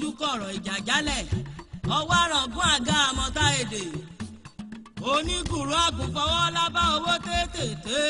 dojú kọ̀rọ̀ ìjà jálẹ̀ ọwọ́ àrọ̀gún àga àmọ́ta èdè onígùrú àgùnfọwọ́ lábá owó tètè tèè.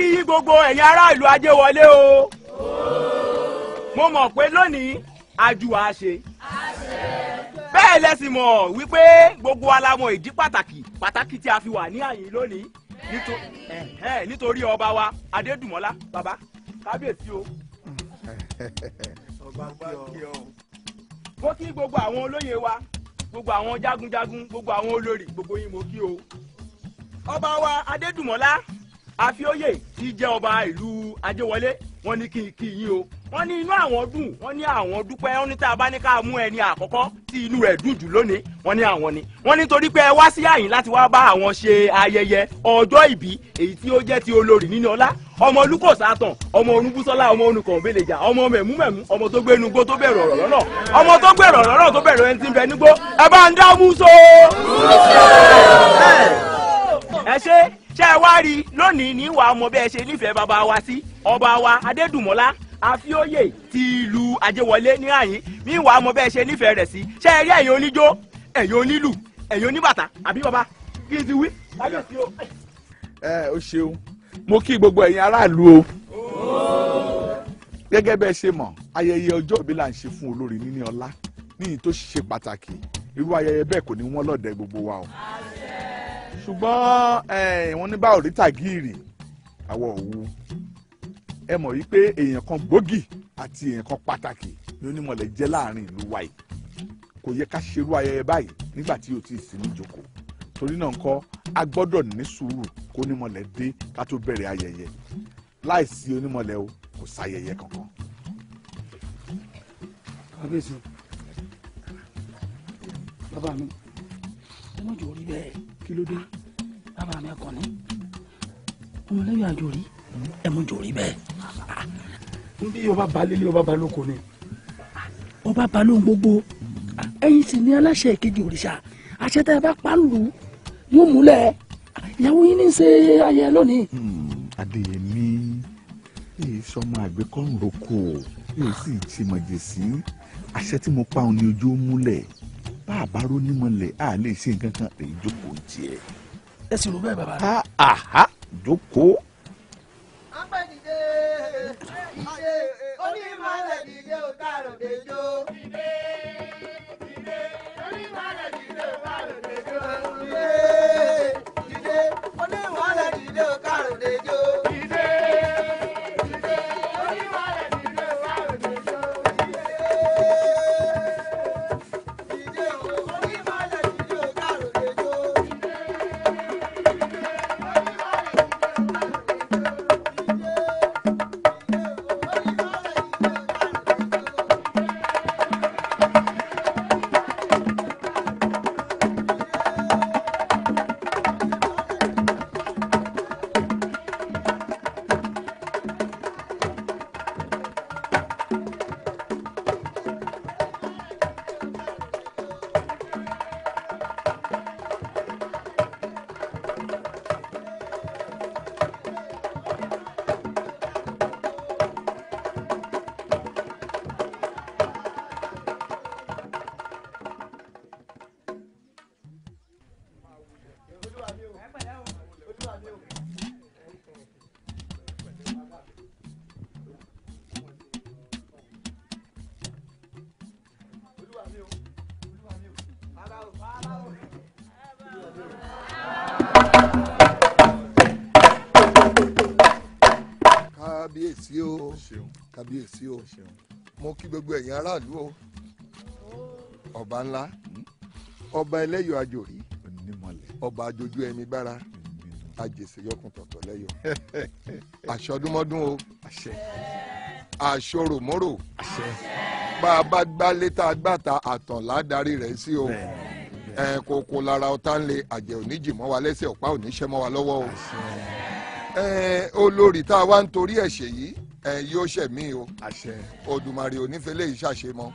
kí yí gbogbo ẹ̀yin aráàlú ajé wọlé o mo mọ̀ pé lónìí àjùwà ṣe bẹ́ẹ̀ lẹ́sìn mọ̀ wípé gbogbo alamọ̀ ìdí pàtàkì pàtàkì tí a fi wà ní àyìn lónìí nítorí ọba wa adédùmọ́lá bàbá kábíyèsí o. mo kí gbogbo àwọn olóyè wa gbogbo àwọn jagunjagun gbogbo àwọn olórí gbogbo yín mo kí o. ọba wa adédùmọ́lá àfioyè jẹ́ ọba ìlú ajéwọlé wọ́n ní kí n kí yín o wọ́n ní inú àwọn dùn wọ́n ní àwọn dúpẹ́ wọ́n ní tá a bá ní ká mú ẹni àkọ́kọ́ tí inú rẹ̀ dùn jù lónìí wọ́n ní àwọn ni wọ́n ní torí pé ẹ wá sí àyìn láti wá bá àwọn ṣe ayẹyẹ ọjọ́ ìbí èyí tí ó jẹ́ ti olórí nínú ọlá ọmọ olùkọ́sàtàn ọmọ onúbúsọ́lá ọmọ onùkọ̀ọ́bẹ̀lẹ̀jà ọmọ mẹ̀múmẹ̀mú ọmọ tó gbé nugbó tó bẹ̀rẹ̀ ọ̀rọ̀ lọ́nà ọmọ tó gbẹ̀rọ̀ lọ́nà tó bẹ̀rẹ̀ ẹni tí ń bẹ nígbó ẹ bá ń dá mú so. ẹ ṣe ṣé ẹ wá rí lónìí ní ìwà ọmọ bẹ́ẹ̀ ṣe nífẹ̀ẹ́ bàbá wa sí ọba wa adédùmọ́lá àfióyè ti ìlú àjẹwọlé ní àyín ní ìwà ọmọ bẹ́ẹ̀ ṣe nífẹ̀ẹ́ rẹ̀ sí ṣé ẹ rí ẹ̀yin oníjó ẹ̀yin onílù ẹ̀yin oníbàtà àbí bàbá kí n ti wí kábíyèsí o. ẹ o ṣeun mo kí gbogbo ẹ̀yin aráàlú o gẹ́gẹ́ bẹ́ẹ̀ ṣe mọ̀ ayẹyẹ ọjọ́ òbí là ń ṣe fún olórí níní ọlá níyì tó ṣe pàtàkì irú ayẹyẹ bẹ́ẹ̀ kò ní wọ́n lọ́dẹ gbogbo wa o ṣùgbọ́n eh, wọ́n ní bá òrí tàgíìrì àwọ̀ òwú ẹ mọ̀ yí pé èèyàn kan gbòógì àti èèyàn kan pàtàkì ni onímọ̀lẹ̀ jẹ́ láàrin ìlú wa yìí kò yẹ ká ṣerú ayẹyẹ báyìí nígbà tí o ti sì ní torí náà ńkọ́ a gbọ́dọ̀ ní sùúrù kó onímọ̀lẹ̀ dé ká tó bẹ̀rẹ̀ ayẹyẹ láìsí onímọ̀lẹ̀ o kò sáyẹyẹ kankan. kábíyèsí bàbá mi ẹ má jọ rí bẹ́ẹ̀ kí ló dé bàbá mi kàn ní ọmọ lẹ́yìn àjò rí ẹ mú jò rí bẹ́ẹ̀. bí ọba balẹ̀ ní ọba balẹ̀ oko ni. ọba balẹ̀ ohun gbogbo ẹ̀yin sì ni aláṣẹ ìkejì òrìṣà àṣẹ tẹ ẹ bá pa lù yóò múlẹ̀ ìyàwó yín ní í ṣe ayẹyẹ lónìí. Hmm, adéyẹmí èyí sọmọ àgbẹkọrùn roko èyí sì ti mọ̀jẹ̀ sí àṣẹ tí mo pa òun ni ojú múlẹ̀ bá a bá ronú mọ́lẹ̀ a lè ṣe nǹkan kan rè jókòó tiẹ̀. ẹ sì rò bẹ́ẹ̀ bàbá rẹ. aha jókòó. a rò déjò. dìde dìde onímọ̀lẹ̀ dìde ò tá a rò ọba ẹlẹ́yọ̀ àjòrí ọba àjòjú ẹni gbára àjèsè yọkùn tọ̀tọ̀ lẹ́yọ̀ àṣọ ọdúnmọ́dún o àṣọ ròmọ́rò bá a bá gbálé tá a gbà ta àtàn ládàrí rẹ̀ sí o ẹ kókó lára ọ̀tá ń lè àjẹ́ oníjì mọ́ wa lẹ́sẹ̀ ọ̀pá oníṣẹ́ mọ́ wa lọ́wọ́ o olórí tá a wá ń torí ẹ̀ ṣèyí ẹ̀yin yóò ṣẹ̀mí o Odùmarè onífẹ́lẹ́ yìí ṣàṣemọ́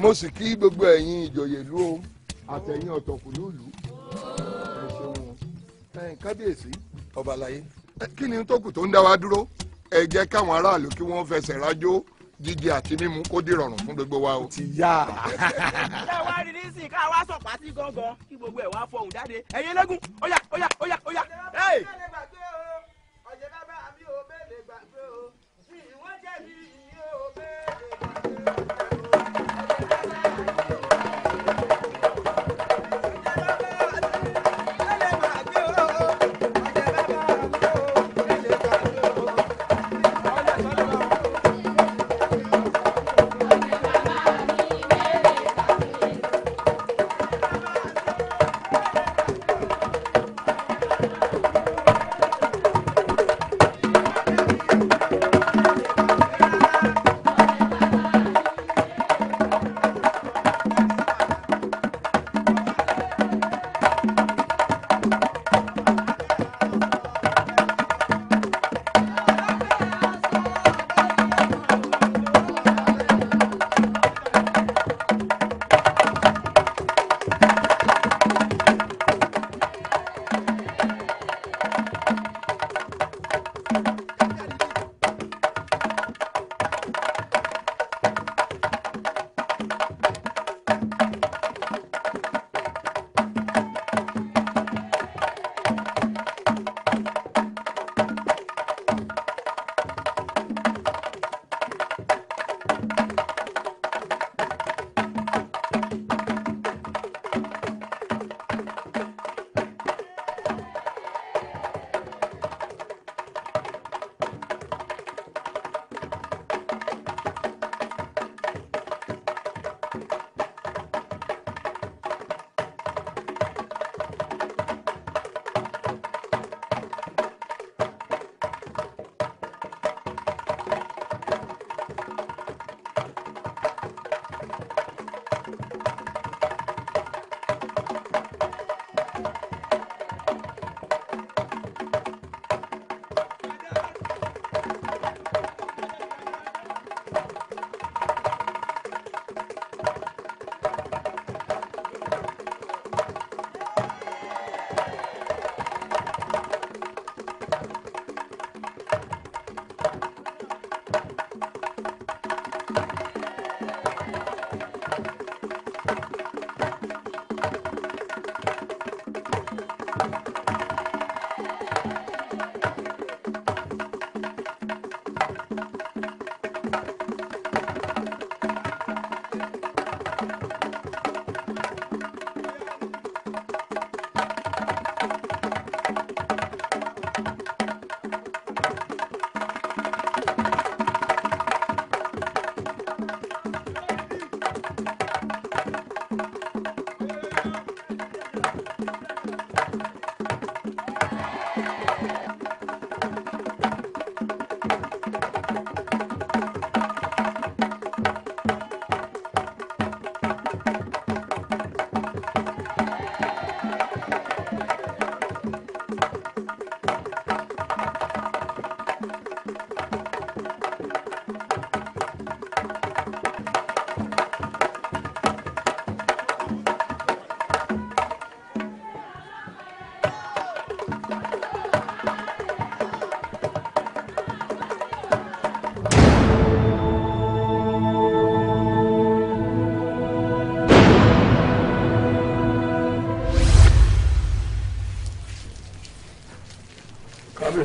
mo sì kí gbogbo ẹ̀yin ìjòyè ìlú o àtẹ̀yìn ọ̀tọ̀kùlúùlù ẹ ṣeun ẹ kábíyèsí ọba àlàyé kí ni tó kù tó ń dá wa dúró ẹ jẹ́ káwọn aráàlú kí wọ́n fẹsẹ̀ rájò jíjẹ àti mímu kó dìrọ̀rùn fún gbogbo wa o. ti yá. ṣé wàá rí ní sìn ká wá sọ pàtí gangan kí gbogbo ẹ̀ wá fọhùn jáde ẹ̀yin lẹ́gùn óyá óyá óyá óyá. ọ̀jẹ̀ bàbá mi lè gbàgbé o ìwọ́n jẹ̀bi ìyẹn ò bẹ́ẹ̀ lè gbàgbé o.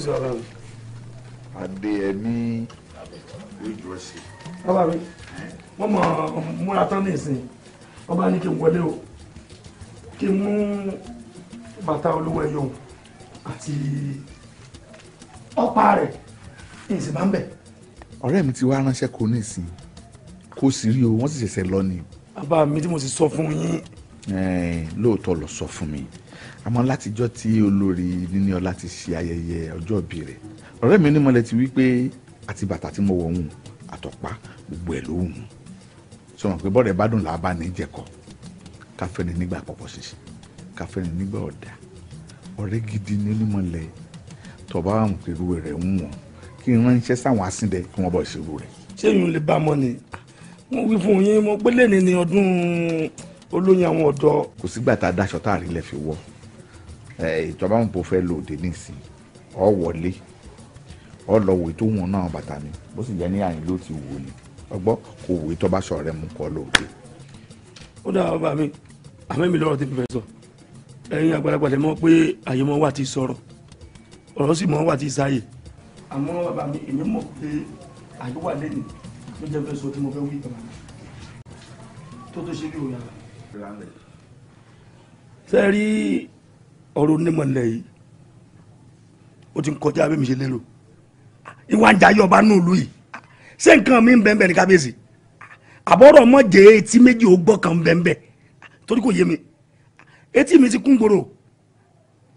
sí ọlọ́run. Adéyẹmí lójú ọ̀sẹ̀. bàbá mi wọ́n mọ̀ múra tán ní ìsìn wọ́n bá ní kí n wọlé o kí n mú bàtà olówó ẹyọ àti ọ̀pá rẹ̀ ní ìsìn bá ń bẹ̀. ọ̀rẹ́ mi ti wá ránṣẹ́ kó ní ìsìn kó sì rí o wọ́n sì ṣẹ̀ṣẹ̀ lọ ni. bàbá mi tí mo sì sọ fún yín. lóòótọ́ lọ sọ fún mi àmọ́ látijọ́ tí olórí Níníọlá ti ṣe ayẹyẹ ọjọ́ ìbí rẹ̀ ọ̀rẹ́ mi onímọ̀lẹ̀ ti wí pé àti bàtà tí mo wọ̀ hùn àtọ̀pá gbogbo ẹ̀ ló hùn sọ wọn pé bọ́ọ̀rẹ̀ bá dùn làbá ní jẹ̀kọ́ káfẹ́ni nígbà pọ̀pọ̀ ṣíṣe káfẹ́ni nígbà ọ̀dà ọ̀rẹ́ gidi ní onímọ̀lẹ̀ tọba àwọn pẹ̀lú rẹ̀ ń wọ̀n kí n ránṣẹ́ sáwọn asíndẹ kí wọ́n bọ̀ ṣerú rẹ̀. ṣé yìí lè bá a mọ ni mo wí fún yín mo gbélé ní ọdún olóyin àwọn ọ̀dọ́. kò sígbà tá a daṣọ tá lẹ fi wọ ìjọba wọn bó fẹ́ lò dé nísìn ọ wọlé ọ lọ wò tó wọn náà bàtà mi bó sì jẹ́ ní àyìn ló ti wò ni ọgbọ́ kò wò tó bá sọ̀rọ̀ rẹ mú kọ́ lóde. ó dáa bàbá mi àmẹ́mi lọ́rọ̀ tí mo fẹ́ sọ ẹ̀yin àgbàlagbà lè mọ̀ pé àyè mọ́ wà ti sọ̀rọ̀ ọ̀rọ̀ sì mọ́ wà ti sáyè àmọ́ bàbá mi èmi mọ̀ pé àyè wà lẹ́nu ló jẹ́ fẹ́ sọ tí mo fẹ́ wí bàbá mi tó tó ṣe bí òyàrá. ṣe rí ọ̀rọ̀ onímọ̀lẹ̀ yìí ó ti ń kọjá abẹ́mi ṣe lérò ìwà ń jayé ọba nùlù yìí ṣé nǹkan mi ń bẹ́ẹ̀ bẹ́ẹ̀ ní kábíyèsí àbọ̀rọ̀ mọ̀ jẹ́ etí méjì ó gbọ́ kan bẹ́ẹ̀ bẹ́ẹ̀ torí kò yé mi etí mi ti kún gbòòrò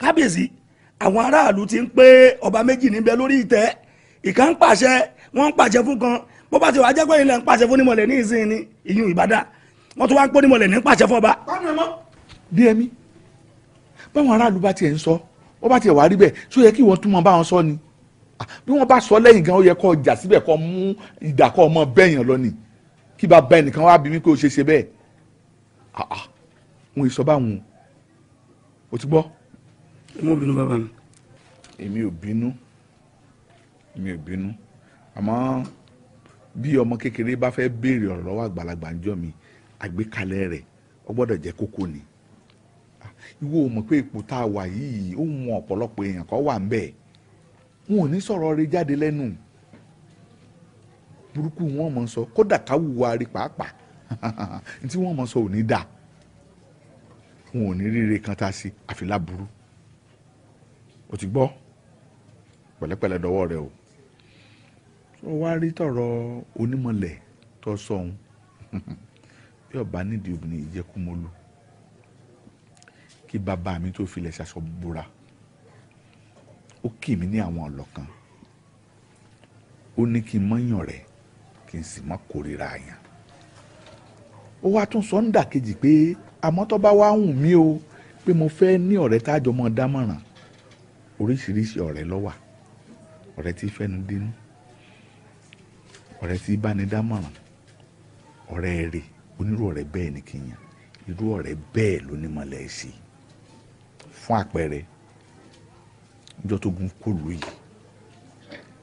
kábíyèsí àwọn aráàlú ti ń pé ọba méjì níbẹ̀ lórí ìtẹ́ ìkan ń pàṣẹ wọ́n ń pàṣẹ fún kan bó bá ti wà jẹ́ ilẹ̀ ń pàṣẹ fún nímọ̀lẹ̀ ní ìsìn ni ìyún ìbàdà wọ́n tún wá ń pọ́ nímọ̀lẹ̀ ní pàṣẹ fún ọba. bí ẹmí báwọn aráàlú bá tiẹ̀ ń sọ wọ́n bá tiẹ̀ wá rí bẹ́ẹ̀ ṣó yẹ kí wọ́n tún mọ báwọn sọ ni bí wọ́n bá sọ lẹ́yìn gan ó yẹ kó jà síbẹ̀ kó mú ìdà kó mọ bẹ́yàn lọ ni kí bá bá ẹnìkan wá bí mi pé ó ṣe ṣe bẹ́ẹ̀ wọn ì sọ báwọn o ti gbọ́. mo bínú bàbá mi. èmi ò bínú èmi ò bínú àmọ́ bí ọmọ kékeré bá fẹ́ béèrè ọ̀rọ̀ lọ́wọ́ àgbàlagbà ń jọ mi àgbékalẹ̀ rẹ̀ ó gbọ́dọ̀ jẹ́ kókó ni ìwọ mọ̀ pé ipò tá a wà yìí ó mú ọ̀pọ̀lọpọ̀ èèyàn kan wà ń bẹ̀ wọn ò ní sọ̀rọ̀ rẹ̀ jáde lẹ́nu burúkú wọn mọ̀ sọ kódà káwùwà rí pàápàá ntí wọn mọ̀ sọ ò ní dà wọn ò ní ríire kan tá a sí àfi láburú o ti gbọ́ pẹ̀lẹ́pẹ̀lẹ́ dọwọ́ rẹ o ó wá rí tọ̀rọ̀ onímọ̀lẹ̀ tó sọ òun bí ọba nídìí obìnrin ìjẹkùmọ́lù kí bàbá mi tó filẹ̀ ṣaṣọ búra ó kì mí ní àwọn ọlọ́kan ó ní kí n mọ́yàn rẹ̀ kí n sì mọ́ kórìíra àyàn ó wá tún sọ ń dà kejì pé àmọ́ tó bá wá hùn mí o pé mo fẹ́ ní ọ̀rẹ́ tájọ mọ́ dámọ̀ràn oríṣiríṣi ọ̀rẹ́ ló ọ̀rẹ́ tí fẹ́nu dínú ọ̀rẹ́ tí báni dámọ̀ràn ọ̀rẹ́ rè onírú ọ̀rẹ́ bẹ́ẹ̀ ni kì í yàn irú ọ̀rẹ́ bẹ́ẹ̀ ló ní mọ̀lẹ́ sí i fún àpẹẹrẹ níjọ́ tó gun kó lù yìí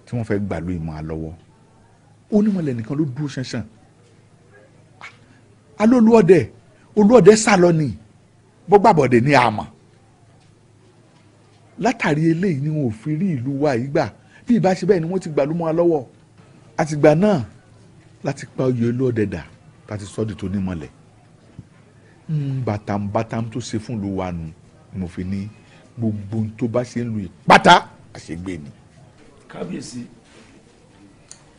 tí wọ́n fẹ́ gbà lóyún mọ́ a lọ́wọ́ ó ní mọ̀lẹ́ nìkan ló dúró ṣanṣan alólu ọdẹ olú ọdẹ sálọ ni bó gbàbọ̀dẹ̀ ní àmọ́ látàrí eléyìí ni wọn ò fi rí ìlú wa yìí gbà bí ìbá ṣe bẹ́ẹ̀ ni wọ́n ti gbà ló mọ́ a lọ́wọ́ àtìgbà náà láti pa oyè olú ọdẹ dà láti sọ́ọ́dì tó ní mọ̀lẹ́ hmm, bàtàmbàtàm tó ṣe fún ìlú wa nù mo fi ní gbogbo ohun tó bá ṣe ń lu ìpátá àṣegbè ni. kábíyèsí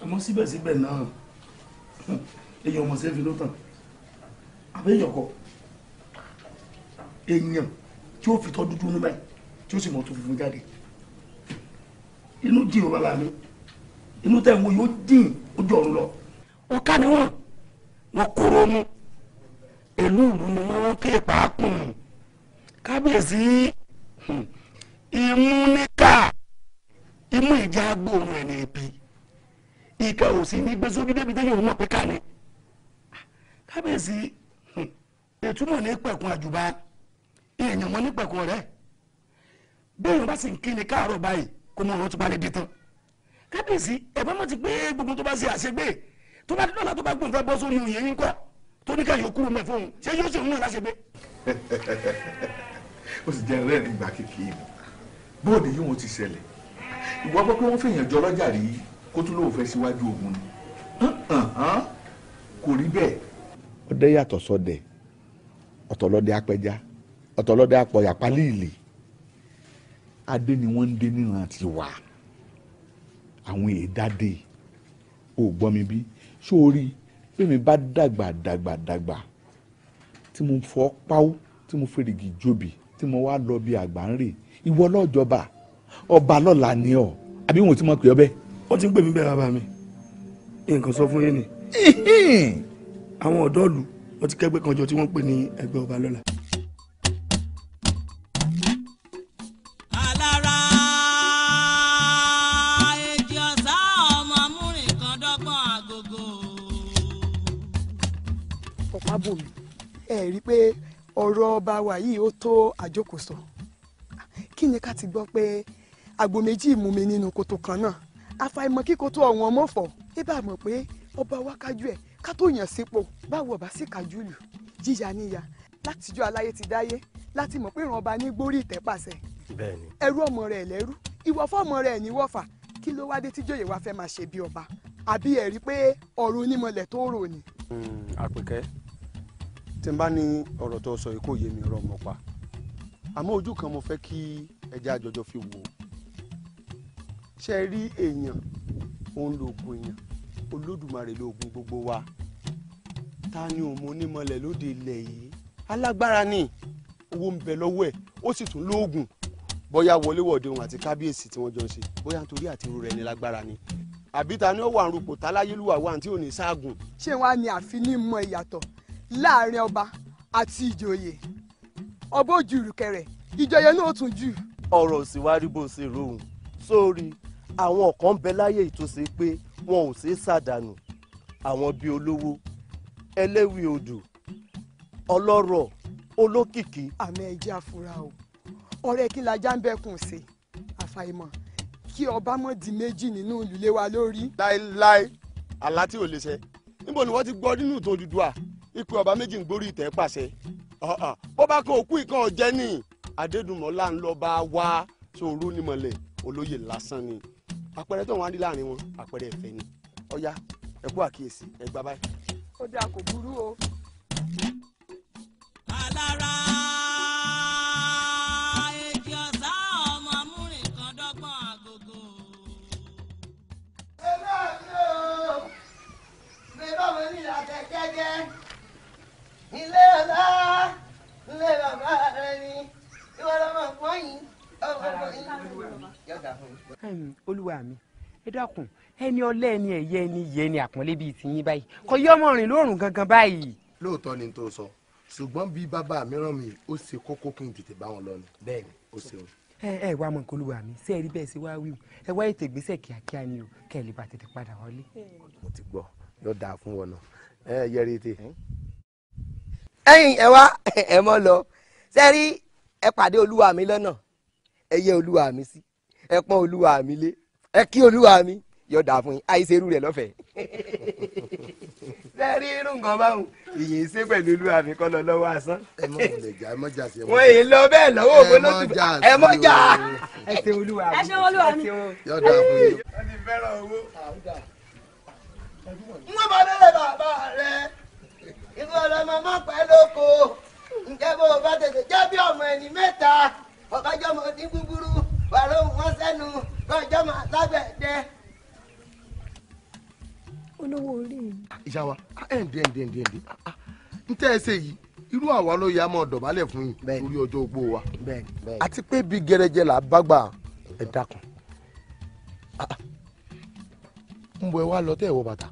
àmọ́ síbẹ̀síbẹ̀ náà èèyàn ọmọ sẹ́fì ló tàn àbẹ́yàn kọ èèyàn tí ó fi tọ́ dúdú nú báyìí tí ó sì mọ̀ tó funfun jáde inú dín o bàbá mi inú tẹ̀ ń wo yóò dín ojú ọ̀run lọ. ọ̀ká ni wọ́n wọ́n kúrò mú èlú ìlú ni wọ́n ké pàákùn kábíyèsí hmm, imú níkà imú ìjà gbòòrùn ẹ̀ ní ibi ìkà ò sí ní gbé sórí débi téyìn òun mọ̀ pé ká ní kábíyèsí ètúmọ̀ hmm, ní pẹ̀kun àjùbá èèyàn mọ́ ní pẹ̀kun rẹ̀ bẹ́ẹ̀ bá sì ń kí ni káàárọ̀ báyìí kó mọ ọ̀rọ̀ tó bá lè di tán kábíyèsí ẹ̀bá mọ̀ ti pé gbogbo tó bá ṣe àṣegbè tó bá dọ́là tó bá gbọ̀n fẹ́ bọ́ sórí òyìn yín kọ́ tó ní ká yòókù mẹ́fọ́ ṣé yóò ṣe òun náà láṣegbè. ó sì jẹ́ ẹlẹ́rìí ìgbà kékeré mi bóòdì yìí wọn ti ṣẹlẹ̀ ìwọ gbọ́ pé wọ́n fèèyàn jọ lọ́jà rí kó tún lóò fẹ́ síwájú ogun ni kò rí bẹ́ẹ̀. ọdẹ yàtọ̀ sọdẹ ọ̀tọ̀lọ́dẹ apẹja ọ̀tọ̀lọ́dẹ apọ̀yà pálíìlì adé ni wọ́n ń dé níran ti wà àwọn èédáde ò gbọ́ mi bí sórí fẹ́mi bá dàgbà dàgbà dàgbà tí mo fọ́ páwó tí mo fẹ́rẹ̀gì jóbi tí mo wá lọ bí àgbà ń rè ìwọ lọ́jọba ọba lọ́la ni ọ àbí wọn ò ti mọ̀ pé ọ bẹ́ẹ̀. wọ́n ti ń pè mí bẹ́ẹ̀ bàbá mi nǹkan sọ fún yín ni àwọn ọ̀dọ́ ìlú wọ́n ti kẹ́gbẹ́ kan jọ tí wọ́n pè ní ẹgbẹ́ ọba lọ́la. ọ̀pá rí i pé ọ̀rọ̀ ọba wa yìí ó tó àjókòsọ kí ni ká ti gbọ́ pé àgbo méjì mú mi nínú kòtò kan náà àfàìmọ̀ kíkó tó ọ̀wọ́n mọ̀fọ̀ ẹ bá mọ̀ pé ọba wa kájú ẹ̀ ká tó yàn sípò báwo ọba sì kájú lù jíjà níyà látijọ́ aláyé ti dáyé láti mọ̀ pé ìrànba ní gbórí ìtẹ́ pàṣẹ ẹrú ọmọ rẹ̀ lẹ́rú ìwọ fọ́mọ rẹ̀ ní wọ́fà kí ló wáá dé tíjòyè wa fẹ́ máa ṣe bí ọba àbí ẹ̀rí pé ọ̀rọ̀ onímọ̀lẹ̀ tó rò ni. Hmm, àpèkẹ́ tí n bá ní ọ̀rọ̀ tó sọ yìí kò yé mi rọ̀ mọ́ pa àmọ́ ojú kan mo fẹ́ kí ẹja àjọjọ fi wò ó ṣe rí èèyàn òun lòògùn èèyàn olódùmarè lòògùn gbogbo wa ta ni òun mo nímọ̀lẹ̀ lóde ilẹ̀ yìí alágbára ni owó ń bẹ lọ́wọ́ ẹ̀ ó sì tún lóògùn bóyá wọléwọ̀de òun àti kábíyèsí tí wọ́n jọ ń ṣe bóyá nítorí àti irú rẹ̀ ní lágbára ni àbí ta ni ó wà ń rúpò táláyélúwà wà tí ò ní ṣáàgùn. ṣé wàá ní àfi ní mọ ìyàtọ̀ láàrin ọba àti ìjòyè ọba ò ju ìrùkẹ̀rẹ̀ ìjòyè náà tún jù. ọ̀rọ̀ sì wá rí bó ṣe rohùn sórí àwọn kan bẹ láyé ìtòsí pé wọn ò ṣeé ṣàdánù àwọn bíi olówó ẹlẹ́wì odò ọlọ́rọ̀ olókìkí. àmì ẹ̀jẹ̀ àfúrà o ọ̀rẹ́ kí lajá ń bẹ́kùn sí àfàìmọ̀ kí ọba mọ̀ di méjì nínú ìlú lé wa lórí. láéláé àlá tí ò lè ṣẹ níbo ni wọ́n ti gbọ́ nínú ìtàn Odùduwà ipe ọba méjì ń gbórí ìtẹ́ pàṣẹ bó bá kan òkú ìkan ọ̀jẹ́ ni adédùnmọ́lá ń lọ bá wá sóòrú nímọ̀lẹ̀ olóyè lásán ni àpẹẹrẹ tó wọn á rí láàrin wọn àpẹẹrẹ ìfẹ́ ni ọ̀ya ẹ kú àkíyèsí ẹ gbà báyìí. ó dáa kò burú o. alára èjì ọ̀sá ọmọ múrin kan dọ́gbọ́n àgògò. eléyìí o mi bá ní ìlàjẹ jẹjẹ ilé ọ̀la ilé bàbá rẹ ni ìwọ lọmọ pọ́n yìí ọmọ pọ́n yìí. olúwa mi ẹ dákun ẹni ọlẹ́ ẹni ẹ̀yẹ ẹni yẹ ẹni àpọ́nlé bíi tiyín báyìí kò yọ ọmọ rìn lóòrùn gangan báyìí. lóòótọ́ ni n tó sọ ṣùgbọ́n bí bàbá mi rán mi ó ṣe kókó kí n tètè bá wọn lọ ni bẹ́ẹ̀ ni ó ṣeun. ẹ ẹ wá mọ nǹkan olúwa mi ṣé ẹ rí bẹ́ẹ̀ ṣe wá wí ẹ wá ètò ìgbésẹ̀ kíákíá ni o kẹ́ ẹ lè bá tètè padà wọlé. mo ti gbọ́ yóò dáa fún wọn náà ẹ yẹrí tè ẹ̀yin ẹ wá ẹ mọ́ lọ sẹ́rí ẹ pàdé olúwa mi lọ́nà ẹ yẹ olúwa mi sí ẹ pọ́n olúwa mi lé ẹ kí olúwa mi yọ̀dà fún yín àìsèrú rẹ̀ lọ́fẹ̀ẹ́ sẹ́rí irú nǹkan báwọn ìyìn ṣe pẹ̀lú olúwa mi kọ́ lọ lọ́wọ́ asán. wọ́n yìí lọ bẹ́ẹ̀ lọ́wọ́ ògbólótùbà ẹ mọ́jà ẹ ṣe olúwa mi ẹ ṣe olúwa mi yọ̀dà fún yín. wọ́n ti fẹ́ràn owó. wọ́n bá délé bàbá rẹ̀. irú ọlọmọ má a lóko ǹjẹ́ bó o bá tètè jẹ́ bí ọmọ ẹni mẹ́ta ọ̀kájọ́ mọ̀ ní gbúgbúrú wà wọn sẹ́nu lọ́jọ́ mọ̀ lábẹ́ dẹ. olówó orí mi. ìyá wa ẹ̀ǹdẹ̀ ẹ̀ǹdẹ̀ ẹ̀ǹdẹ̀ ẹ̀ǹdẹ̀ n tẹ́ ẹ ṣe yìí irú àwa ló yá mọ́ dọ̀bálẹ̀ fún yín lórí ọjọ́ ogbó wa àti pé bí gẹrẹjẹ là bá gbà dákun. ẹ wá lọ tẹ́ ẹ wọ bàtà.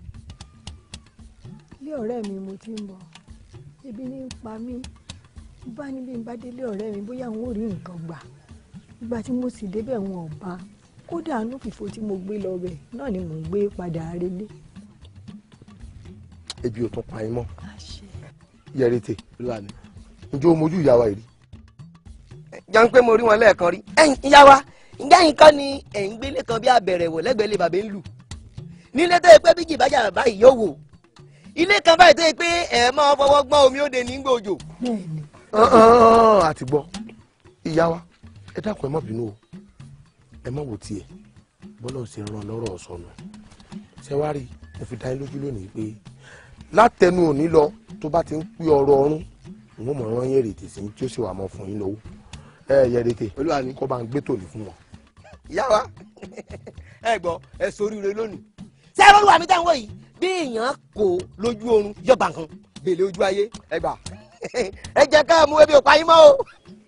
ilé ọ̀rẹ́ mi mo ti ń bọ̀ ebi ní ń pa mí bá níbi ń bá délé ọ̀rẹ́ mi bóyá wọn ò rí nǹkan gbà nígbà tí mo sì débẹ̀ wọn ò bá kódà àánú fìfo tí mo gbé lọ bẹ̀ náà ni mò ń gbé padà relé. ebi ò tún pa yín mọ́ yẹrìtè lánàá njó mojú ìyá wa yìí. jẹun pé mo rí wọn lẹ́ẹ̀kan rí ẹ̀yin ìyá wa ìyá yìí kọ́ ni ẹ̀yin gbélé kan bí abẹ̀rẹ̀ lẹ́gbẹ̀ẹ́ lè bàbá ń lù nílé tó yẹ pé bíjì bájà báyìí yóò wò ilé kan báyìí tó yẹ pé ẹ máa fọwọ́ gbọ́n omi ó de ní gbòòjò. àti gbọ́ ìyá wa ẹ dákun ẹ má bínú o ẹ má wò tiẹ̀ bọ́lá ò sì ràn lọ́rọ̀ sọnù ṣé wàá rí mo fi dá yín lójú lónìí pé látẹnu òní lọ tó bá ti ń pín ọ̀rọ̀ ọrún n ó mọ̀ ọ́n yẹn rètè sí tí ó sì wà mọ́ fún yín lọ́wọ́ ẹ yẹ rètè kó bá ń gbé tòní fún wọn. ìyá wa ẹ gbọ́ ẹ soríire lónìí sẹ́rọ̀ olúwa mi dáhùn yìí bí èèyàn kò lójú oorun yọba nǹkan gbèlè ojú ayé ẹ gbà ẹ jẹ́ ká mú ebi òpá yín mọ́ o.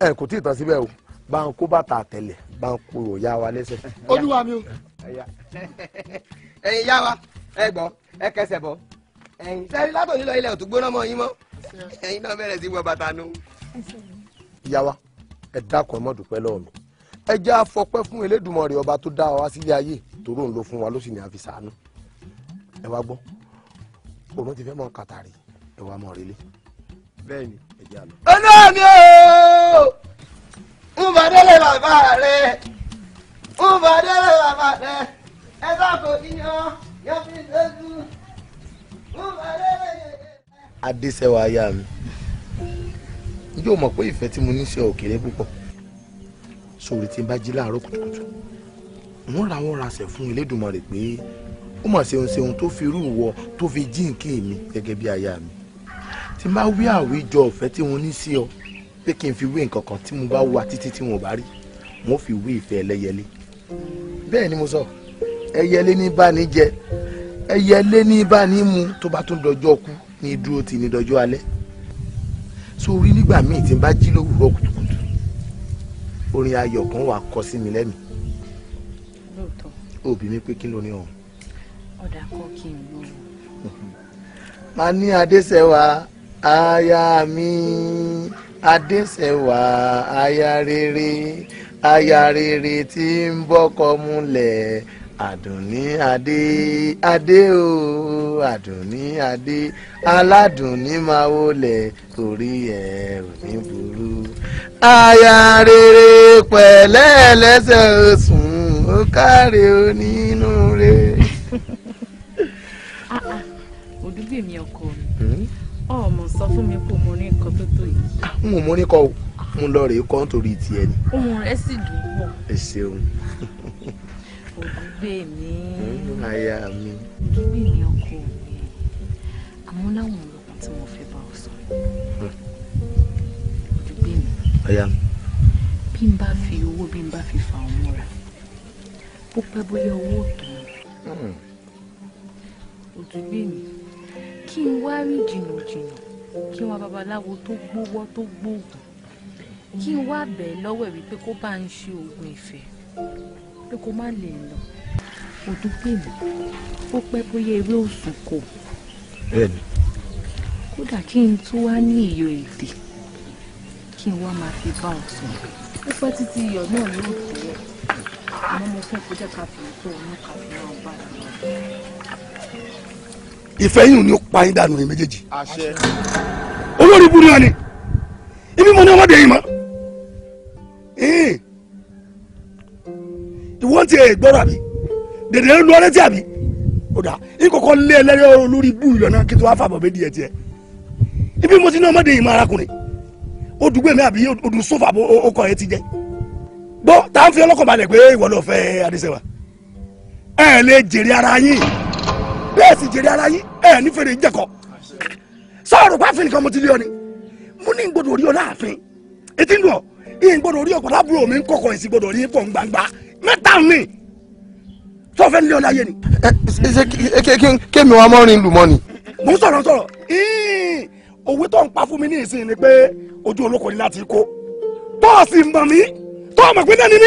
ẹ kò tí ì tán síbẹ̀ o bá ń kó bàtà àtẹlẹ bá ń kó òyà wa lẹ́sẹ̀. olúwa mi o. ẹ̀yin yá wa ẹ gbọ́ ẹ kẹsẹ̀ bọ́ ẹ̀yin sẹ́rí látòní lọ ilẹ̀ òtún gbóná mọ́ yín mọ́ ẹ̀yin náà bẹ̀rẹ̀ sí wọ bàtà nù. ìyá wa ẹ dákun ẹ mọ́ dúpẹ́ lọ́wọ́ mi ẹ jẹ́ àfọpẹ́ fún Elédùmarè ọba tó dá wa sílé ayé torí òun ló fún wa ló sì ní àfi ṣàánú ẹ wá gbọ́ òun ti fẹ́ mọ kàtàrí ẹ wá mọ relé. bẹ́ẹ̀ni ẹ jẹ àná. ọ̀nà mi ò ń bá délé bàbá rẹ ń bá délé bàbá rẹ ẹ bá kò níyàn yọ fi lójú ń bá délé. adéṣẹ́wà aya mi yóò mọ̀ pé ìfẹ́ tí mo ní ṣe òkèlè púpọ̀ sórí tí n bá jí láàárọ̀ kùtùkùtù mo ń ra wọn ra ṣẹ̀ fún Elédùmarè pé ó mà ṣeun ṣeun tó fi irú wọ tó fi jíǹkì mi gẹ́gẹ́ bí aya mi tí n bá wí àwíjọ ọ̀fẹ́ tí wọ́n ní sí ọ pé kí n fi wé nǹkan kan tí mo bá wá títí tí wọn bá rí wọn fi wé ìfẹ́ ẹlẹ́yẹlé bẹ́ẹ̀ ni mo sọ ẹyẹlé ní bá ní jẹ ẹyẹlé ní bá ní mu tó bá tún dọjọ́ kú ní dúró tì ní dọjọ́ alẹ́ so orí nígbà míì tí n bá jí lówùúrọ̀ kùtùkùtù orin ayọ̀ kan wà kọ sí mi lẹ́mìí òbí mi pé kí ló ní ọ̀hún ọ̀dà kọ́ kí n gbọ́. má ní adéṣẹ́wà aya mi adéṣẹ́wà aya rere aya rere tí ń bọ́kọ múlẹ̀ àdùnní adé adé o àdùnní adé aládùnní máa wọlé torí ẹ ò ní burú. aya rere pẹ̀lẹ́ lẹ́sẹ̀ sùn ó káre onínú. pè mí ọkọ mi ọmọ hmm? sọ fún mi pé mo ní nǹkan tó tó yìí. Ah, n ò mọ orin o mo lọ rèé kọ́ nítorí tiẹ̀ ni. ohun rẹ sì dùn pọ̀. ẹ ṣeun. ògùgbé mi. Hmm, aya mi. ògùgbé mi ọkọ mi àmọ́ láwọn olùkọ́ tí wọ́n fẹ́ bá ọ sọ. Hmm. ògùgbé mi. aya mi. bí n bá fi owó bí n bá fi fà ọ́ mọ́ra bó pẹ́ bóyá owó tó ń. mi kí n wá rìn jìnnàjìnnà kí n wá babaláwo tó gbówọ́ tó gbóògùn kí n wá bẹ̀ẹ́ lọ́wọ́ ẹ̀ wípé kó bá ń ṣe oògùn ìfẹ́ pé kó má lè lọ òdú pè mí ó pẹ́ bóyá ewé òsùn kò kódà kí n tún wá ní iyọ̀ èdè kí n wá máa fi bá ọ sùn ó pẹ́ títí iyọ̀ náà ní òkú rẹ̀ àmọ́ mo fẹ́ kó jẹ́ ká fi tó òun ká fi máa bá ìfẹ́ yìí ni ó pa yín dànù yín méjèèjì. olórí burú ni ibi mo ní ọmọdé yìí mọ́ ìwọ́n ti gbọ́dọ̀ àbí dèdè àbí ó dà lé ẹlẹ́rìí bú kí tó wá ibi mo ti ní ọmọdé yìí mọ́ arákùnrin ó dùgbò mi àbí odù sófà ti gbọ́ tá à ń fi ọlọ́kọ̀ balẹ̀ pé ìwọ lọ fẹ́ adéṣẹ́wà ẹ̀ lè ara yín. bẹ́ẹ̀ sì jèrè ara yín ẹ̀ ní fèrè jẹ̀kọ́ sọ̀rọ̀ pàfin nìkan mo ti lé ọ ni mo ní gbọdọ̀ ọ láàfin etí ń lọ ìyẹn gbọdọ̀ rí ọkọ̀ lábúrò mi ń kọ̀kọ̀ èsì gbọdọ̀ rí pọ̀ gbangba mẹ́ta mi tó fẹ́ lé ọ láyé ni. ṣe wa mọ́rin lù ni. mo ń sọ̀rọ̀ sọ̀rọ̀ òwe tó ń pa mi ní ìsìn ni pé ojú olóko ni láti kó bọ́ọ̀sì mọ̀ mí tó pé náà ni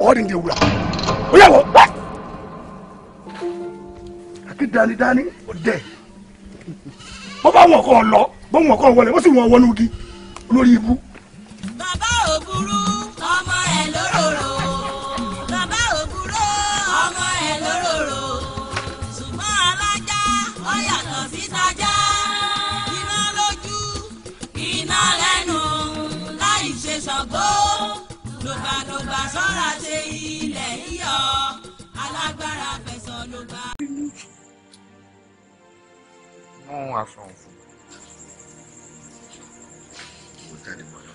ọ̀rìn de wura o yà wọ àti dánidáni ó dẹ bó bá wọn kọ lọ bó wọn kọ wọlé ó sì wọn wọnú di olórí ikú. bàbá fún àsọ̀nfù. mo jáde bọ̀ lọ.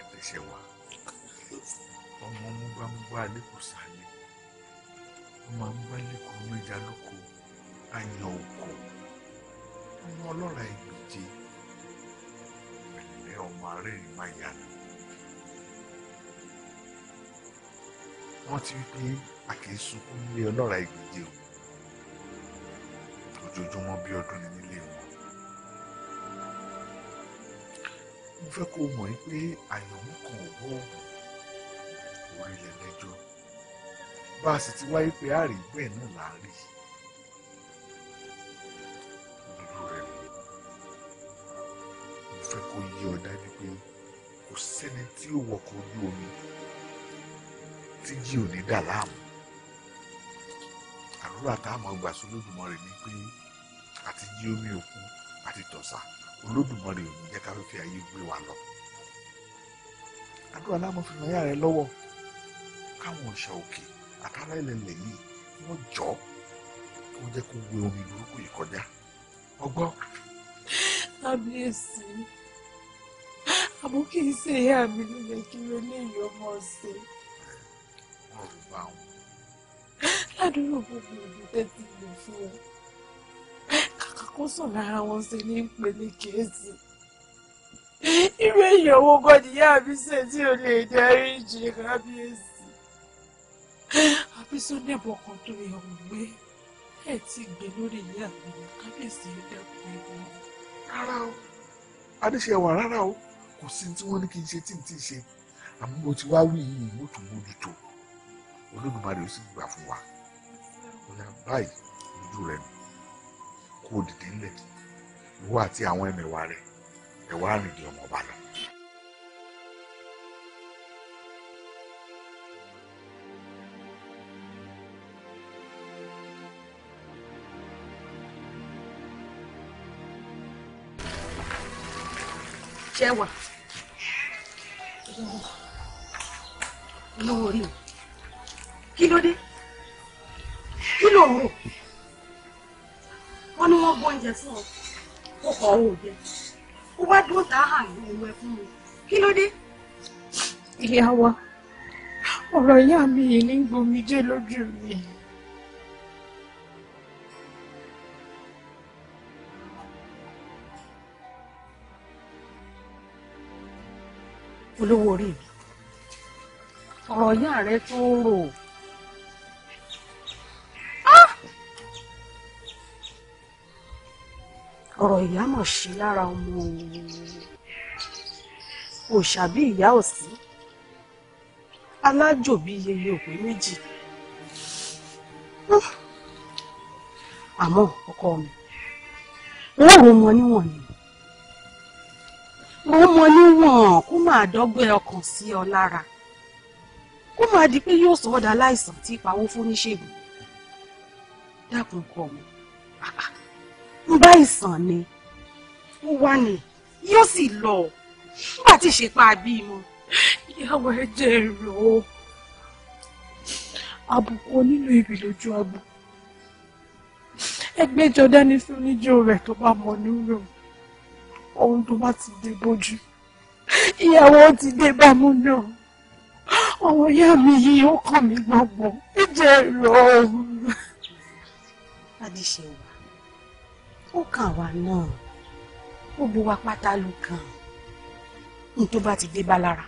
àtẹ̀sẹ̀ wa ọmọ múgbámúgbá àlékún sàlẹ̀ ọmọ amúgbálẹ́kùn méjà lóko àyàn òkò ọmọ ọlọ́ra ìgbèje ẹ̀lẹ́ ọmọ arẹ́rìn máa yára. rántí wípé a kì í sunkún nílé ọlọ́ra ìgbèje o ojoojúmọ́ bí ọdún ni nílé wọn. mo fẹ́ kó mọ̀ wípé àyànmú kan ò gbọ́ òògùn orí ilẹ̀ lẹ́jọ́ bá a sì ti wáyé pé àárí bẹ́ẹ̀ náà là á rí mo fẹ́ kó yí ọ dájú pé kò sẹ́ni tí ó wọkọ̀ ojú omi tí jí ò ní dà láàmú àdúrà táwọn ọgbà sí Olódùmarè ni pé àti jí omi òkun àti tọ̀sà Olódùmarè ò ní jẹ́ ká fífi ayé gbé wa lọ àdúrà láàmú fi ràn yà rẹ lọ́wọ́ káwọn òòṣà òkè àtàrà ìlẹ̀lẹ̀ yìí wọ́n jọ ó jẹ́ kó gbé omi burúkú yìí kọjá ọgbọ́. kábíyèsí àmọ́ kì í mi ló yẹ kí ló lè yọ ọmọ ọ̀sẹ̀ gbọ́ gbogbo àwọn. ládùúgbò gbogbo ìlú tẹ́tí lè fún ọ kàkà kó sàn lára wọn ṣe ní ìpele kéésì irú èèyàn owó gọ́dìyà àbíṣe tí ò lè dẹ́rí jì kábíyèsí àbíṣe nẹ́bọ̀ kan tó yẹ ò gbé ẹ̀ tí gbé lórí ìyá mi kábíyèsí dẹ́kun ìwọ̀n. rárá o adéṣe wà rárá o kò sí ti ṣe àmọ́ mo ti wá wí yìí mo tún olódùmarè ó sì gbà fún wa ọ̀yà báyìí lójú rẹ nù kó o dìde ńlẹ̀ ìwọ àti àwọn ẹmẹ̀wà rẹ ẹ̀wà àrìndì ọmọọba lọ. jẹ́wà olówó rí o kí ló dé kí ló mú wọn ni wọn gbóúnjẹ fún ọ kó kọ ọ òde ó wá dúró tá a hàn ní òun ẹ fún mi kí ló dé. ìyá wa ọ̀rọ̀ ìyá mi yìí ní gbòmíjẹ́ lójú mi. olówó orí mi ọ̀rọ̀ ìyá rẹ tó ń rò ọ̀rọ̀ ìyá mọ̀ ṣe lára ọmọ òun òòṣà bí ìyá òsí alájò bí yeye òpè méjì ah! àmọ́ ọkọ mi wọ́n rò mọ níwọ̀n ni rò mọ níwọ̀n kó máa dọ́gbẹ́ ọkàn sí ọ lára kó máa di pé yóò sọ ọ́ dà láìsàn tí ìpawó fún níṣègùn dákun kọ mi. Ah, ah ń bá ìsàn ni ó wà ní yóò sì lọ nígbà tí ìṣèpá bí mu ìyàwó ẹ̀jẹ̀ rò ó àbùkù onílù ibi lójú agbo ẹgbẹ́jọ dání sí oníjó rẹ̀ tó bá mọ̀ nírò ohun tó bá ti dé bójú ìyàwó ti dé bámú náà ọmọ ìyá mi yìí ó kàn mí gbọ̀ngbọ̀n ẹ̀jẹ̀ rò ó. adìsẹ́wà ó kàn wá náà ó bu wa pátá lu kàn ní tó bá ti dé bá lára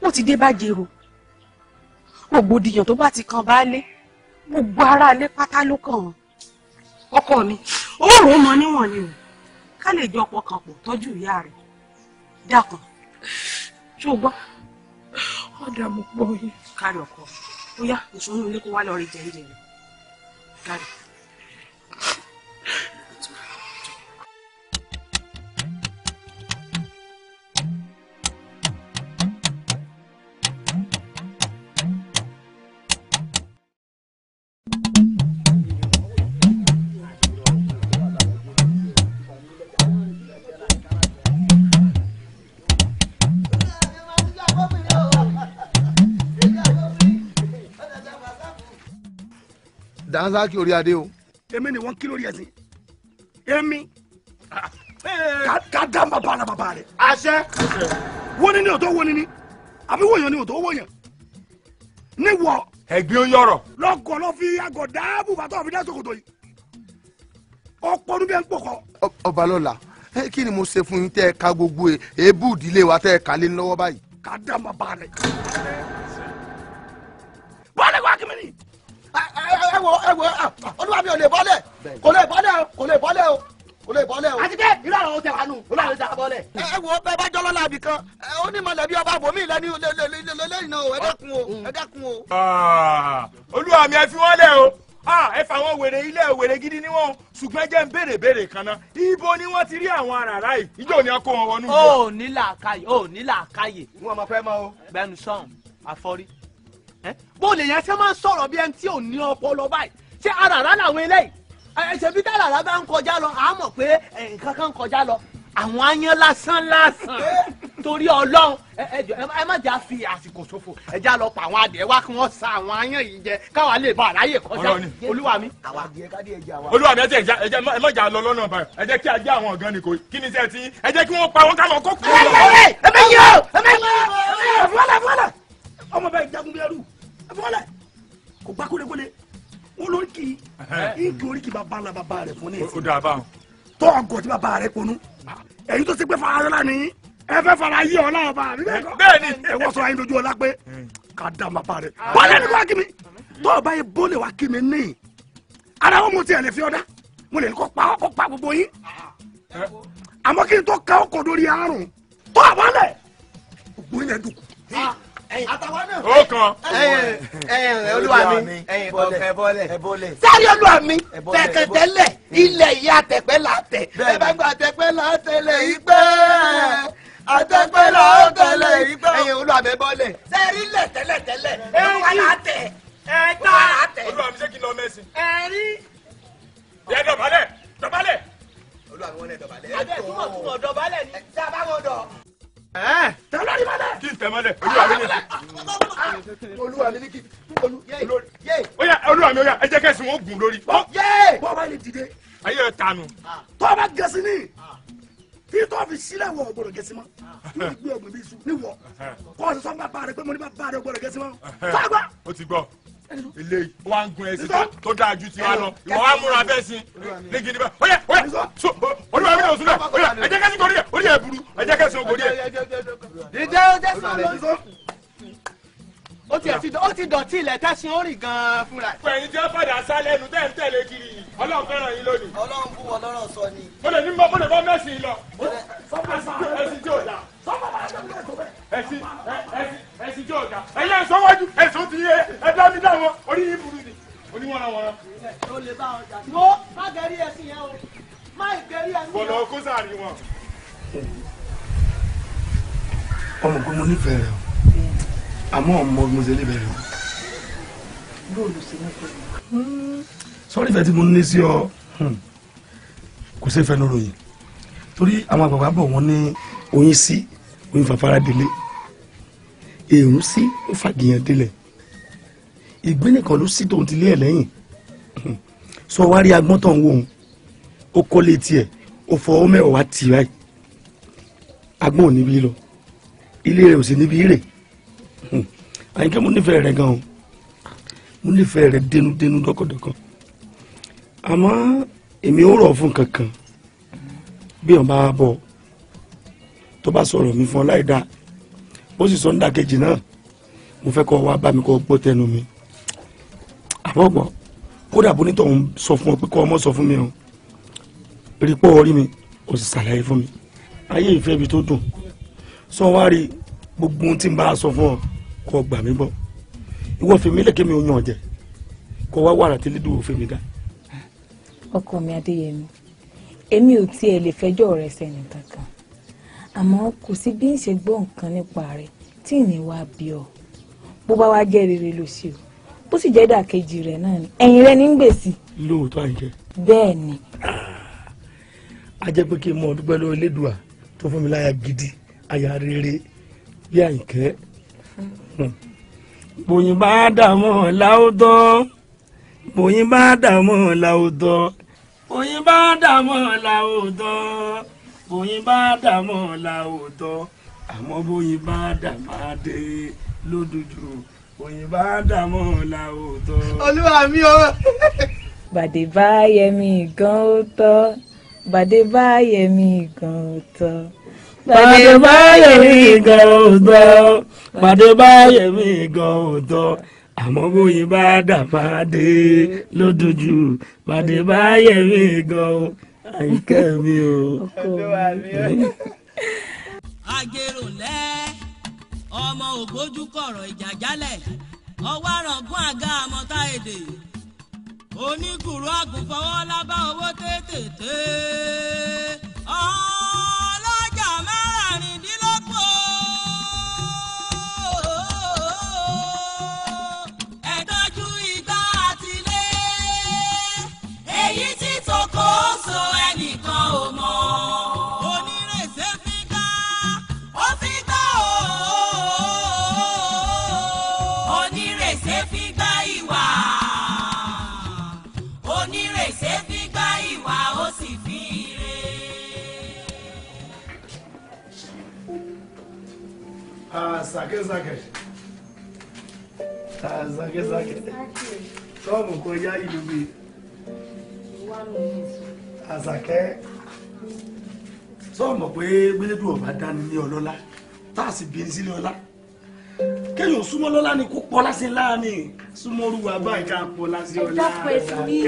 wọ́n ti dé bá jèrò rògbòdìyàn tó bá ti kan baálé gbogbo aráalé pátá ló kàn ọkọ mi ó rò ó mọ níwọ̀n ni o ká lè jọ pọkàn pọ̀ tọ́jú ìyá rẹ̀ dákun ṣó gbọ́. ọ̀dà mo pọ̀ yìí. kárí ọkọ ó ìṣòro ilé kó wá lọ rí jẹ́ńjẹ́ rẹ̀ kárí. dànsákì orí adé o. èmi ni wọ́n kí lórí ẹ̀sìn èmi ká dá bàbá la bàbá rẹ̀. àṣẹ. wọ́n ní ní òtó wọ́n ní ní àbí wọ̀nyàn ní òtó wọ̀nyàn ní wọ̀. ẹ̀gbin ń yọrọ. lọ́kọ̀ lọ́ fi àgọ̀ dáàbò bàtọ́ àfi dá sòkòtò yìí ọ̀pọ̀ ọdún bẹ́ẹ̀ ń pọ̀ kọ́. kí ni mo ṣe fún yín tẹ́ ẹ ka gbogbo ẹ èébú ìdílé wa tẹ́ ẹ kà lé lọ́wọ́ báyìí. ká dá bàbá rẹ̀. bọ́ọ̀lù wa kí mi ni ẹ wo ẹ wo olúwa mi ò lè bọ́lẹ̀ kò lè bọ́lẹ̀ o kò lè bọ́lẹ̀ o kò lè bọ́lẹ̀ o. àti pé irú àwọn ọ̀tẹ̀ wa nù olúwa mi ò dáa bọ́lẹ̀. ẹ wo bẹ́ẹ̀ bá jọlọ láàbì kan ó ní mọ̀lẹ́bí ọba bòmí lẹ́ni lẹ́yìn náà ẹ dákun o ẹ dákun o. Ah, olúwa mi ẹ fi wọ́n o ah, ẹ fà wọn wèrè ilé wèrè gidi ni wọn ṣùgbọ́n jẹ́ ń béèrè béèrè kan náà ibo ni wọ́n ti rí àwọn àràrá yìí ìjọ ni a kó wọn wọnú. ó ní làákàyè ó ní làákàyè. wọn máa fẹ́ mọ o. bẹ́ẹ̀ ni sọ́ọ̀n àfọ́rí bó lè yẹn ṣe máa ń sọ̀rọ̀ bí ẹni tí ò ní ọpọlọ báyìí ṣé aràrá làwọn eléyìí ṣèbí tàràrà bá ń kọjá lọ àá mọ̀ pé nǹkan kan ń kọjá lọ àwọn ayan lásán lásán torí ọlọ́run ẹ má jà fi àsìkò ṣòfò ẹ já lọ pa àwọn adìẹ wá kí wọ́n sa àwọn ayan yìí jẹ káwa lè bá àráyè kọjá olúwa mi. olúwa mi ẹ jẹ ẹ má jà lọ lọ́nà báyìí ẹ jẹ́ kí ajá àwọn ọ̀gán ni kò kí ni sẹ́ẹ̀ tí ẹ jẹ́ kí wọ́n pa wọn ká lọ kó kú. ẹ bẹ yí o ẹ bẹ yí o ẹ bẹ yí o fúnlẹ̀ fúnlẹ̀ ọmọ bẹ́ẹ̀ jagun bí ẹrú ẹ fọlẹ̀ kò gbá kólekóle wọn lórí kì í kì orí kì bàbá la bàbá rẹ fún ní ìsìn tọ́ ọgọ̀ tí bàbá rẹ ponú èyí tó ti pé fara yọ lánìí ẹ fẹ́ fara yí ọ náà bá mi bẹ́ẹ̀ kọ́ bẹ́ẹ̀ ni ẹ wọ́n sọ ayé lójú ọlá pé hmm. ká dá bàbá rẹ wọ́n lẹ́nu wá kí mi tọ́ ọba yẹ bó lè wá kí mi ní ara wọn mo ti ẹ̀ lè fi ọ̀dá mo lè kọ́ pa ọkọ̀ pa gbogbo yín àmọ́ kí n tó ka ọkọ̀ lórí àrùn tọ́ àbálẹ̀ ògbóyin ẹ̀ àtàwọn náà. ó kàn. olúwa mi ẹ bọ́lẹ̀. sáré olúwa mi tẹ̀kẹ̀tẹ̀lẹ̀ ilẹ̀ yìí àtẹ̀pẹ́ là tẹ̀. ẹ bá gba àtẹ̀pẹ́ là tẹ̀lẹ̀ yìí pẹ́ àtẹ̀pẹ́ là tẹ̀lẹ̀ yìí pẹ́. ẹyin olúwa mi bọ́lẹ̀. sẹ́rí lẹ̀ tẹ́lẹ̀ tẹ́lẹ̀ olúwa là tẹ̀. ẹ gbà olúwa mi ṣé kí n lọ mẹ́sìn. ẹ rí. yẹ dọ̀bálẹ̀ dọ̀bálẹ̀. olúwa mi wọ́n lẹ̀ dọ̀bálẹ̀. adé tí tẹ olórí mọ́lẹ̀. kí n tẹ mọ́lẹ̀ olúwa mi ní. olúwa mi ní kí olórí. olúwa mi ẹ jẹ́ kẹ́sìn wọn gùn lórí. bọ́ọ̀bá yìí dìde. ayé ẹ tanu. Ah. tọ́ba gẹ̀ẹ́sì ni tí tó fi sílẹ̀ wọ̀ ọ̀gbọ̀dọ̀ gẹ̀ẹ́sì mọ́ ní gbé ọ̀gbìn bí isu ní wọ̀ ah. kọ́ ọ̀sán bá bá rẹ pé mo ní bá bá rẹ ọ̀gbọ̀dọ̀ gẹ̀ẹ́sì mọ́. Ah. fagba. o ti gbọ́ ilé wa ń gun ẹsẹ tó dáa ju tiwa lọ ìwọ wa múra bẹ́ẹ̀ sí ní gidi bá oyè oyè so olúwa mi ò sún náà oyè ẹ jẹ́ kẹ́sì kò rí ẹ orí ẹ burú ẹ jẹ́ kẹ́sì kò rí ẹ. ìjẹ́ o jẹ́ sọ lọ o ti ẹ̀sìn o ti dọ̀tí ilẹ̀ tẹ̀sán ó rìn gan-an fúnra ẹ̀. fẹ̀yìn jẹ́ fàdà sálẹ̀ ẹnu tẹ́ ń tẹ̀lé kiri yìí ọlọ́run fẹ́ràn yín lónìí. ọlọ́run bú wọn lọ́rọ̀ sọ ni. mo lè ní mo lè bọ́ mẹ́sìn lọ. ẹ̀sìn tí ò dáa ẹsì ẹsì ẹsì jẹ ọjà ẹyẹ ẹsọ wájú ẹsọ ti yẹ ẹdá mi dá wọn orí yìí burú ni oníwọ̀nà wọ̀nà. o lè bá ọjà tí mo má gẹ̀rí ẹsìn yẹn o má gẹ̀rí ẹsìn yẹn. bọ̀dọ̀ kó sàárì wọn. ọmọ gbọmọ nífẹ̀ẹ́ rẹ o àmọ́ ọmọ mo ṣe níbẹ̀rẹ̀ o. bóòlù sí ní pẹ̀lú. sọ́ọ́rì ìfẹ́ tí mo ní sí ọ kò sí ìfẹ́ níròyìn torí àwọn àgbàgbà bọ̀ wọ́n ní oyin sí. Si ó fàfara délé èèrùn sí ó fàgìyàn délẹ̀ ìgbín nìkan ló sí tòun ti lé ẹ̀ lẹ́yìn sọ wá rí agbọ́n tó ń wò ó ó kọ́ létí ẹ̀ ó fọwọ́ mẹ́wàá wá tì báyìí agbọ́n ò níbi lọ ilé rẹ̀ ò sí níbi rè àyìnkẹ́ mo nífẹ̀ẹ́ rẹ̀ gan-an mo nífẹ̀ẹ́ rẹ̀ dénúdénú dọ́kọ̀dọ́kọ̀ àmọ́ èmi ò rọ̀ fún kankan bí wọ́n bá bọ̀ tó bá sọ̀rọ̀ mi fún ọ láì dáa bó sì sọ nídàkejì náà mo fẹ́ kọ́ wá bá mi kọ́ gbọ́ tẹnu mi àbọ̀gbọ̀ kódà bó nítọ̀ ń sọ fún ọ pé kọ́ ọmọ sọ fún mi o rí pọ́ orí mi o sì ṣàlàyé fún mi ayé ìfẹ́ ibi tó dùn sọ wá rí gbogbo ohun tí n bá sọ fún ọ kọ́ gbà mí gbọ́ ìwọ fèmí lẹ́kẹ́ mi ò yàn jẹ kọ́ wá wàrà tí lédùn òfèmí dá. ọkọ mi adéyẹmí èmi ò tiẹ̀ lè fẹjọ́ rẹ sẹ́ni kankan àmọ́ kò sí bí n ṣe gbọ́ nǹkan nípa rẹ̀ tí ìní wa bí ọ bó bá wá jẹ́ rere ló ṣe o bó sì jẹ́ ìdàkejì rẹ̀ náà ni ẹ̀yìn rẹ̀ ní ń gbèsè. lóòótọ́ àìjẹ́. bẹ́ẹ̀ ni. a jẹ́ pé kí n mọ dúpẹ́ lọ́wọ́ Elédùà tó fún mi láya gidi aya rere bí àyìnkẹ́. Hmm. bòyìn bá dààmú láwùjọ bòyìn bá dààmú láwùjọ bòyìn bá dààmú láwùjọ bóyin bá dààmú la ò tọ́ àmọ́ bóyin bá dààmú adé lódùjú bóyin bá dààmú la olúwa mi o. bàdé bá yẹmi gan ó tọ́ bàdé bá yẹmi gan ó tọ́ pàdé báyẹ̀mí gan òótọ́ pàdé báyẹ̀mí gan òótọ́ àmọ́ bóyin bá dà máa dé lódójú pàdé báyẹ̀mí gan òótọ́ àyíká mi o. àgèrò lẹ́ ọmọ ògbójú kọ̀rọ̀ ìjàjálẹ̀ ọwọ́ àrọ̀gún àga àmọ́ta èdè oníkùrú àgùnfọwọ́ lábá owó tètè tèè. sake sake sake sake sọ́ọ̀bù kọjá ìlú bíi àsàkẹ́ sọ́ọ̀mọ̀ pé gbẹ́lẹ́dù ọ̀bá dání ní ọlọ́lá tá a sì bìrì sílé ọlá kéèyàn súnmọ́ lọ́lá ni kó pọ́ lásìí láàrin súnmọ́ olúwa báyìí ká pọ́ lásìí ọlá àsàkẹ́.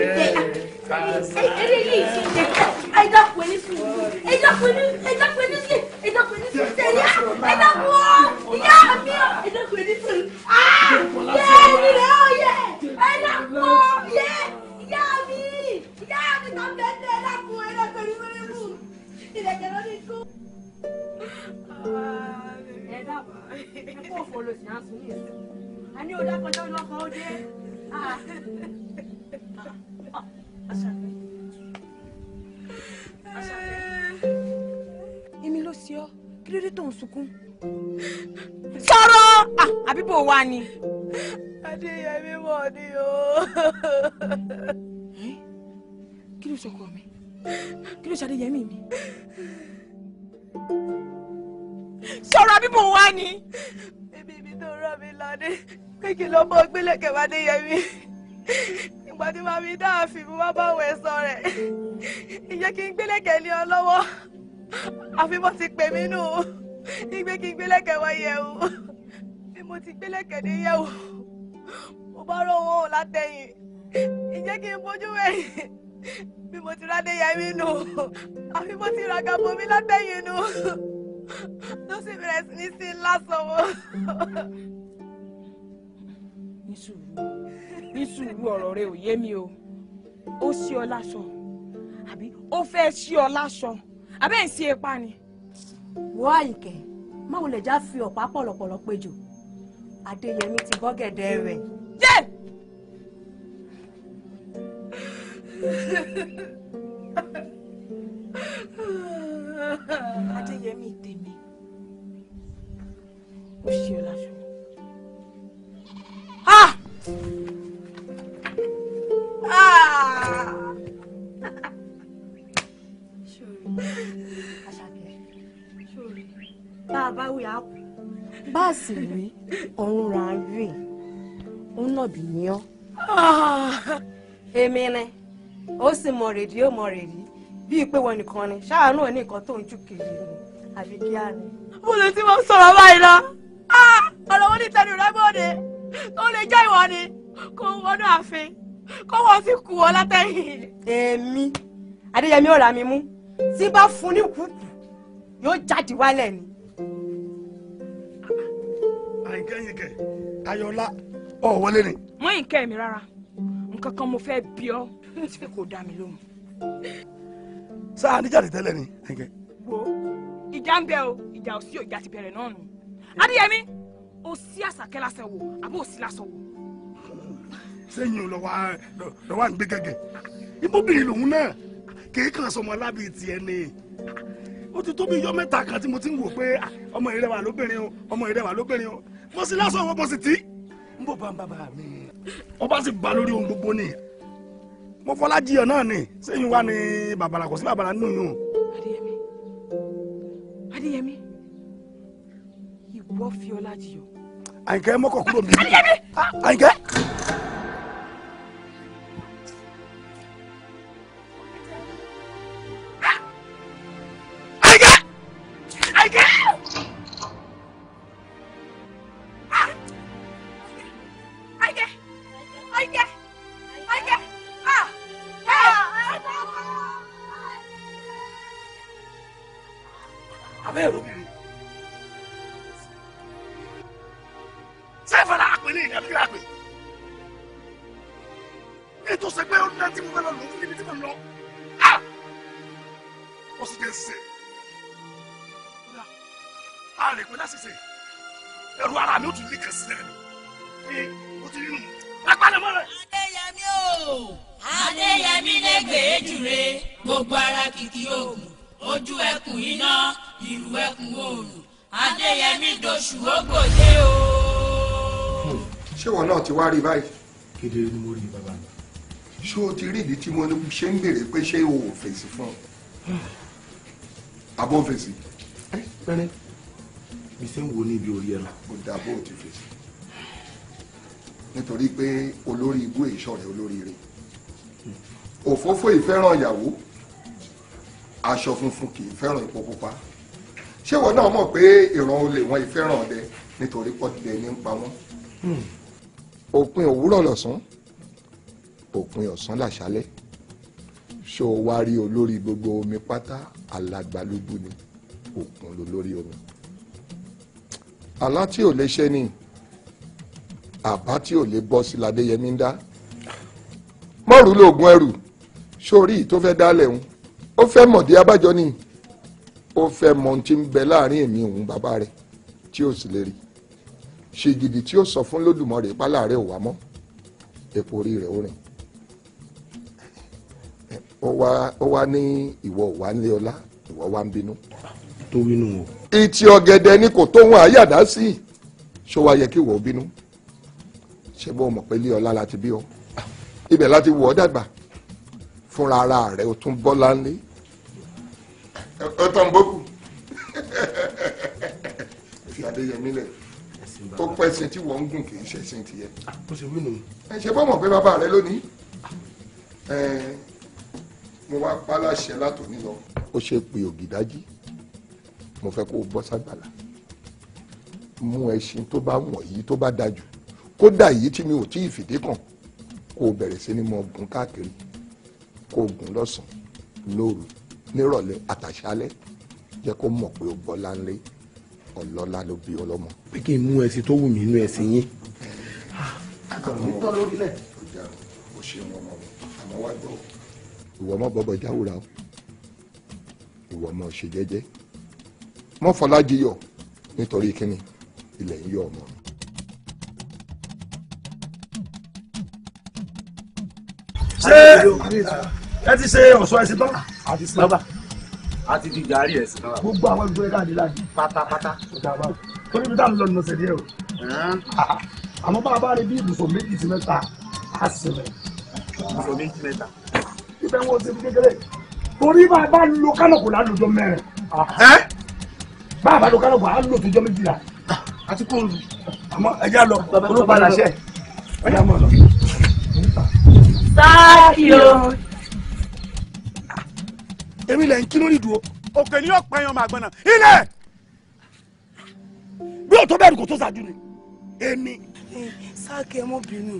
ọ̀rọ̀ bíbò wá ni. bébí ibi tó rán mi lọ ní kéèké lọ́mọ gbélẹ̀kẹ̀ wá dé yẹmi ìgbà tí màá mi dáa fi mi wá bá òun ẹ̀sọ́ rẹ̀ ìyẹ́ kí n gbélẹ̀kẹ̀ lé ọ lọ́wọ́ àfi mo ti pè mí nù ìgbé kí n gbélẹ̀kẹ̀ wá yẹ̀ o bí mo ti gbélẹ̀kẹ̀ dé yẹ̀ o mo bá rọ wọn látẹ̀yìn ìjẹ́ kí n bójú wẹ̀yìn bí mo ti rádé yẹmi nù àfi mo ti ràgà bomi látẹ̀yìn nù ló sì bẹ̀rẹ̀ sí ní sí lásán wọ́. ní sùúrù ní sùúrù ọ̀rọ̀ rẹ ò yé mi o ó sí ọ láṣọ àbí ó fẹ́ sí ọ láṣọ abẹ́ ń sí ipa ni. wọ́n àyìnkẹ́ máwo lè já fi ọ̀pá pọ̀lọ̀pọ̀lọ̀ péjọ adéyẹmí ti bọ́gẹ̀dẹ̀ rẹ̀. yé. adéyẹmí tẹ. Ah! Ah! bá a bá wí á kú. bá a sì wí ọ̀run ra rí ń nàbì ní ọ́. èmi ni ó sì mọ rèdí ó mọ rèdí bíi pé wọn nìkan ni ṣáà náà ní nǹkan tó ń jù kiri ni àbí kíá ni. mo lè ti máa sọ̀rọ̀ báyìí lọ. Ah, ọ̀rọ̀ wọn ní tẹnu rẹ bóde ó lè jẹ́ ìwọ ni kó wọnú ààfin kó wọ́n sì kú ọ látẹ̀yìn. èmi adéyẹmí ò rà mí mú tí bá fún ní kúkú yóò jáde wálẹ̀ ni. àyìnkẹ́ yìí kẹ́ ayọ̀lá ọ̀ wọlé ni. mọ ìkẹ́ mi rárá nǹkan kan mo fẹ́ bí ọ́ mo ti dá mi lóhùn. sáà níjà tẹ́lẹ̀ ni. wo ìjà ń bẹ o ìjà ò sí o ìjà ti bẹ̀rẹ̀ náà nù adéyẹmí o sí àṣàkẹ́ lásẹ̀ wò àbí o sí lásọ̀ wò. sẹ́yìn lọ́wọ́ lọ́wọ́ à ń gbé gẹ́gẹ́ ibóbìnrin lòun náà kì í kàn sọmọ lábì tiẹ̀ ni ó ti tó bí ijọ́ mẹ́ta kan tí mo ti ń wò pé ah, ọmọ ìrẹwà lóbìnrin o ọmọ ìrẹwà lóbìnrin o mo sì lásán wọn mo sì tí n bò bá ń bàbá mi ọba sì bá lórí ohun gbogbo ni mo fọlá jiyàn náà ni sẹ́yìn wá ní bàbàrà kò sí bàbàrà nínú yìí o. adéyẹmí adéyẹmí wọ́n fi ọlá jiyàn. àyìnkẹ́ mọ́kọ̀ kúrò mi. àyìnkẹ́. Ah, wá rí báyìí. kedere ni mo rí bàbá mi. ṣé o ti rí ìdí tí mo ṣe ń béèrè pé ṣé o ò fèsì fún ọ àbọ̀ fèsì. ẹ pẹrẹ mi ṣe ń wo ní ibi orí ẹran. o dà bó o ti fèsì nítorí pé olórí ibú èso rẹ olórí rẹ òfófó ìfẹ́ràn ìyàwó aṣọ funfun kì í fẹ́ràn epo pupa ṣé wọn náà mọ̀ pé ìran olè wọn ìfẹ́ràn ọdẹ nítorí pọ́tìdẹ ní ń pa wọ́n. Hmm òpin òwúrọ̀ lọ̀sán òpin ọ̀sán làṣálẹ̀ ṣó o wá rí olórí gbogbo omi pátá alágbálúgbú ni òkun lolórí omi àlá tí ò lè ṣe ni àbá tí ò lè bọ́ sí ládéyẹmí ń dá mọ́rù lóògùn ẹrù sórí tó fẹ́ dálẹ̀ ń ó fẹ́ mọ̀dé abájọ ni ó fẹ́ mọ ohun tí ń bẹ láàrin èmi òun bàbá rẹ̀ tí ó sì lè rí i ṣe gidi tí ó sọ fún lódùmarè pálá rẹ̀ ò wá mọ́ epo orí rẹ̀ ó rìn ó wá ní ìwọ ò wá ọlá ìwọ wá ń bínú. tó bínú o. ìtì ọ̀gẹ̀dẹ̀ ni kò tóhun àyàdá sí i ṣó wá yẹ kí ìwọ ò bínú ṣé bó mọ̀ pé lé ọlá láti bí ọ ibẹ̀ láti wọ̀ ọ́ dàgbà fúnra ara rẹ̀ ó tún bọ́ láńlé ó tán bókù fi Adéyẹmí lẹ̀ tó pẹ́sìn tí wọ́n ń gùn kì í ṣẹ̀sìn tiẹ̀. bó ṣe wí nù. ẹ ṣe bọ́ mọ̀ pé bàbá rẹ lónìí mo wá pa láṣẹ látòní lọ. ó ṣe pé ògìdájí mo fẹ́ kó o bọ́ ságbàlá mú ẹṣin tó bá wọ̀n yìí tó bá dájú kódà yìí tí mi ò tí ì fìdí kàn kó o bẹ̀rẹ̀ sí ni mo gùn káàkiri kó o gùn lọ́sàn-án lóru nírọ̀lẹ́ àtàṣálẹ́ jẹ́ kó mọ̀ pé o bọ́ láńlé ọlọ́lá ló bí ọlọ́mọ. pé kí n mú ẹsìn tó wù mí inú ẹsìn yín. àkàtúntì tán lórí lẹ̀. ọjà ò ṣe wọn ọmọ àmọ́ wá gbọ́. ìwọ ọmọ bọbọ jáwúra o ìwọ ọmọ ṣe jẹ́jẹ́ mọ Fọlájiyọ̀ nítorí kíni ilẹ̀ ń yọ ọmọ mi. ṣé ẹ ti ṣe ọ̀ṣọ́ ẹ̀sìn tán? àti sinaba a ti di ẹ̀ sí gbogbo àwọn ìgbó ẹ̀ka àdé láàyè. pátápátá. torí bí táwọn lọ́nà ọ̀sẹ̀ díẹ̀ o. àmọ́ bá a bá rí bí ibùsùn méjì sí mẹ́ta á sinmi. ibùsùn méjì mẹ́ta. ibẹ̀ wo ṣe fi kékeré torí bá a bá lo kánàkù lálùjọ mẹ́rin. bá a bá lo kánàkù á lò tó jọ méjìlá. àti kò lù. àmọ́ ẹ já lọ olóògbé aláṣẹ. ẹ já mọ́ lọ èmi lẹ̀ ń kí lórí ìdúró. òkè ni yóò pẹ́yàn máa gbọ́nà ilẹ̀ bí o tó bẹ́ẹ̀ kò tó ṣáájú ni èmi. sáàkì ẹ mọ bínú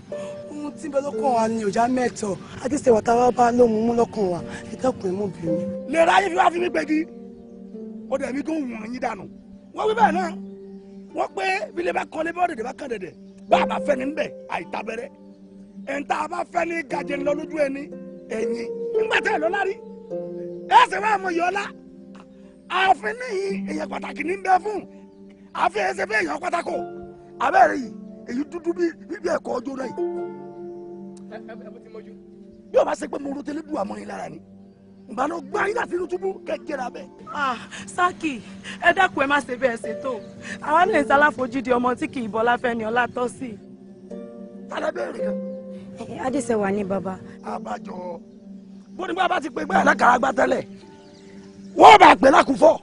ohun tí bẹ́ẹ̀ lọ́kàn wa ni ọjà mẹ́tọ̀ akíṣe wàtá wa bá lóun mú lọ́kàn wa ẹ dákun ẹ mọ bínú. lè ra yín fi wá fi mí gbẹgi ó dẹ̀ mí kó wọ̀n yín dànù wọ́n wí bẹ́ẹ̀ náà wọ́n pé bílẹ̀ bá kọ́lé bá dẹ̀dẹ̀ bá kàn dẹ̀dẹ̀ bá a bá fẹ́ ní bẹ̀ àìtabẹ́rẹ́ ẹ̀ ń tá a bá fẹ́ ní gajẹ́ ńlọ ẹni ẹ̀yìn ńgbà tẹ́ ẹ̀ lọ́lárí ẹsẹ̀ wa mọ̀ yọ̀ọ́lá àfin níyìn èèyàn pàtàkì ní bẹ́ẹ̀ fún àfin ẹsẹ̀ fún èèyàn pátákó abẹ́rẹ́ yìí èyí dúdú bíbí ẹ̀kọ́ yìí. bí o bá ṣe pé mo ro tẹ́lẹ̀ dùn àmọ́ yín lára ni ìgbà ló gbá yín láti inú túbú ẹ ọmọ tí kì í bọ́lá fẹ́ ni ọlá tọ́ sí. bó ní bá bá ti pe gbẹ́yà lákàràgbá tẹ́lẹ̀ wọ́n bá pè lákùnfọ́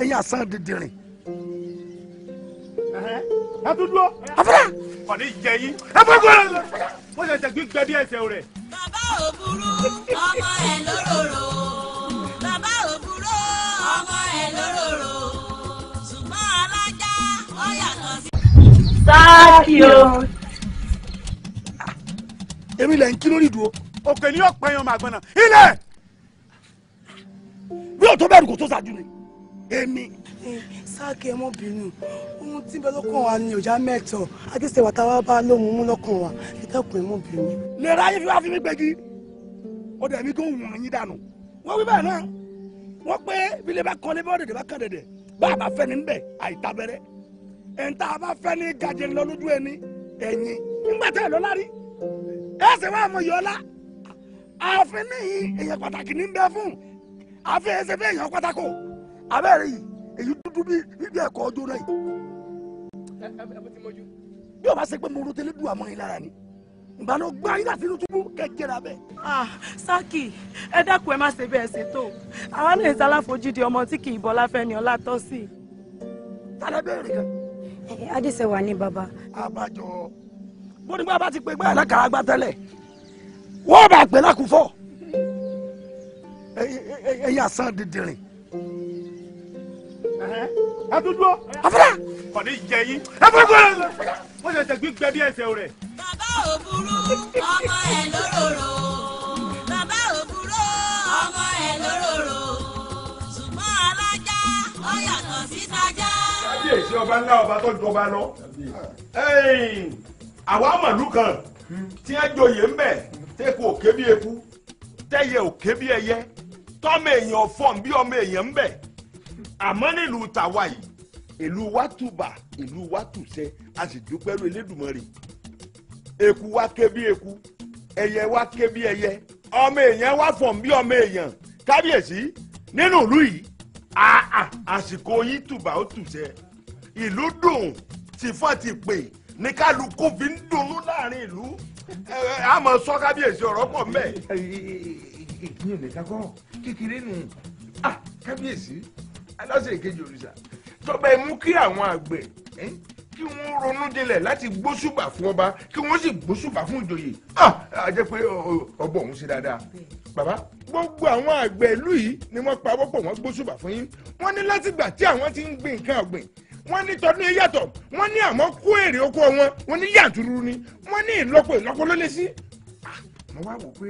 ẹ̀yin àsán dìndìnrín. ẹ tún dúró. afẹ́rẹ́. kọ́ni jẹ yín. ẹ fẹ́ gbọ́. wọ́n ṣẹ̀ṣẹ̀ gbé gbẹ́ díẹ̀ ṣe rẹ̀. bàbá ò ọmọ ẹ̀ lóròrò bàbá ò ọmọ ẹ̀ lóròrò ṣùgbọ́n alájà ó yàtọ̀ sí. sáà kí o èmi lẹ̀ ń kí lórí ìdúró. òkè ni yóò pẹ́ yan màgbọ́n náà ilẹ̀ bí òtó bẹ́ẹ̀ kò tó ṣáájú ni èmi. sáàkì ẹ mọ ohun tí bẹ lọ́kàn wa ni òjá mẹ́tọ̀ akíṣẹ́wà táwa bá lóhun mú lọ́kàn wa ìtẹ́kùn ẹ mọ bínú. lè ráyè fi wá fi mí gbégi ó dẹ̀ mí kó wọ̀n yín dànù wọ́n wí bẹ́ẹ̀ náà wọ́n pé bílẹ̀ bá kọ́lé bá dẹ̀dẹ̀ bá kàn dẹ̀dẹ̀ bá a bá fẹ́ ní bẹ̀ àìtabẹ́rẹ́ ẹ̀ ń tá a bá fẹ́ ní gàjẹ́ lọ ẹni ẹ̀yìn nígbà tẹ́ ẹ̀ lọ́lárí ẹsẹ̀ wa mọ̀ a ààfin níyìn èèyàn pàtàkì ní bẹ́ẹ̀ fún àfi ẹsẹ̀ fún èèyàn pàtàkì abẹ́rẹ́ yìí èyí dúdú bí bíbí ẹ̀kọ́ ọjọ́ náà yìí. bí o bá ṣe pé mo rotele àmọ́ lára ni ìbànú gbá yín láti inú túbú kẹjẹrà bẹ́ẹ̀. ẹ ẹ má ṣe bẹ́ẹ̀ àwa náà ń ọmọ tí kì í bọ́ ọlá tálẹ́ bẹ́ẹ̀ rẹ̀ kan. bó ni bá ti pè gbẹ́ alákàràgbà tẹ́lẹ̀ wọ́n bá pè lákùúfọ́ ẹ̀yin àsán dìndìnrín. ẹ tún dúró. afárá. kò ní jẹ yín. ẹ fún mi. wọ́n ṣe ṣe gbígbẹ́ bí ẹsẹ̀ rẹ̀. bàbá òbúrú ọmọ ẹ̀ lóròrò bàbá òbúrú ọmọ ẹ̀ lóròrò ṣùgbọ́n alájà ó yàtọ̀ sí tajá. kábíyèsí ọba ńlá ọba tó jọba lọ àwa àmọ̀lú kan tí wọ́n joyè ń bẹ̀ tẹ́kọ̀ òkè bí eku tẹ́yẹ òkè bí ẹyẹ tọ́mọ èèyàn fọ́n bí ọmọ èèyàn ń bẹ̀ àmọ́ nílùú tàwa yìí ìlú wa tùbà ìlú wa tùsẹ a sì dúpẹ́ lórí Elédùmarè eku wa ké bí eku ẹyẹ wa ké bí ẹyẹ ọmọ èèyàn wa fọ̀n bí ọmọ èèyàn kábíyèsí nínú ìlú yìí àsìkò yìí tùbà ó tùsẹ ìlú dùn tìfọ́ ti pè ní kálukú fi ń dunnú láàrin ìlú a mọ̀ sọ kábíyèsí ọ̀rọ̀ pọ̀ mbẹ́. ìpín òde kakọ kékeré nù kábíyèsí aláṣẹ ìkejì òrìṣà tọba ẹ mú kí àwọn àgbẹ̀ kí wọ́n ronú jinlẹ̀ láti gbósùbà fún ọba kí wọ́n sì gbósùbà fún ìjòyè a jẹ́ pé ọbọ̀ òun ṣe dáadáa bàbá gbogbo àwọn àgbẹ̀ ìlú yìí ni wọ́n pa wọ́pọ̀ wọ́n gbósùbà fún yín wọ́n ní látìgbà tí àwọn ti ń gbin nǹkan ọ̀gbìn wọ́n ní tọdún yàtọ̀ wọ́n ní àmọ́ kó èrè oko wọn wọ́n ní yàtúrú ni wọ́n ní ìlọ́pọ̀ ìlọ́pọ̀ ló lé sí. Ah, mo wá wò pé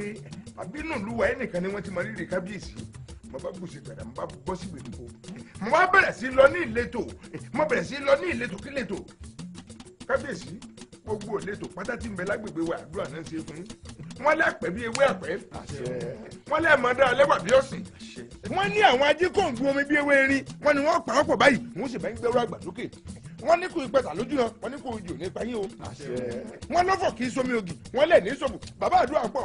àbínú lúwa ẹnìkan ni wọ́n ti mọ rírì kábíyèsí mo bá gbèsè gbàdá mo bá bọ́ sí ìgbèríko mo wá bẹ̀rẹ̀ sí lọ ní ìletò mo bẹ̀rẹ̀ sí lọ ní ìletò kí letò kábíyèsí gbogbo ìletò pátá tí ń bẹ lágbègbè wa àdúrà náà ṣe fún wọ́n lẹ́pẹ́ bí ewé ẹ̀pẹ́ wọ́n lẹ́ẹ̀mọ́dá lẹ́wà bí ọ̀sìn wọ́n ní àwọn ajíkòǹgùn omi bí ewé erin wọ́n ní wọ́n pa ọ̀pọ̀ báyìí wọ́n sì bá ń gbẹ́rọ àgbà lókè wọ́n ní kò ìpẹ́sà lójú hàn wọ́n ní kò ìjò nípa yín o wọ́n lọ́fọ̀ kì í somi ògì wọ́n lẹ̀ ní sòbò bàbá àdúrà pọ̀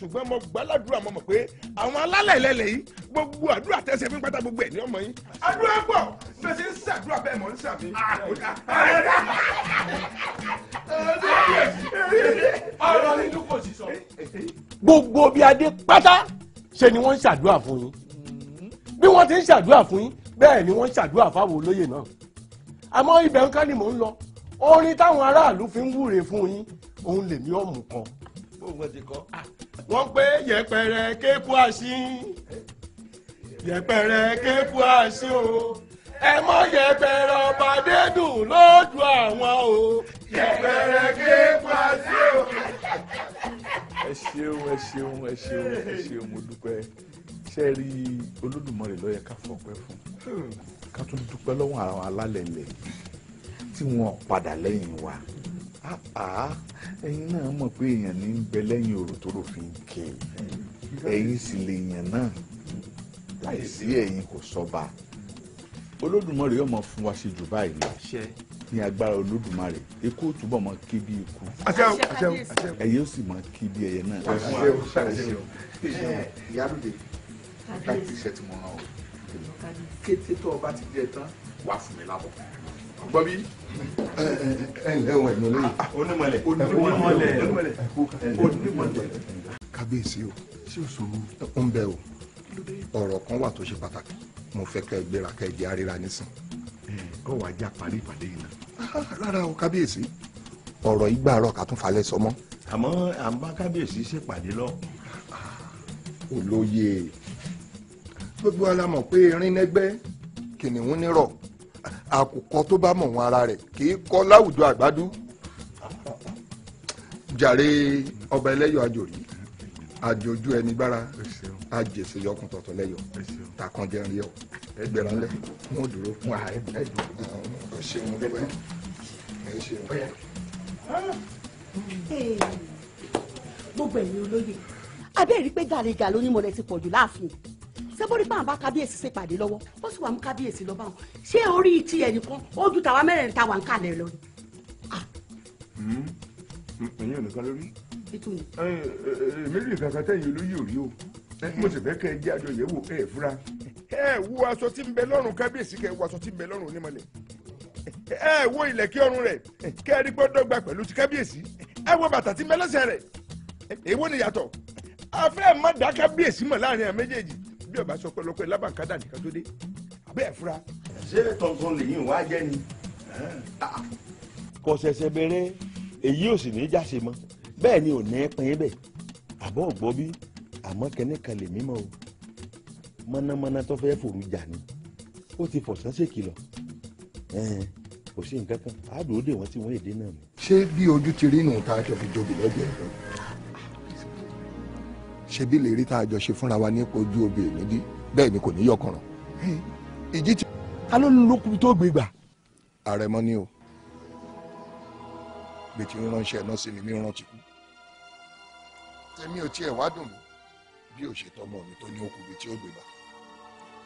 ṣùgbọ́n mo gbàládùra mo mọ̀ pé àwọn alálẹ̀ ìlẹ̀lẹ̀ yìí gbogbo àdúrà tẹ̀sẹ̀ fún pátá gbogbo ẹ̀ ní ọmọ yín. àdúrà pọ̀ bẹ́ẹ̀ ń ṣàdúrà bẹ́ẹ̀ mọ̀ ń ṣàmì. ọ̀rọ̀ ni dúpọ̀ sí sọ. gbogbo bí adé pátá ṣe ni wọ́n ń ṣàdúrà fún yín bí wọ́n ti ń ṣàdúrà fún yín bẹ́ẹ̀ ni wọ́n ń ṣàdúrà fáwọn olóyè náà àmọ́ ibẹ̀ ń ká ni mò ń lọ orin táwọn aráàlú fi ń wúre fún yín òun lèmi ọ̀mù kan oògùn ti kọ́ wọ́n pé yẹpẹrẹ kéku àṣín yẹpẹrẹ kéku àṣín o ẹ mọ yẹpẹrẹ ọba dédùn lójú àwọn o yẹpẹrẹ kéku àṣín o. ẹ ṣeun ẹ ṣeun ẹ ṣeun ẹ ṣeun mo dúpẹ́ ṣe rí Olódùmarè ló yẹ ká fọpẹ́ fún ká tún dúpẹ́ lọ́wọ́ àwọn alálẹ̀ ilẹ̀ tí wọ́n padà lẹ́yìn wa ẹ̀yin náà mọ̀ pé èèyàn ní í bẹ lẹ́yìn òrò tó rò fi ń ké ẹ̀yin sì lè yàn náà láìsí ẹ̀yin kò sọba olódùmarè yóò mọ fún wa ṣe jù báyìí lọ ní agbára olódùmarè ikú túbọ̀ mọ ké bí ikú ẹ̀yin ó sì mọ ké bí ẹyẹ náà. ìyálùdè láti iṣẹ́ tí mo rán o kété tó o bá ti jẹ tán wàá fún mi lábọ̀ gbọ́ bí ẹ ǹlẹ́ o ẹ̀yìn olóyè. onímọ̀lẹ̀ onímọ̀lẹ̀ onímọ̀lẹ̀. kábíyèsí o sí òṣòro. ń bẹ o ọ̀rọ̀ kan wà tó ṣe pàtàkì mo fẹ́ kẹ́ ẹ gbéra kẹ́ ẹ di aríra nísìn. kó wàá já parí ìpàdé yìí náà. rárá o kábíyèsí ọ̀rọ̀ ìgbà àárọ̀ ká tún falẹ̀ sọmọ́. àmọ́ à ń bá kábíyèsí ṣèpàdé lọ. olóyè gbogbo alamọ̀ pé erin nẹ́gbẹ́ kìnìún nírọ̀ àkùkọ tó bá mọ̀ wọn ara rẹ̀ kì í kọ́ láwùjọ àgbádú jàre ọba ẹlẹ́yọ̀ àjòrí àjòjú ẹni gbára àjèsè yọkùn tọ̀tọ̀ lẹ́yọ̀ takànjẹ rí ọ ẹgbẹ̀rún lẹ wọn dúró fún ààrẹ ẹ ṣeun dúpẹ́ ẹ ṣeun. gbogbo ẹ̀yin olóye abẹ́rẹ́ pé gàrẹ́gà lónímọ̀lẹ́ ti pọ̀ jù láàfin sẹ́bọ̀rì bá àwọn bá kábíyèsí ṣe pàdé lọ́wọ́ wọ́n sì wà mú kábíyèsí lọ báwọn ṣé orí ti ẹnì kan ó ju tàwa mẹ́rẹ̀ẹ̀rin tàwa ń kalẹ̀ lọ. Hmm. Hmm, ẹ̀yin ò nìkan lórí méjì kankan tẹ̀yìn olóyè òrí o mo sì fẹ́ kẹ́ ẹ jẹ́ àjọ yẹ̀wò ẹ̀ fúra. ẹ wo aṣọ tí ń bẹ lọ́rùn kábíyèsí kẹ́ wo aṣọ tí ń bẹ lọ́rùn onímọ̀lẹ̀ ẹ wo ìlẹ̀kẹ̀ ọrùn rẹ̀ kẹ́ ẹ rí gbọ́dọ̀ gba pẹ̀lú ti kábíyèsí ẹ wo bàtà tí ń bẹ lẹ́sẹ̀ rẹ̀ èwo ni yàtọ̀ afẹ́ mọ̀dá kábíyèsí mọ̀ láàrin àwọn méjèèjì bí ọba sọ pẹlọpẹ lábàkádà nìkan tó dé bẹ́ẹ̀ fura. ṣé tọ̀gbọ̀n lèyìn wá jẹ́ ni. kò ṣẹ̀ṣẹ̀ bẹ̀rẹ̀ èyí ò sì ní í jáse mọ́ bẹ́ẹ̀ ni ò ní í pin bẹ́ẹ̀ àbọ̀ ògbọ́ bí àmọ́ kẹ́nìkan lè mímọ́ o mọ́nàmọ́ná tó fẹ́ fòrú jà ni ó ti fọ̀sán ṣèkìlọ̀ kò sí nǹkan kan àádùn ó dè wọ́n tí wọ́n èdè náà ni. ṣé bí ojú ti rí nù tá jọ fi jobi lọ́jọ́ ìlú ṣebí lè rí tá a jọ ṣe fúnra wa ní ojú obì nídìí bẹ́ẹ̀ ni kò ní yọkànràn. ìjì tí ta ló ń lókun tó gbé gbà. àrẹ̀mọ ni o gbètì ránṣẹ́ náà sí mi mi rántí kú tèmi ò tiẹ̀ wá dùn mí bí ò ṣètò ọmọ mi tó ní okùnbi tí ó gbé gbà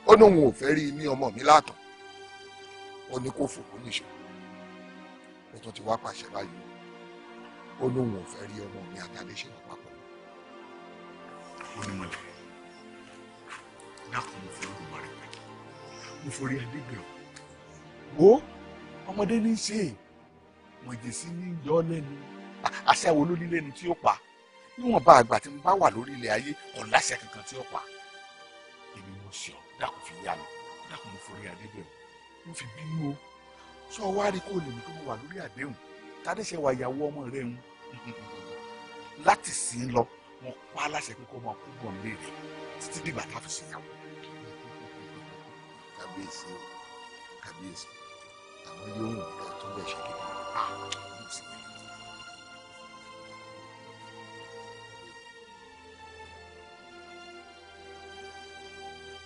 ó ní òun ò fẹ́ rí ní ọmọ mi látàn ó ní kó fòkó níṣó ó tún ti wá pàṣẹ báyìí ó ní òun ò fẹ́ rí ọmọ mi àtàdéṣe náà onímọ̀lẹ̀ dákun mo fi olùmọ̀ rẹ̀ pẹ̀lú mo forí adébẹ̀ ọ̀ wo ọmọdé ní í ṣe mọ̀jẹ̀sí ní yọ lẹ́nu àṣẹ àwọn olólí lẹ́nu tí ó pa níwọ̀nba àgbà tí mo bá wà lórí ilẹ̀ ayé kọ̀ láṣẹ kankan tí ó pa èmi mo ṣe ọ dákun fi yá lọ dákun mo forí adébẹ̀ ọ̀ mo fi bínú o sọ wá rí kó lè mú kó wà lórí àdéhùn tádéṣe wà ìyàwó ọmọ rẹ̀ ń láti sìn lọ wọn pa á láṣẹ pé kó máa kú bọ̀ nílé rẹ̀ títí dìgbà tá fi ṣèyàwó. kábíyèsí o kábíyèsí àwọn yóò wù ká tún bẹ̀ ṣe kí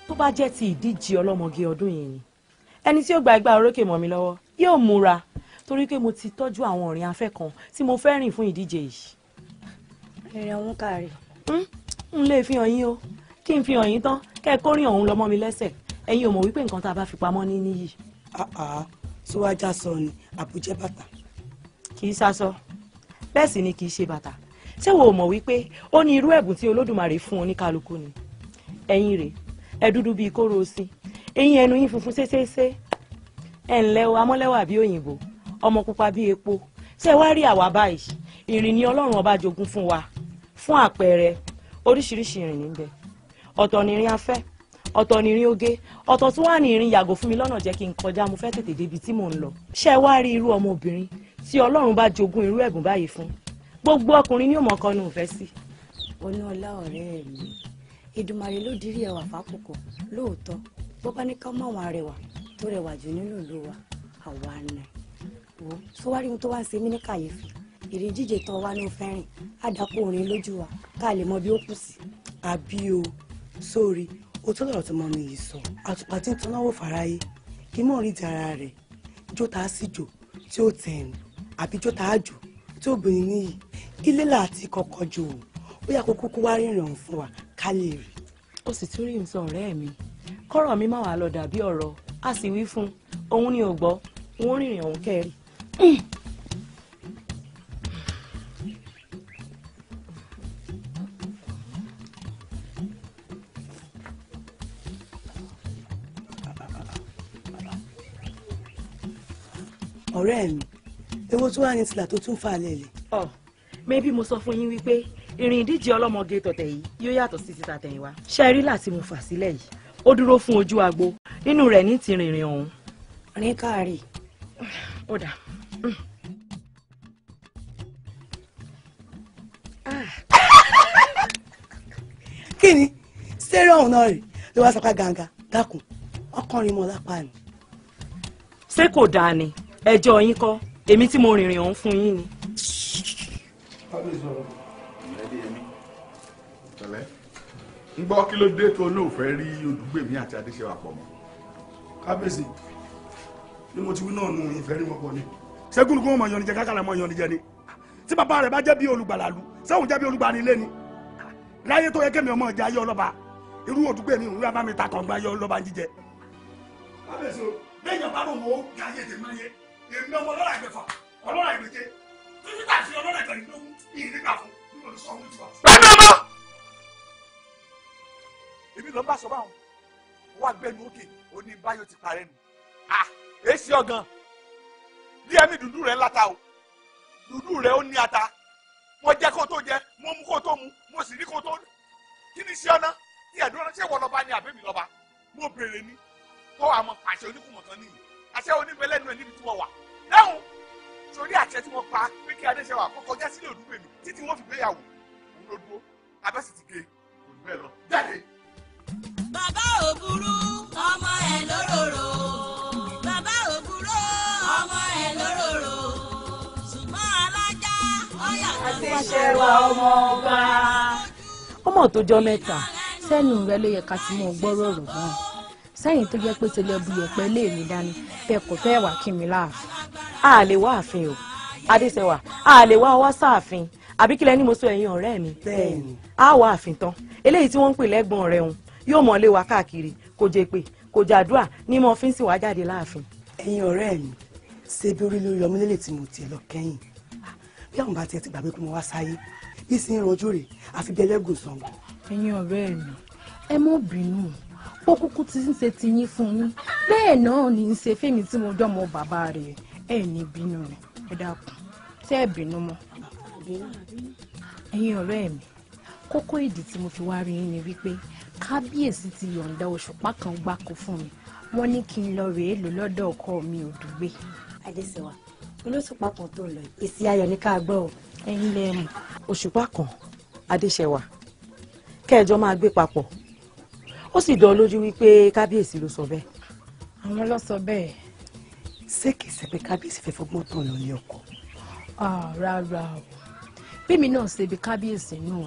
tó bá jẹ́ ti ìdíje ọlọ́mọge ọdún yìí ni ẹni tí ó gba igba orókè mọ́ mi lọ́wọ́ yóò múra torí pé mo ti tọ́jú àwọn ọ̀rìn afẹ́ kan tí mo fẹ́ rìn fún ìdíje yìí ẹ̀rẹ̀ ọ̀hún kàrí. Hm? n lè fi hàn yín o kí n fi hàn yín tán kẹ́ ẹ kórìn ọ̀hún lọ́mọ mi lẹ́sẹ̀ ẹ̀yin ò mọ̀ wípé nǹkan tá a bá fi pamọ́ ní níyì. tí sọ ni àbújẹ bàtà. kì í sasọ bẹ́ẹ̀ sì ni kì í ṣe bàtà ṣé wo mọ̀ wípé ó ní irú ẹ̀bùn tí olódùmarè fún oníkálukú ni ẹ̀yin rè ẹ dúdú bíi kóró sí eyín ẹnu yín funfun ṣéṣeṣe ẹ ǹlẹ́ o amọ́lẹ́wà bíi òyìnbó ọmọ pupa bíi epo ṣé wá rí àwa báyìí ìrìn ni ọlọ́run ọba jogún fún wa fún àpẹẹrẹ oríṣiríṣi ìrìn níbẹ̀ ọ̀tọ̀ ni ìrìn afẹ́ ọ̀tọ̀ ni ìrìn oge ọ̀tọ̀ tún wà ní ìrìn yàgò fún mi lọ́nà jẹ́ kí n kọjá mo fẹ́ tètè débi tí mò ń lọ ṣé ẹ wá rí irú ọmọbìnrin tí ọlọ́run bá jogún irú ẹ̀bùn báyìí fún gbogbo ọkùnrin ní òmò kan ní òfẹ́ sí. oníọlá ọ̀rẹ́ mi Èdùmàrè ló dirí ẹwà fákòkò lóòótọ́ bó bá ní ká mọ àwọn arẹwà tó rẹwà jù nínú ìlú wa àwa ni wo sọ wá rí ohun tó wá ń ṣe mí ní kàyéfì èrè jíjẹ tán wá ní òfẹ́rìn àdàpọ̀ òrìn lójú wa ká lè mọ bí ó kù sí. àbí o sórí o tó lọ́rọ̀ tí mo mi yìí sọ àtùpà tí ń tan náwó fàráyé kí mọ̀ rí ti ara rẹ̀ jó ta sí jò tí ó tẹ̀ẹ̀nù àbí jó ta jò tí ó bìnrin níyì ilé láti kọ́kọ́ jò ó ó yà kókó kó wá rìnrìn ọ̀hún fún wa ká lè rí. ó sì tún rí nǹkan ọ̀rẹ́ mi kọ́rọ̀ mi má wàá lọ dàbí ọ̀rọ̀ a sì wí fún un òun ni ò gbọ́ wọ́n rìnrìn ọ̀hún kẹ́rì. ọ̀rẹ́ mi èwo tó wà ní tìlà tó tún fà á lẹ̀lẹ̀. ọ mẹbí mo sọ fún yín wípé ìrìn ìdíje ọlọ́mọge tọ̀tẹ̀ yìí yóò yàtọ̀ sí títa tẹ̀yìn wa. ṣe rí láti mo fà sílẹ̀ yìí ó dúró fún ojú agbo nínú rẹ̀ ní ti rìnrìn ọ̀hún. rìn káàárì. ó dà. kí ni sẹ́rẹ̀ ọ̀hún náà rè ló wá sọ ká gàǹgà dákun ọkàn rin mọ́ lápá ni. ṣé kò dáa ni ẹjọ́ yín kọ́ èmi tí mo rìnrìn ọ̀hún fún yín ni. ń gbọ́ kí ló dé tó olóòfẹ́ rí Odùgbèmí àti Adéṣewà pọ̀ mọ́. kábíyèsí ni mo ti wí náà nù ìfẹ́ rí wọn pọ̀ ni. ṣẹ́gun kó mọ̀ yọ̀nìjẹ kákàlà mọ̀ yọ̀nìjẹ ni tí bàbá rẹ̀ bá jẹ́ bí olùgbàlàlú sẹ́wọ̀n jẹ́ bí olùgbanilé ni láyé tó yẹ kémi ọmọ ìjà ayé ọlọ́ba irú Odùgbèmí ìrú abámi ta kọ̀ǹgbà ayé ọlọ́ba jíjẹ. kábíyèsí o bẹ́ẹ̀ yàn bá rò èmi ọmọ ọlọ́rọ̀ àgbẹ̀fà ọlọ́rọ̀ àgbẹ̀jẹ títí tà sí ọlọ́rọ̀ àgbẹ̀rìndógún yìí nígbà fún nígbà tó sọ ọmọ ìtura. bẹ́ẹ̀ni ọmọ. èmi ló ń bá sọ báwọn wà gbẹnu òkè òní báyọ̀ ti parẹ́ nu. èsì ọ̀gàn díẹ̀ mi dúdú rẹ̀ láta o dúdú rẹ̀ ó ní ata mo jẹ́ kó tó jẹ mo mú kó tó mu mo sì rí kó tó kí ni ṣe ọ̀nà ní ẹ̀dúró ṣé wọ́n lọ́ba ni àbẹ́mi lọ́ba mo béèrè ni tó àmọ́ pàṣẹ oníkùmọ̀ kan nìyí àṣẹ oníbẹ̀lẹ̀ nù ẹ̀ níbi tí wọ́n wà dáhùn sórí àṣẹ tí wọ́n pa pé kí adéṣẹ́wà kó kọjá sílé òdúgbò mi títí wọ́n fi gbéyàwó òun ló dúró abẹ́sì ti gé kò bẹ́ẹ̀ lọ jáde. bàbá òbúrú ọmọ ẹ̀ lóròrò. bàbá òbúrú ọmọ ẹ̀ lóròrò. ṣùgbọ́n alájà ọ̀yà kan ti ṣe wà ọmọ ọba. ọmọ tó jọ mẹ́ta sẹ́nu rẹ ló yẹ ká ti mú ọgbọ́rọ̀ rọ̀ náà sẹ́yìn tó jẹ́ pé tẹlẹ́bù yẹ̀pẹ́ lé mi dání fẹ́ kò fẹ́ wà kí mi láàfin. a lè wá àfin o adéṣẹwà a lè wá wá sáàfin àbí kílẹ̀ ni mo sọ ẹ̀yin ọ̀rẹ́ mi. bẹ́ẹ̀ni. a wá àfin tán eléyìí tí wọ́n ń pè lẹ́gbọ̀n rẹ̀ hun yóò mọ̀ lé wa káàkiri kò jẹ́ pé kò jàdúrà ní mo fi ń sìn wá jáde láàfin. ẹ̀yin ọ̀rẹ́ mi ṣe bí orí lórí ọmọ lélẹ̀ tí mo tiẹ̀ lọ kẹ́yìn bí àwọn bá tiẹ̀ ti gbàgbé pé mo wá sáyé bí sì ń rè àfi bí ẹlẹ́gùn sanwó. ẹ̀yin ọ̀rẹ́ mi ẹ mọ́ bínú ó kúkú ti ń ṣe tiyín fún yín bẹ́ẹ̀ náà ní í ṣe fèmí tí mo jọ́ mọ bàbá rẹ̀ ẹ̀ ní bínú rẹ̀ ẹ dákun tẹ́ ẹ̀ bínú mọ́ ẹ̀yin ọ̀rẹ́ mi kókó ìdí tí mo fi wá rí yín ni wípé kábíyèsí ti yọ̀ǹda òṣùpá kan gbáko fún mi wọ́n ní kí n lọ rèé lò lọ́dọ̀ ọkọ mi òdùgbé. adéṣèwà olóṣùpá kan tó lọ èsì ayọ̀ ní ká gbọ́ ọ. ẹ̀yin lẹ́mu. òṣùpá kan adéṣèwà kẹjọ máa gbé papọ̀ ó sì dán lójú wípé kábíyèsí ló sọ bẹ́ẹ̀. àwọn ló sọ bẹ́ẹ̀. ṣé kìí ṣe pé kábíyèsí fẹ́ fọgbọ́n tàn lọ ní ọkọ. rárá o bẹ́ẹ̀mi náà ṣe ibi kábíyèsí náà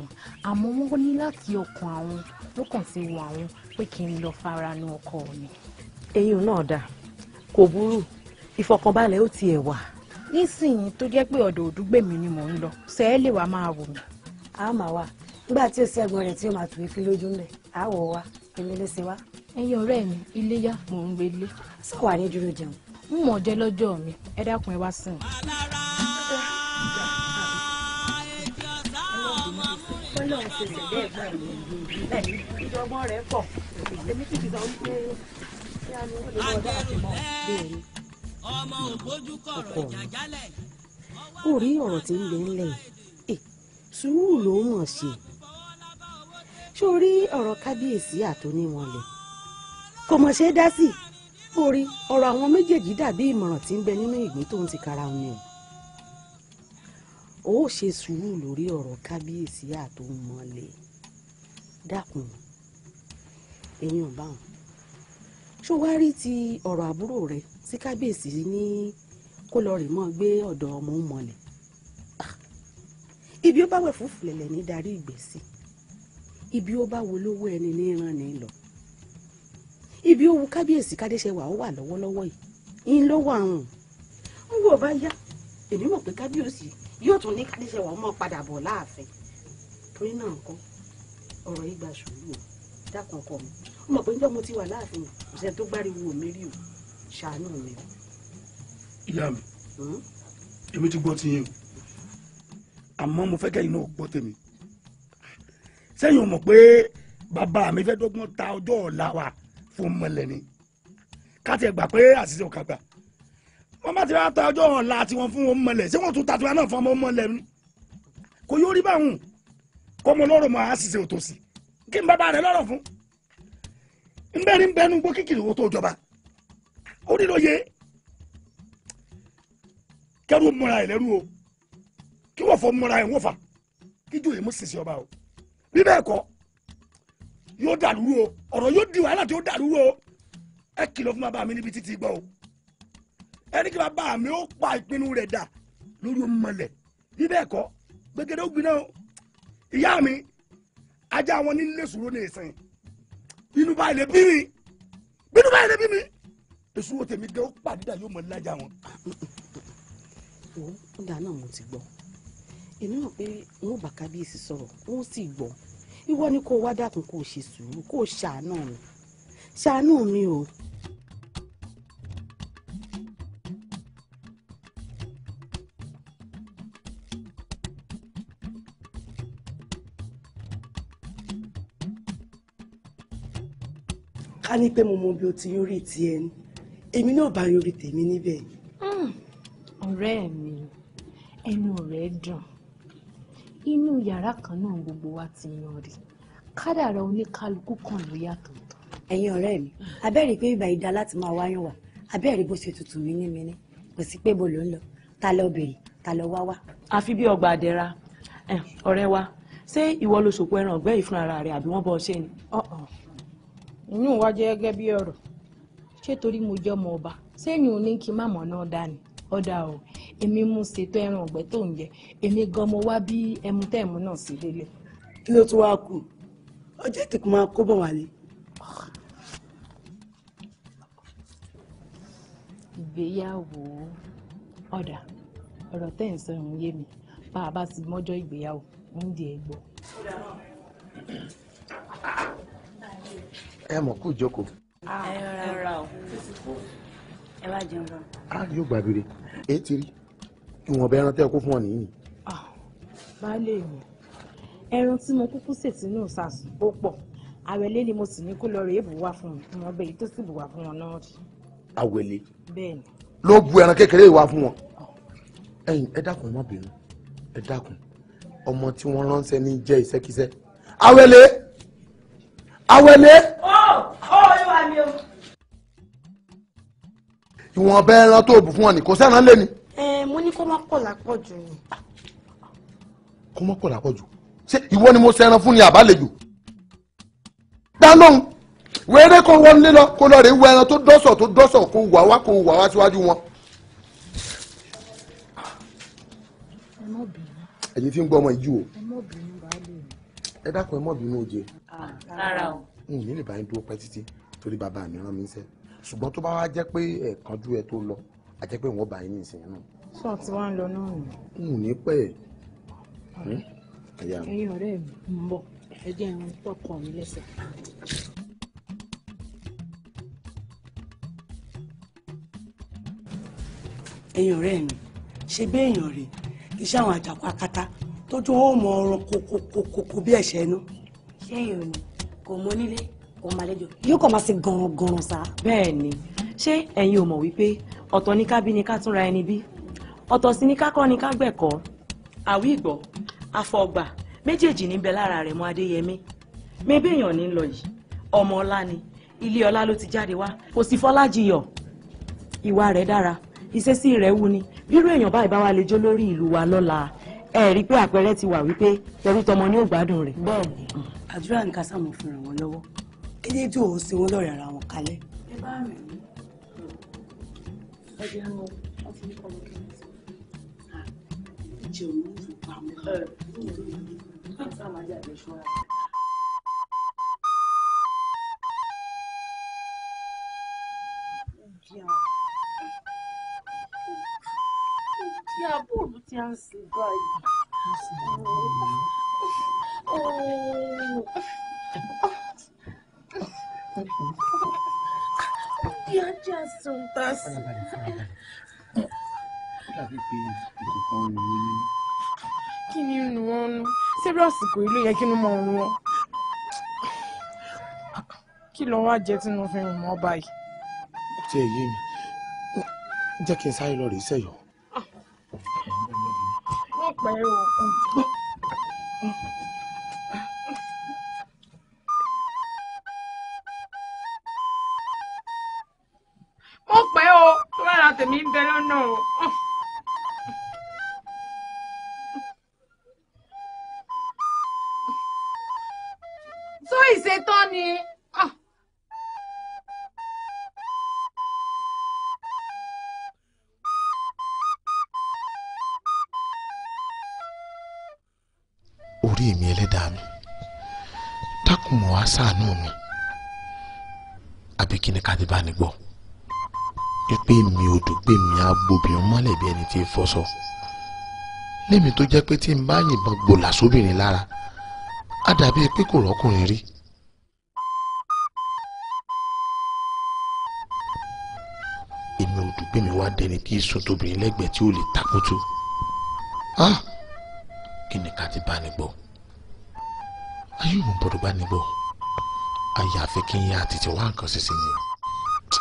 àmọ́ wọ́n ní láti ọkàn àwọn ló kàn ti wọ àwọn pé kí n lọ fara nu ọkọ mi. eyín náà dà kò burú ìfọkànbalẹ̀ ó tiẹ̀ wà. nísìnyí tó jẹ́ pé ọ̀dọ̀ òdúgbèmí ni mò ń lọ ṣe é lè wá máa wò mí. a máa wà nígbà tí ó ṣẹ́gun rẹ̀ tí ó máa tù í fi lójú mẹ́ àá wọ̀ wá èmi ló ṣe wá. ẹ̀yin ọ̀rẹ́ mi iléyá mò ń relé. sọ̀wá ní dúró jẹun. ń mọ̀ jẹ lọ́jọ́ mi ẹ dákun ẹ wá sìn. ọlọ́run ṣe mi bẹ́ẹ̀ rí ọ̀rọ̀ tí ń lé ńlẹ̀ eh, sùúrù ló mọ̀ ṣe ṣó rí ọ̀rọ̀ kábíyèsí àtòníwọ̀nlẹ̀ kò mọ̀ ṣe é dá sí orí ọ̀rọ̀ àwọn méjèèjì dàbí ìmọ̀ràn tí ń bẹ nínú ìgbín tóun ti kara wọn ni o ó ṣe sùúrù lórí ọ̀rọ̀ kábíyèsí àtòmọ̀lẹ̀ dákun ẹ̀yin ọ̀bá wọn ṣó wá rí ti ọ̀rọ̀ àbúrò rẹ tí kábíyèsí ní kó lọ rè mọ́ gbé ọ̀dọ̀ ọmọ òmọ̀lẹ̀ ah! ibi ó bá wẹ̀ fúfú ní darí ìgbésí ibi ó bá wo lówó ẹni ní ìran ní lọ ibi ó wu kábíyèsí kádéṣẹwà ó wà lọ́wọ́lọ́wọ́ yìí ń lọ́wọ́ àrùn ń wò bá yá èmi mọ̀ pé kábíyèsí yóò tún ní kádéṣẹwà ọmọ padà bọ̀ láàfin torí náà kọ́ ọ̀rọ̀ yìí gba sùúrù o dákun ọkọ mi ó mọ̀ pé níjọ́ mo ti wà láàfin kò tó gbáriwo mi rí o ṣàánú mi. ìyá mi hmm? èmi ti gbọ́ ti yín o àmọ́ mo fẹ́ kẹ́yìn náà gbọ́ tèmi sẹ́yìn ò mọ̀ pé bàbá mi fẹ́ dọ́gbọ́n ta ọjọ́ ọ̀la wa fún mọ̀lẹ́ ni káti ẹ̀ gbà pé àṣìṣe ò kàgbà wọ́n bá ti wá ta ọjọ́ ọ̀la tiwọn fún wọn mọ̀lẹ́ ṣé wọ́n tún ta tiwọn náà fún ọmọ mọ̀lẹ́ ni kò yóò rí báwọn kọ́mọ lọ́rọ̀ mọ́ àṣìṣe òtòṣì kí n bàbá rẹ̀ lọ́rọ̀ fún n bẹ́ẹ̀ ni n bẹ́ẹ̀ nu gbó kíkìrì owó tó jọba ó nílò yé kẹ́rù mọ́ra ẹ̀ lẹ́rú o kí wọ́n fọ́ mọ́ra ẹ̀ wọ́n fà kí jù èmi sì sí ọba o bí bẹ́ẹ̀ kọ́ yóò dàlúrú o ọ̀rọ̀ yóò di wàhálà tí ó dàlúrú o ẹ kìlọ̀ fún bàbá mi níbi títí gbọ́ o ẹni kí bàbá mi ó pa ìpinnu rẹ̀ dà lórí ọmọlẹ̀ bí bẹ́ẹ̀ kọ́ gbẹgẹdẹ ó gbiná o ìyá mi ajá wọn ní nílé sùúrù ní ìsìn inú bá ilé bí mi bínú bá ilé bí mi èsù wo tèmi gẹ ó pàdé dà yóò mọ lájà wọn. ó dáná mo ti gbọ́ èmi mọ̀ pé wọn ò bá kábíyèsí sọ̀rọ̀ wọn ò sì gbọ́ ìwọ ni kó wá dákun kó o ṣe sùúrù kó o ṣàánú mi ṣàánú mi o. ká ní pé mo mọ bí o ti yọrí ti ẹni èmi náà bá yọrí tèmi níbẹ̀. Hmm, ọ̀rẹ́ mi ẹnu rẹ̀ dùn inú yàrá kan náà gbogbo wa ti yan rí kádàrá oníkálukú kan ló yàtọ̀. ẹ̀yin ọ̀rẹ́ mi abẹ́rẹ́ pé ibà ìdá láti máa wáyàn wá abẹ́rẹ́ bó ṣe tutù mí nímíní kò sí pé bó ló ń lọ ta lọ bèrè ta lọ wá wá. àfi bí ọgbà àdẹ̀ra ọ̀rẹ́ wa ṣé ìwọ ló ṣòpọ̀ ẹran ọ̀gbẹ́ yìí fúnra rẹ̀ àbí wọ́n bọ́ ṣe ni. inú wa jẹ́ gẹ́gẹ́ bí ọ̀rọ̀ ṣé torí mo jẹ́ ọmọ ọba sẹ́yìn ò ní kí má mọ̀ náà dání ọ̀dà o èmi mú ṣe tó ẹran ọ̀gbẹ́ tó ń yẹ èmi gan mo wá bí ẹmu tẹ́ẹ̀mú náà sí lélẹ̀. kí ló tún wáá kù ọjọ́ ìtìkú máa kó bọ̀ wálé. ìgbéyàwó ọ̀dà ọ̀rọ̀ tẹ́ ẹ̀ ń sọ ìhun yé mi bá a bá ti mọ́jọ́ ìgbéyàwó ń di ẹ̀ ẹ mọ̀ kú ìjókòó. Ah, ẹ rọra o ẹ wá jẹun lọ. a ah, yóò gbàgbére èyí ti rí ìwọ̀nba ẹran tẹ́ ẹ kó fún ọ nìyí. Ah, baálé mi ẹran tí mo kúkú sè sínú sàṣù ó pọ̀ àwẹ̀lé ni mo sì ní kó lọ rèé bùwá fún mi ìwọ̀n bẹ́ẹ̀ tó sì bùwá fún wọn náà rí. àwẹ̀lé ló bu ẹran kékeré ìwà fún wọn. Ah. ẹ̀yin ẹ dákun ẹ má bínú ẹ dákun ọmọ tí wọ́n ránṣẹ́ ní jẹ́ ìṣẹ́kíṣẹ́ àwẹ̀lé àwẹ̀lé. ó ó olúwa mi o. ìwọ̀nba ẹran tó bù fún ọ nì kò sẹ́ran lé ni ẹ eh, mo ní kó má pọ̀ lápọ̀jù ni. kó má pọ̀ lápọ̀jù ṣé ìwọ ni mo ṣẹran fún ni àbálejò dáná wẹ́rẹ́ kó wọ́n lé lọ kó lọ rè wọ ẹran tó dọ́sọ̀ tó dọ́sọ̀ kó wà wá kó wà wá síwájú wọn. ẹ̀yin tí ń gbọ́ ọmọ yìí o ẹ dákun ẹ mọ̀ bínú ah, o. n ní lè bá dúró pẹ́ títí torí bàbá mi rán mi ń sẹ́ ṣùgbọ́n tó bá wá jẹ́ pé ẹ̀ẹ́kan ju ẹ tó lọ àjẹpẹ́ wọn bá yín ní náà sọ ti wá ń lọ náà nù. n ò ní pẹ́ hmm? ẹ̀. ẹ̀yin ọ̀rẹ́ mi ń bọ̀ ẹ jẹ́ ẹran tọkọ mi lẹ́sẹ̀. ẹ̀yin ọ̀rẹ́ mi ṣe bí èèyàn rè kì í ṣàwọn àjàkú akátá tọ́jú ó mọ ọrùn kòkòkòkò bí ẹ̀ṣẹ̀ inú. ṣé èèyàn ni kò mọ nílé kò máa lẹ́jọ́. yóò kàn máa ṣe gànràn gànràn sá. bẹ́ẹ̀ ni ṣé ẹ̀yin ò mọ̀ wípé ọ̀tọ̀ ní kábíni ká tún ra ẹni bí ọ̀tọ̀ sí ni kákọ́ ni kágbẹ̀kọ́ àwí ìgbọ́ àfọ̀gbà méjèèjì níbẹ̀ lára rẹ̀ mọ́ adéyẹmí mebí èèyàn ní lọ yìí ọmọ ọlá ni ilé ọlá ló ti jáde wá kò sí fọlájiyọ ìwà rẹ̀ dára ìṣesí rẹ̀ wù ni bírú èèyàn báyìí bá wà lè jó lórí ìlú wa lọ́la ẹ rí i pé àpẹẹrẹ ti wà wípé torí tọmọ ní ògbádùn rẹ̀. bẹ́ẹ̀ni àdúrà ní kásámù fún wọn lọ́wọ́ kéde tí òun sin wọn lọ́rẹ̀ ara wọn kalẹ̀. ẹ bá rìn ní ọdẹ ọmọ ọtí ní jẹ òun ní ìpamọ́. Tí a bóòlù tí a ń sìn báyìí. Bí a jẹ́ àsùn tá a sìn dàbí pé ìkọ̀kan ń lu ní. kí ni nu wọn nu serious kò ló yẹ kí ló mọ òun wọn kí ló wá jẹ tí mo fi rìn mọ báyìí. ó ti ẹ̀ yé mi jẹ́ kí n sáré lọ rèé sẹ́yọ̀. wọ́n pẹ́ o. ó pẹ́ o tó bá ra tèmi ń bẹ lọ́nà o. kí ni kábíbá ni gbọ́ pípé mi ò dùn pé mi á gbóbìnrin mọ́lẹ̀ bí ẹni tí ń fọ́sọ lémi tó jẹ́ pé tí n bá yìnbọn gbòòlà sóbìnrin lára á dàbí pé kò rọ́kùnrin rí. èmi ò dùn pé mi wá dẹni tí í sùn tóbìnrin lẹ́gbẹ̀ẹ́ tí ó lè takutu kí ni ká ti bá ní gbọ́ ayé òun gbọ́dọ̀ bá ní gbọ́ àyàfi kí n yá tètè wá nǹkan ṣe sí ni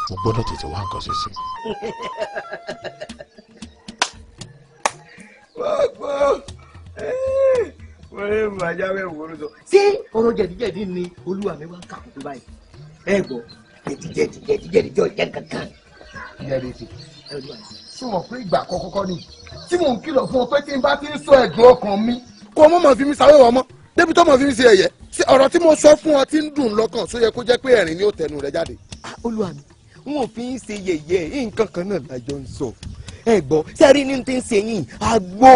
mo gbọ́dọ̀ tètè wá nǹkan ṣe sí. gbogbo wọ́n lè mú ajá bẹ́ẹ̀ wò ó sọ. ṣé ọ̀rọ̀ jẹ̀díjẹ̀dí ni olúwa mi wá ń kà kó báyìí ẹ gbọ́ jẹ̀díjẹ̀dí jẹ̀díjẹ̀dí jọ jẹ́ kankan. jẹ̀díjẹ̀dí ṣé wọ́n pé ìgbà kọ́kọ́kọ́ ni tí mò ń kìlọ̀ fún ọ pé tí n bá ti ń sọ ẹ̀dùn ọkàn mi kó o mọ̀ mọ̀ fi mi sáré wọ̀ ọmọ débi tó mọ̀ fi mi ṣe ẹ̀yẹ ọ̀rọ̀ tí mo sọ fún ọ ti ń dùn lọ́kàn só yẹ kó jẹ́ pé ẹ̀rín ni ó tẹnu rẹ jáde. Ah, olúwa mi wọn ò fi ń ṣe yẹ̀yẹ́ nǹkan kan náà lájọ ń sọ ẹ gbọ́ sẹ́rí ní ti ń ṣe yín àgbo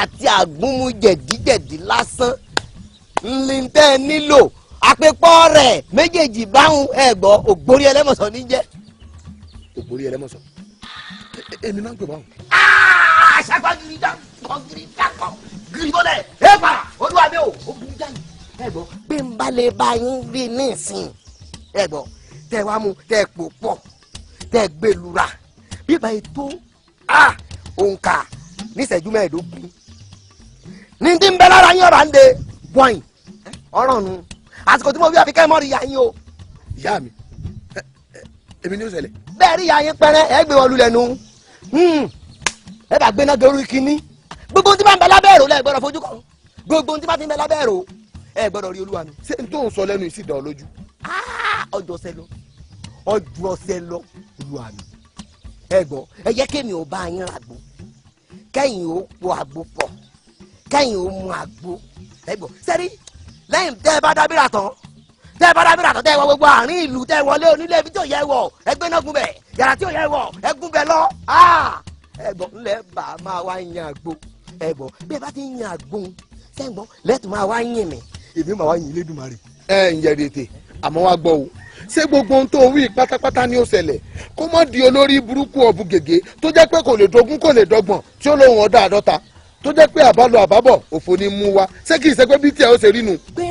àti àgbúnmu jẹ̀díjẹ̀dí lásán ńlẹ̀ tẹ́ ẹ nílò àpépọ́ rẹ̀ méjèèjì báwọn ẹ gbọ́ ògbórí ẹlẹ́mọ̀sán ní jẹ́. ògbórí ẹlẹ́mọ̀sán èmi náà ń pè báwọn. àṣàgbà gírídà kọ gírídà kọ gírídọ́lẹ̀ ẹ̀fà olúwa mi ò ògbórí jáde ẹ gbọ́ pé ń bá lè bá yín rí ní ìsìn ẹ gbọ́ tẹ wá mu tẹ pò pọ̀ tẹ gbẹlura bíbá ètò òǹkà níṣẹ́jú mẹ́ẹ̀ẹ́dógún ní ti ń bẹ lára yín ọ̀rọ̀ à ń de wọ́ìn ọ̀rọ̀ nu àsìkò tí mo fi àfikẹ́ mọ́ rí ya yín o. ìyá mi èmi ni ó bẹ́ẹ̀ rí ya yín pẹ́rẹ́ ẹ gbé wọn lulẹ̀ nu hmm. ẹ bá gbéná gorí kínní gbogbo tí bá ń bẹ lábẹ́ èrò lẹ́gbẹ̀rún fojú kan gbogbo tí bá ti ń bẹ lábẹ́ èrò ẹ gbọ́dọ̀ rí olúwa mi. ṣé n tó ń sọ lẹ́nu ìsìdá olójú. Ah, ọjọ́ ọ̀sẹ̀ lọ ọjọ́ ọ̀sẹ̀ lọ olúwa mi. ẹ gbọ́ ẹ jẹ́ kémi ò bá yín àgbo kẹ́yìn ó po àgbo pọ̀ kẹ́yìn ó mu àgbo. ẹ gbọ́ sẹ́rí lẹ́yìn tẹ́ ẹ bá dábìrà tán tẹ́ ẹ bá dábìrà tán tẹ́ ẹ wọ gbogbo àárín ìlú tẹ́ ẹ wọlé onílé ibi tí ò yẹ wọ ẹ gbé náà gún bẹ̀ yàrá tí ò yẹ wọ ẹ gún bẹ̀ lọ. Ah! ẹ gbọ́ ńlẹ̀ bàá máa wá yan àgbo ẹ gbọ́ bí ẹ bá ti yan àgbo sẹ́gbọ́n lẹ́tùmọ̀ àwa yìn mí èmi màá wá yìn Elédùmarè. ẹ ǹjẹ́ dètè àmọ́ wá gbọ́ o ṣé gbogbo ohun tó ń wí pátápátá ni ó ṣẹlẹ̀ kó mọ̀ di olórí burúkú ọ̀bù gègé tó jẹ́ pé kò lè dógún kò lè dọ́gbọ̀n tí ó lóun ọ̀dà àdọ́ta tó jẹ́ pé àbálò àbábọ̀ òfò ni mú wa ṣé kì í ṣe pé bí tí ẹ ó ṣe rí nu. pé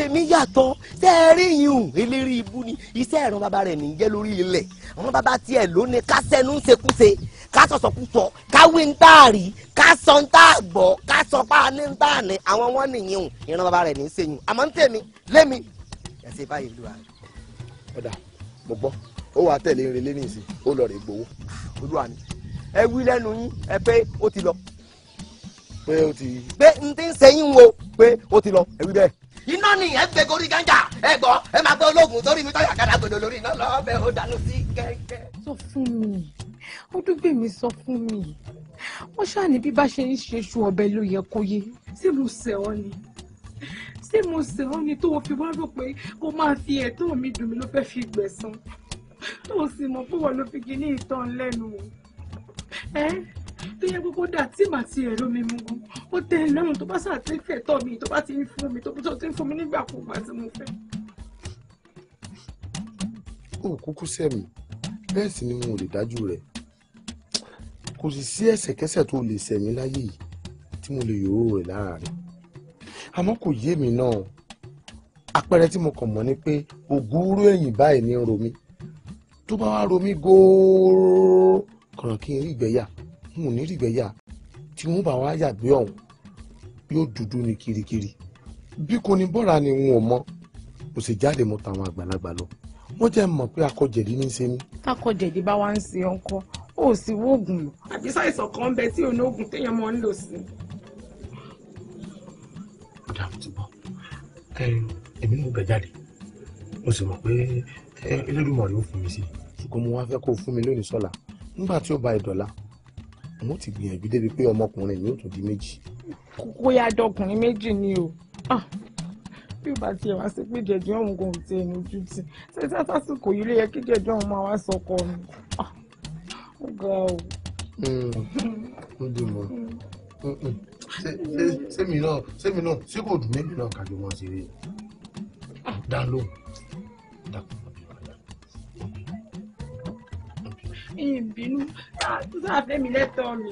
tèmi yàtọ̀ tẹ́ ẹ rí yìnyín eléré ibú ni iṣẹ́ ìran bàbá rẹ̀ nìyẹn lórí ilẹ̀ àwọn bàbá tiẹ̀ ló ká sẹ́nu ṣekúṣe ká sọ̀sọ̀kúsọ ká wí ń tààrí ká sọ ń tà gbọ́ ká sọ pa ní ń tà ní àwọn wọn nìyẹn ìran bàbá rẹ̀ ní í ṣèyìn àmọ́ ń tèmi lémi ẹ̀sìn báyìí lu àrẹ. ọ̀dà mo gbọ́ ó wàá tẹ̀lé irin lé nìyí ó lọ ó lọ. pé ó iná nìyẹn gbé gorí gánjà ẹ gbọ́ ẹ máa gbọ́ ológun torí mi tọ́yà kádà gbòdò lórí iná lọ́ọ́bẹ̀ ó dànù sí kẹ́kẹ́. sọ fún mi ọdún gbèmí sọ fún mi wọn ṣáà ní bí bá ṣe ń ṣe ṣu ọbẹ ló yẹ kó yé tí mo ṣẹ̀ ọ́ ni tí mo ṣẹ̀ ọ́ ni tó o fi wá rò pé kó máa fi ẹ̀tọ́ mi dùn mí ló fẹ́ fi gbẹ̀san tó o sì mọ̀ pé wọn ló fi kíní ìtàn lẹ́nu ẹ tó yẹ kókó dà tí màá ti ẹ̀rọ mi mú gan ó tẹ ẹ lọ́rùn tó bá sà ti fẹ̀ tọ́ mi tó bá ti ń fún mi tó bá ti ń fún mi nígbàkúgbà tí mo fẹ́. ó kúkú sẹ́mi bẹ́ẹ̀ sì ni mo lè dájú rẹ̀ kò sì sí ẹ̀ṣẹ̀kẹ́ṣẹ̀ tó lè ṣẹ̀mí láyé yìí tí mo lè yòró rẹ̀ lára rẹ̀ àmọ́ kò yé mi náà àpẹẹrẹ tí mo kàn mọ̀ ni pé ògúrú ẹ̀yìn báyìí ní romi tó bá wá romi góòrò kàn kí n rí ìgbẹ́yà n ò ní rìgbẹ́yà tí wọ́n bá wá yàgbé ọ̀hún yóò dúdú ní kirikiri bí kò ní bọ́ra ni n ò mọ kò sì jáde mọ́ tàwọn àgbàlagbà lọ wọ́n jẹ́ mọ̀ pé akọ̀jẹ̀dí ní í ṣe mí. takọ̀jẹ̀dí bá wá ń ṣe ọkọ ó sì wóògùn lọ. àbí sáìsàn kan ń bẹ tí òun oògùn téèyàn máa ń lò sí. dààmú ti bọ́ èmi náà bẹ̀ jáde mo sì mọ̀ pé Elédùmarè ó fún mi sí. ṣùgbọ́n mo wá fẹ́ kó o fún mi lónìí sọ́la nígbà tí ó bá ìdọ̀la mo ti gbìyànjú débi pé ọmọkùnrin mi ò tún di méjì. kókó ya dọkùnrin méjì ni o ah, bí o bá tiẹ̀ wá sí pé jẹ̀dún ọ̀hún kò tiẹ̀ lójú tì ṣé sásìkò yìí ló yẹ kí jẹ̀dún ọ̀hún máa wá sọkọ mi ah, ó ga o. Hmm, ó dùn mọ́ sẹ́mi hmm, náà sẹ́mi náà ṣé kò dùn mẹ́bí náà kájọ wọn ṣeré dá lóhùn dá kúrò. ìbínú sáfẹ́mi lẹ́tọ̀ọ́ mi.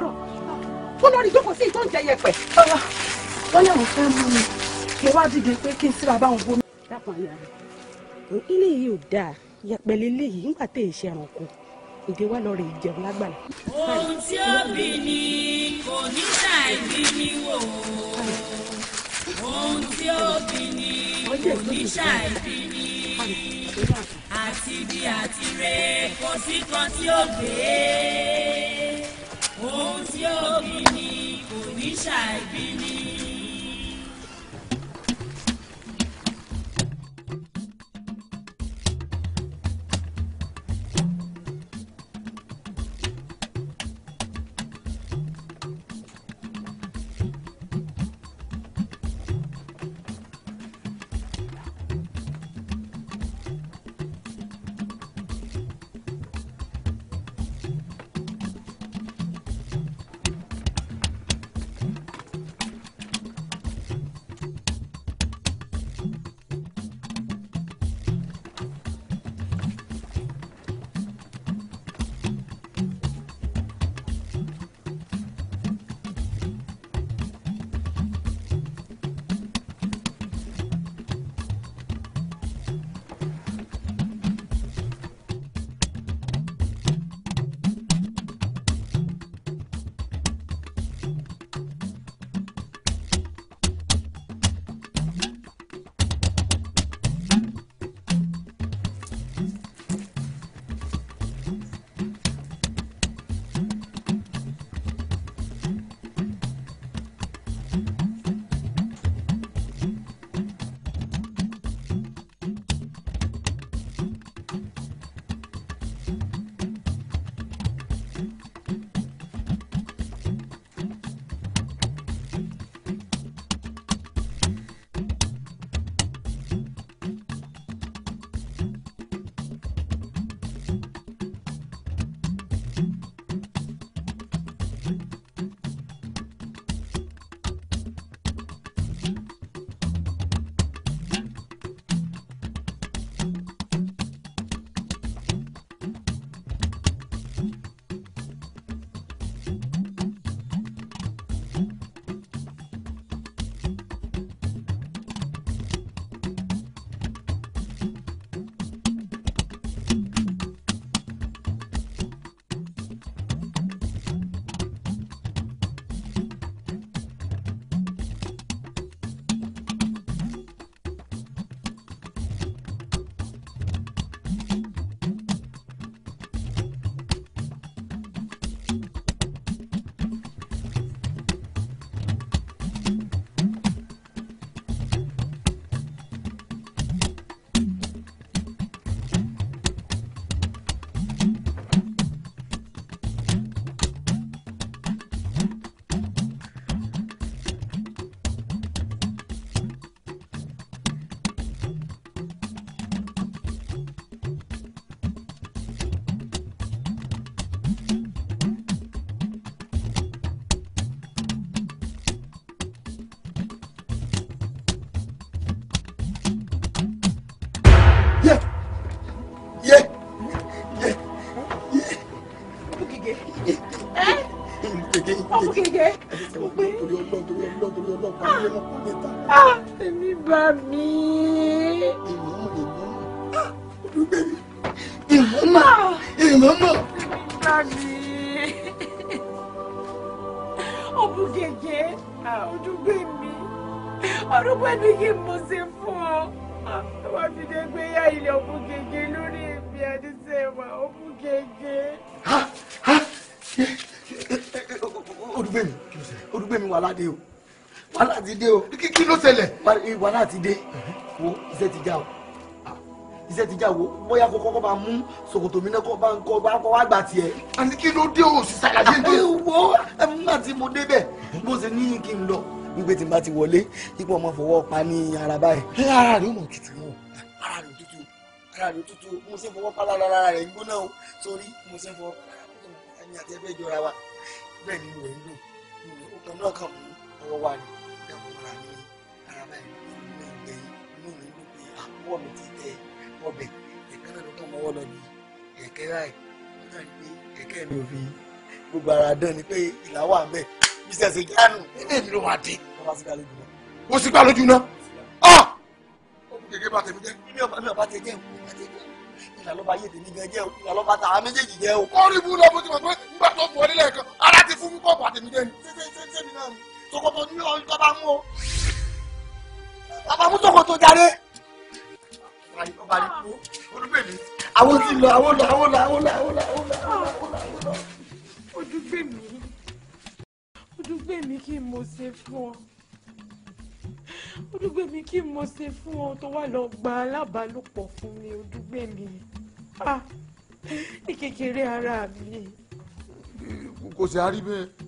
láàárọ̀ fún lórí jókòó sí ìtọ́ ìjẹyẹ pẹ̀. wọ́n ní àwọn fẹ́ mú mi kí wá dìde pé kí n síra báwọn bomi. dákun àyà rẹ ilé yìí ò dáa yẹpẹlẹ léyìí nígbà tẹ ẹ ṣe ẹranko ìdè wa lọ rè lágbàlá. ohun tí ó bí ni kò ní ṣàìbí ni wò ohun tí ó bí ni kò ní ṣàìbí ni àti bí àti rè kò sí kan tí ó gbé ohun tí ó bí ni kò ní ṣàìbí ni. ọmọ kékeré. torí ọlọ́run torí ọlọ́run torí ọlọ́run pàdé ẹran kó lè ta. èmi bá mi. ìmọ̀mọ̀ ìmọ̀mọ̀ olùgbé mi ìmọ̀mọ̀ ìmọ̀mọ̀. bá mi. ọmọ kékeré olùgbé mi ọdún pẹ̀lú kí mo ṣe fún ọ ah, wọ́n fi dé gbé yá ilé ọmọ kékeré lórí èmi àti sẹ́wà ọmọ kékeré. dé o wàhálà ti dé o. kí ló ṣẹlẹ̀. wàhálà ti dé wo iṣẹ́ ti já o iṣẹ́ ti já o bóyá kó kọ́kọ́ bá mú ṣòkòtò mi náà kọ́ bá ń kọ́ bá kọ́ wá gbà tiẹ̀. àní kí ló dé o sì ṣàlàyé dé. wo nígbà tí mo débẹ̀ bó ṣe ní kí n lọ wípé tí n bá ti wọlé ipò ọmọ fọwọ́ pa ní ara báyìí. ara rẹ̀ ó mọ̀ tutù mọ́ ara rẹ̀ tutù ara rẹ̀ tutù mo ṣe fọwọ́ pa lára rẹ̀ gbóná o sórí mo ṣe fọwọ́ pa lára rẹ̀ gbóná ẹni àti ẹgbẹ́ ìjọra wa bẹ́ẹ̀ ni mo rẹ̀ ń dùn wọ́n wà ní ìdàkùnra ní ara báyìí inú ìgbẹ́ inú mi ló pe àbúrò mi ti tẹ ọbẹ̀ ẹ̀ka náà ló kàn mọ́wọ́ lọ bí ẹ̀kẹ́ láì wọ́n náà ní pé ẹ̀kẹ́ mi ò fi gbogbo ara dán ni pé ìlà wà ń bẹ̀ bísí ẹsẹ̀ jánu nínú èmi ló máa dé. wọ́n sì gbà lójú náà ọ́ ah! kékeré bá tẹ̀mí jẹ́ ilé ọba mi ọba tẹ̀ jẹ́ ìlàlọ́ba yé tèmi gan jẹ́ ìlàlọ́ba ta àwọn méjèèjì jẹ́ o. kọ́ọ̀rì bú lọ bó ti mọ̀ pé nígbà tó fọ́ nílẹ̀ kan ara ti fún kọ́ọ̀pù àtẹ̀mí jẹ́ ni. ṣé ṣé ṣé mi náà ni ṣòkòtò ní ọjọ́ tó bá mú o bàbá mú ṣòkòtò jáde ọba ní kú olúbèmí àwọn ti lọ àwọn lọ àwọn lọ àwọn lọ àwọn lọ àwọn lọ àwọn lọ àwọn lọ. odúgbèmí odúgbèmí kí mo ṣe fún ọ odúgbèmí kí mo ṣe fún ọ tó wà lọ gba alábàálòpọ̀ fún mi odúgbèmí ah! ní kékeré ara mi. kò sí àrí bẹ́ẹ̀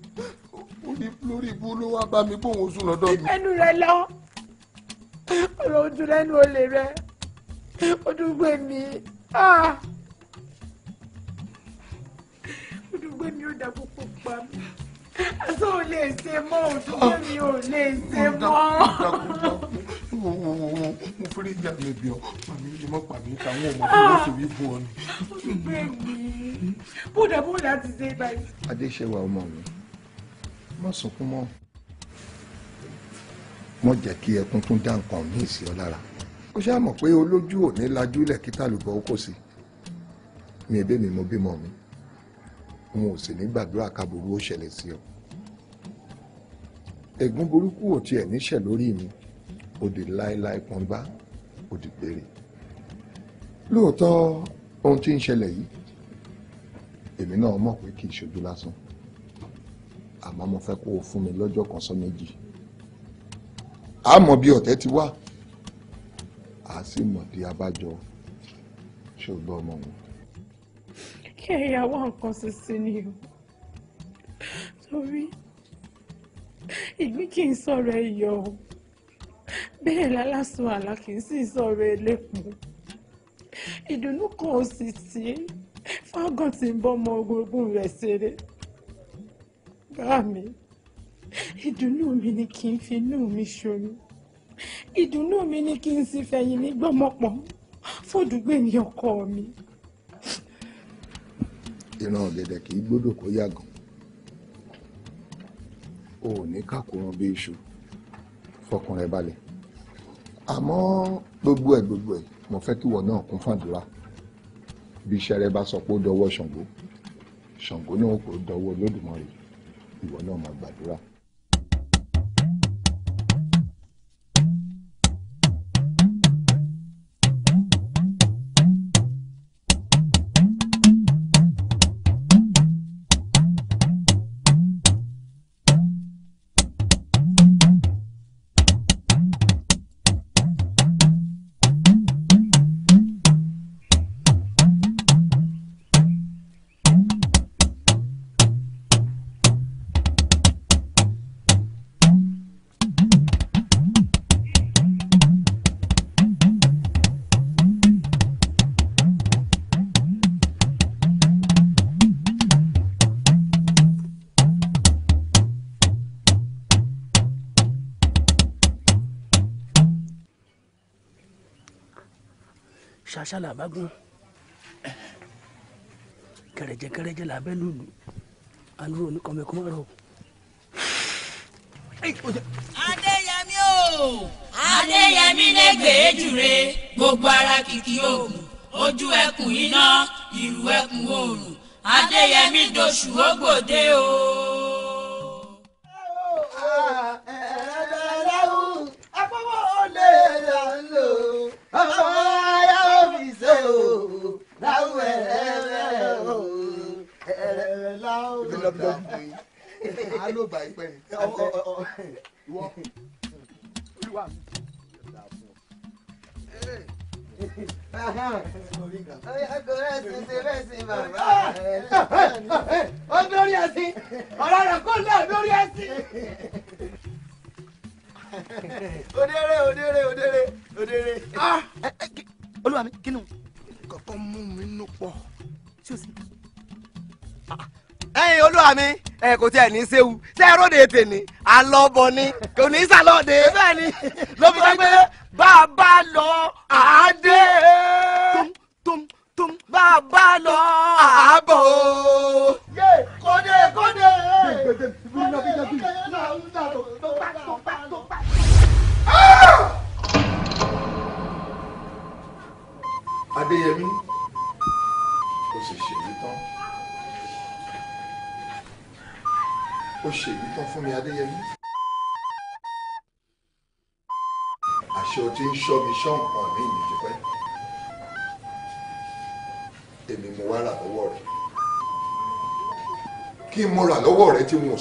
lórí ibú ló wá bá mi bóun sùn lọ́dọ̀ mi. ẹnu rẹ lọ ọ̀rọ̀ ojú lẹ́nu olè rẹ odùgbé mi ah. odùgbé mi ó dà púpọ̀ pa mi aṣọ ò lè ṣe mọ́ odùgbé mi ò lè ṣe ah. mọ́ wo wo wo wo mo fẹ́rẹ̀ yà mí bí ọ màmí lè má pàmí káwọn ọmọ tó lọ́sọ̀ wí fún ọ ni. Ah. bẹ́ẹ̀ ni bódà bódà ti ṣe báyìí. adéṣẹ́wà ọmọ mi má sunkún mọ́ mọ́ jẹ́ kí ẹkún tún dá nǹkan ní ìsì ọ lára ó ṣáà mọ̀ pé olójú ò ní lajú ilẹ̀ kí tàlùbọ̀ ó kò sí mi ẹbí mi mo bímọ mi n ò sì ní gbàdúrà káburú ó ṣẹlẹ̀ sí ọ ẹ̀gún burúkú ò tiẹ̀ níṣẹ̀ lórí mi òdì láéláé pọn bá òdì péré lóòótọ́ ohun tí ń ṣẹlẹ̀ yìí èmi náà mọ̀ pé kì í ṣojú lásán àmọ́ mo fẹ́ kó o fún mi lọ́jọ́ kan sọ méjì a mọ̀ bí ọ̀tẹ̀ ti wá a sì mọ̀ di abájọ ṣùgbọ́n ọmọ wọn. kí ẹ̀yà wá nǹkan ṣíṣe ni o torí ìgbín kì í sọ̀rọ̀ ẹ̀yọ̀ o bẹ́ẹ̀ lálásùn àlá kì í sì sọ̀rọ̀ ẹlẹ́kùn ìdùnnú kan ò sì sí fágàn tí ń bọ́ ọmọ ogun rẹ̀ ṣeré bá mi ìdùnnú mi ni kí n fi inú mi ṣoyún ìdùnnú mi ni kí n sì fẹ̀yìn mi gbọ́mọpọ̀ fòdùgbé ní ọkọ mi. ìran ọ̀gẹ̀dẹ̀ kì í gbọ́dọ̀ kó yàgàn o ò ní kàkóran bí iṣu fọkàn rẹ balẹ̀ àmọ́ gbogbo ẹ̀ gbogbo ẹ̀ mo fẹ́ kí wọ́n náà kún fàdúrà bí iṣẹ́ rẹ bá sọ pé ó dọwọ́ Ṣàngó Ṣàngó náà kò dọwọ́ Olódùmarè ìwọ náà máa gbàdúrà. aṣálà bágún kẹrẹjẹ kẹrẹjẹ làbẹ lùlù àlùrò oníkọmẹkọ máa rọ. adéyẹmí o adéyẹmí lẹgbẹẹ jùre gbogbo ara kìkì oògùn ojú ẹkùn iná ìrù ẹkùn oòrùn adéyẹmí doṣù ó gbòde o. tiẹ̀ ní sewu tẹ́ ẹ ròde tèmi alọ́bọ ni kò ní sàlọ́de bẹ́ẹ̀ ni ló fi gbé bá a bá lọ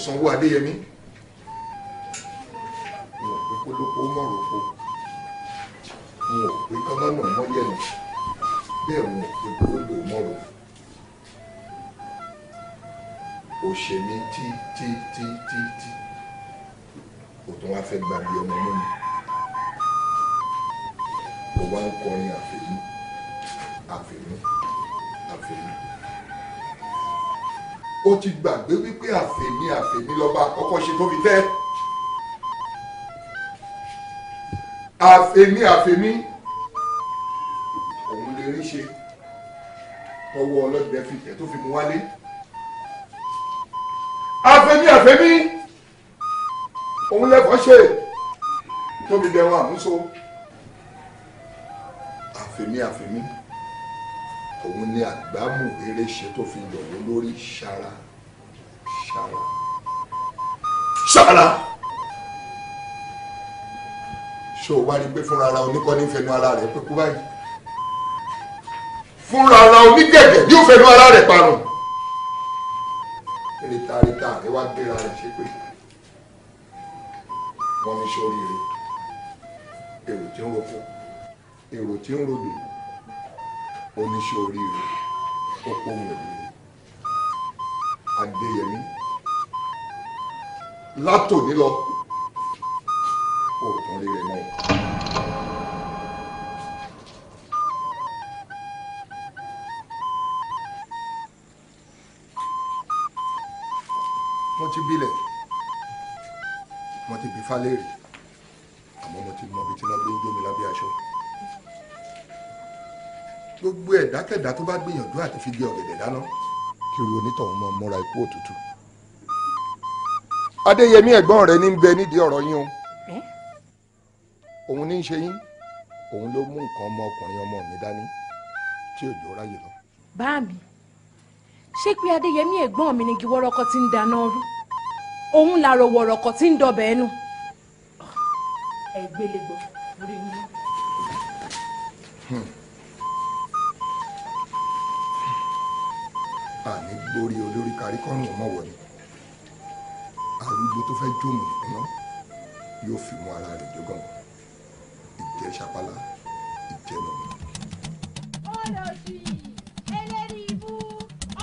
sanwó adéyẹmí àfẹ́mí òun lè rí ṣe tọwọ́ ọlọ́dẹ fi tẹ̀ tó fi mú wálé àfẹ́mí àfẹ́mí òun lẹ́kọ̀ọ́ ṣe tóbi dẹ̀wọ̀n àmúso àfẹ́mí àfẹ́mí òun ni àgbámù eré ṣe tó fi yọ̀wọ́ lórí ṣara ṣara ṣara ṣé o wá rí i pé fúnra ara oníkọ́ ní fẹnu ara rẹ̀ pé kú báyìí fúnra ara onígẹ̀gẹ̀ ní òfẹnu ara rẹ̀ parun ríta ríta rẹ̀ wá gbéra rẹ̀ ṣe pé wọ́n ní sórí rẹ̀ èrò tí ń roko èrò tí ń rodò oníṣẹ́ oríire ó pòun òbí adéyẹmí látòní lọ òògùn rí rẹ̀ mọ́. mo ti bilẹ̀ mo ti bí falẹ́rì àmọ́ mo ti mọ ibi tí wọ́n gbé ń gbé mi lábẹ́ aṣọ gbogbo ẹ̀dákẹ́dá tó bá gbìyànjú àti fi gé ọ̀gẹ̀dẹ̀ dáná kí irú onítọ̀hún mọ múra ikú òtútù. adéyẹmí ẹ̀gbọ́n rẹ ní bẹ nídìí ọ̀rọ̀ yín o òun ní í ṣe yín òun ló mú nǹkan ọmọkùnrin ọmọ mi dání tí òjò ráyè lọ. báàmì ṣé pé adéyẹmí ẹ̀gbọ́n mi ni kí wọ́rọ́kọ́ ti ń dáná rú òun làrò wọ̀rọ̀kọ̀ tí ń dọbẹ̀ ẹnu. ẹgbẹ́lẹ́gbọ́ orí yín. àní hmm. gbórí olórí kárí kọ́rùn ọmọ wọlé arúgbó tó fẹ́ jómù iná yóò fi mú ara rẹ̀ jógànwọ́ ìjẹ́ sapala ìjẹ́ lọ. olóṣì eléri ibú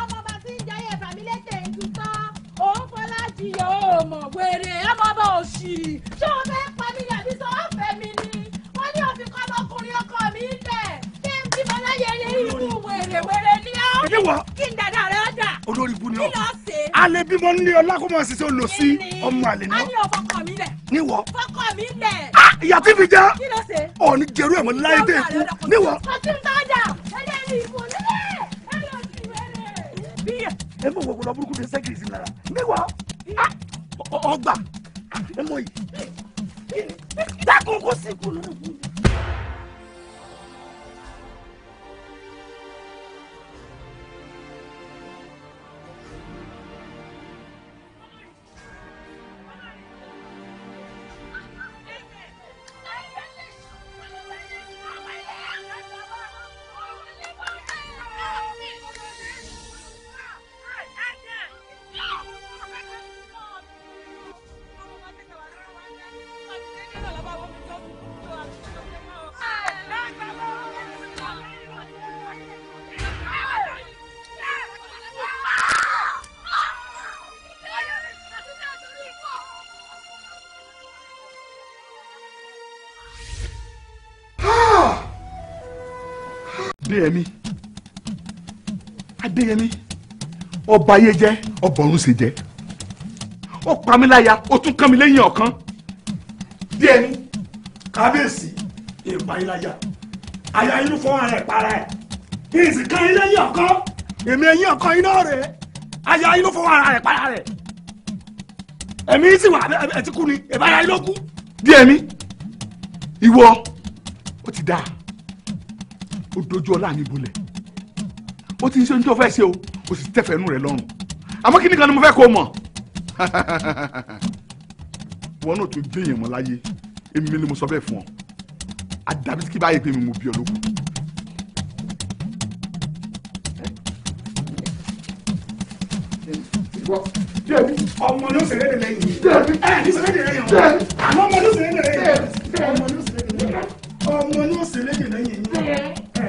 ọmọ bá ti ń jayé fàmílẹ́tẹ̀ ìdúpá òun fọlá jiyọ̀ ọmọ wèrè ọmọ bá òṣì ṣé o fẹ́ pa mí yàbí sọ wọ́n mi ni wọ́n ní òfin kọ́ ọmọkùnrin ọkọ mi ń bẹ̀ ṣé n bí mo láyé eléri ibú wèrè wèrè ni ọ́ kí n dàda rẹ̀ ọ́ olórí ibu ni ọ alẹ́ bímọ nílé ọlá kó olùsí ọmọ àlè náà. a ní ọkọ mi lẹ. níwọ. ọkọ mi lẹ ìyá tí fi já ọ̀ọ́ni jẹ̀rú ẹ̀mọ́ láyé dé ikú níwọ̀. ẹ mọ̀ wọ̀gbọ̀n burúkú ní sẹ́kìrì sí lára níwọ̀ ah! ọgbà ah! ẹ mọ̀ yìí dákun kó sí kú lónìí. adéyẹmí adéyẹmí ọba ayé jẹ ọba ọ̀run sì jẹ ó pa mí láya ó tún kán mi lẹ́yìn ọ̀kan díẹ̀ ní kábíyèsí ìpa yín láya àyà inú fún ara ẹ̀ para ẹ̀ kí n sì kán yín lẹ́yìn ọ̀kan èmi ẹ̀yìn ọ̀kan iná rẹ̀ àyà inú fún ara ẹ̀ para rẹ̀ ẹ̀mí sì wà ẹ̀ kú ni ìbára inú kú díẹ̀ ìwọ ó ti dáa ó dojú ọlá mi bolẹ̀ ó ti ń ṣe ohun tó ṣe o ó sì tẹ̀fẹ̀ inú rẹ̀ lọ́rùn àmọ́ kí nìkan ni mo fẹ́ kó mọ̀ wọn náà tó gbé yẹn mọ́ láyé èmi ni mo sọ bẹ́ẹ̀ fún ọ àdàbí kí báyìí pé mi mo bí ọ lókun. jẹ̀bi ọmọ ló ṣe lédè lẹ́yìn jẹ̀bi ẹ ní ṣe lédè lẹ́yìn jẹ̀bi àmọ́ ọmọ ló ṣe lédè ọmọ ló ṣe lédè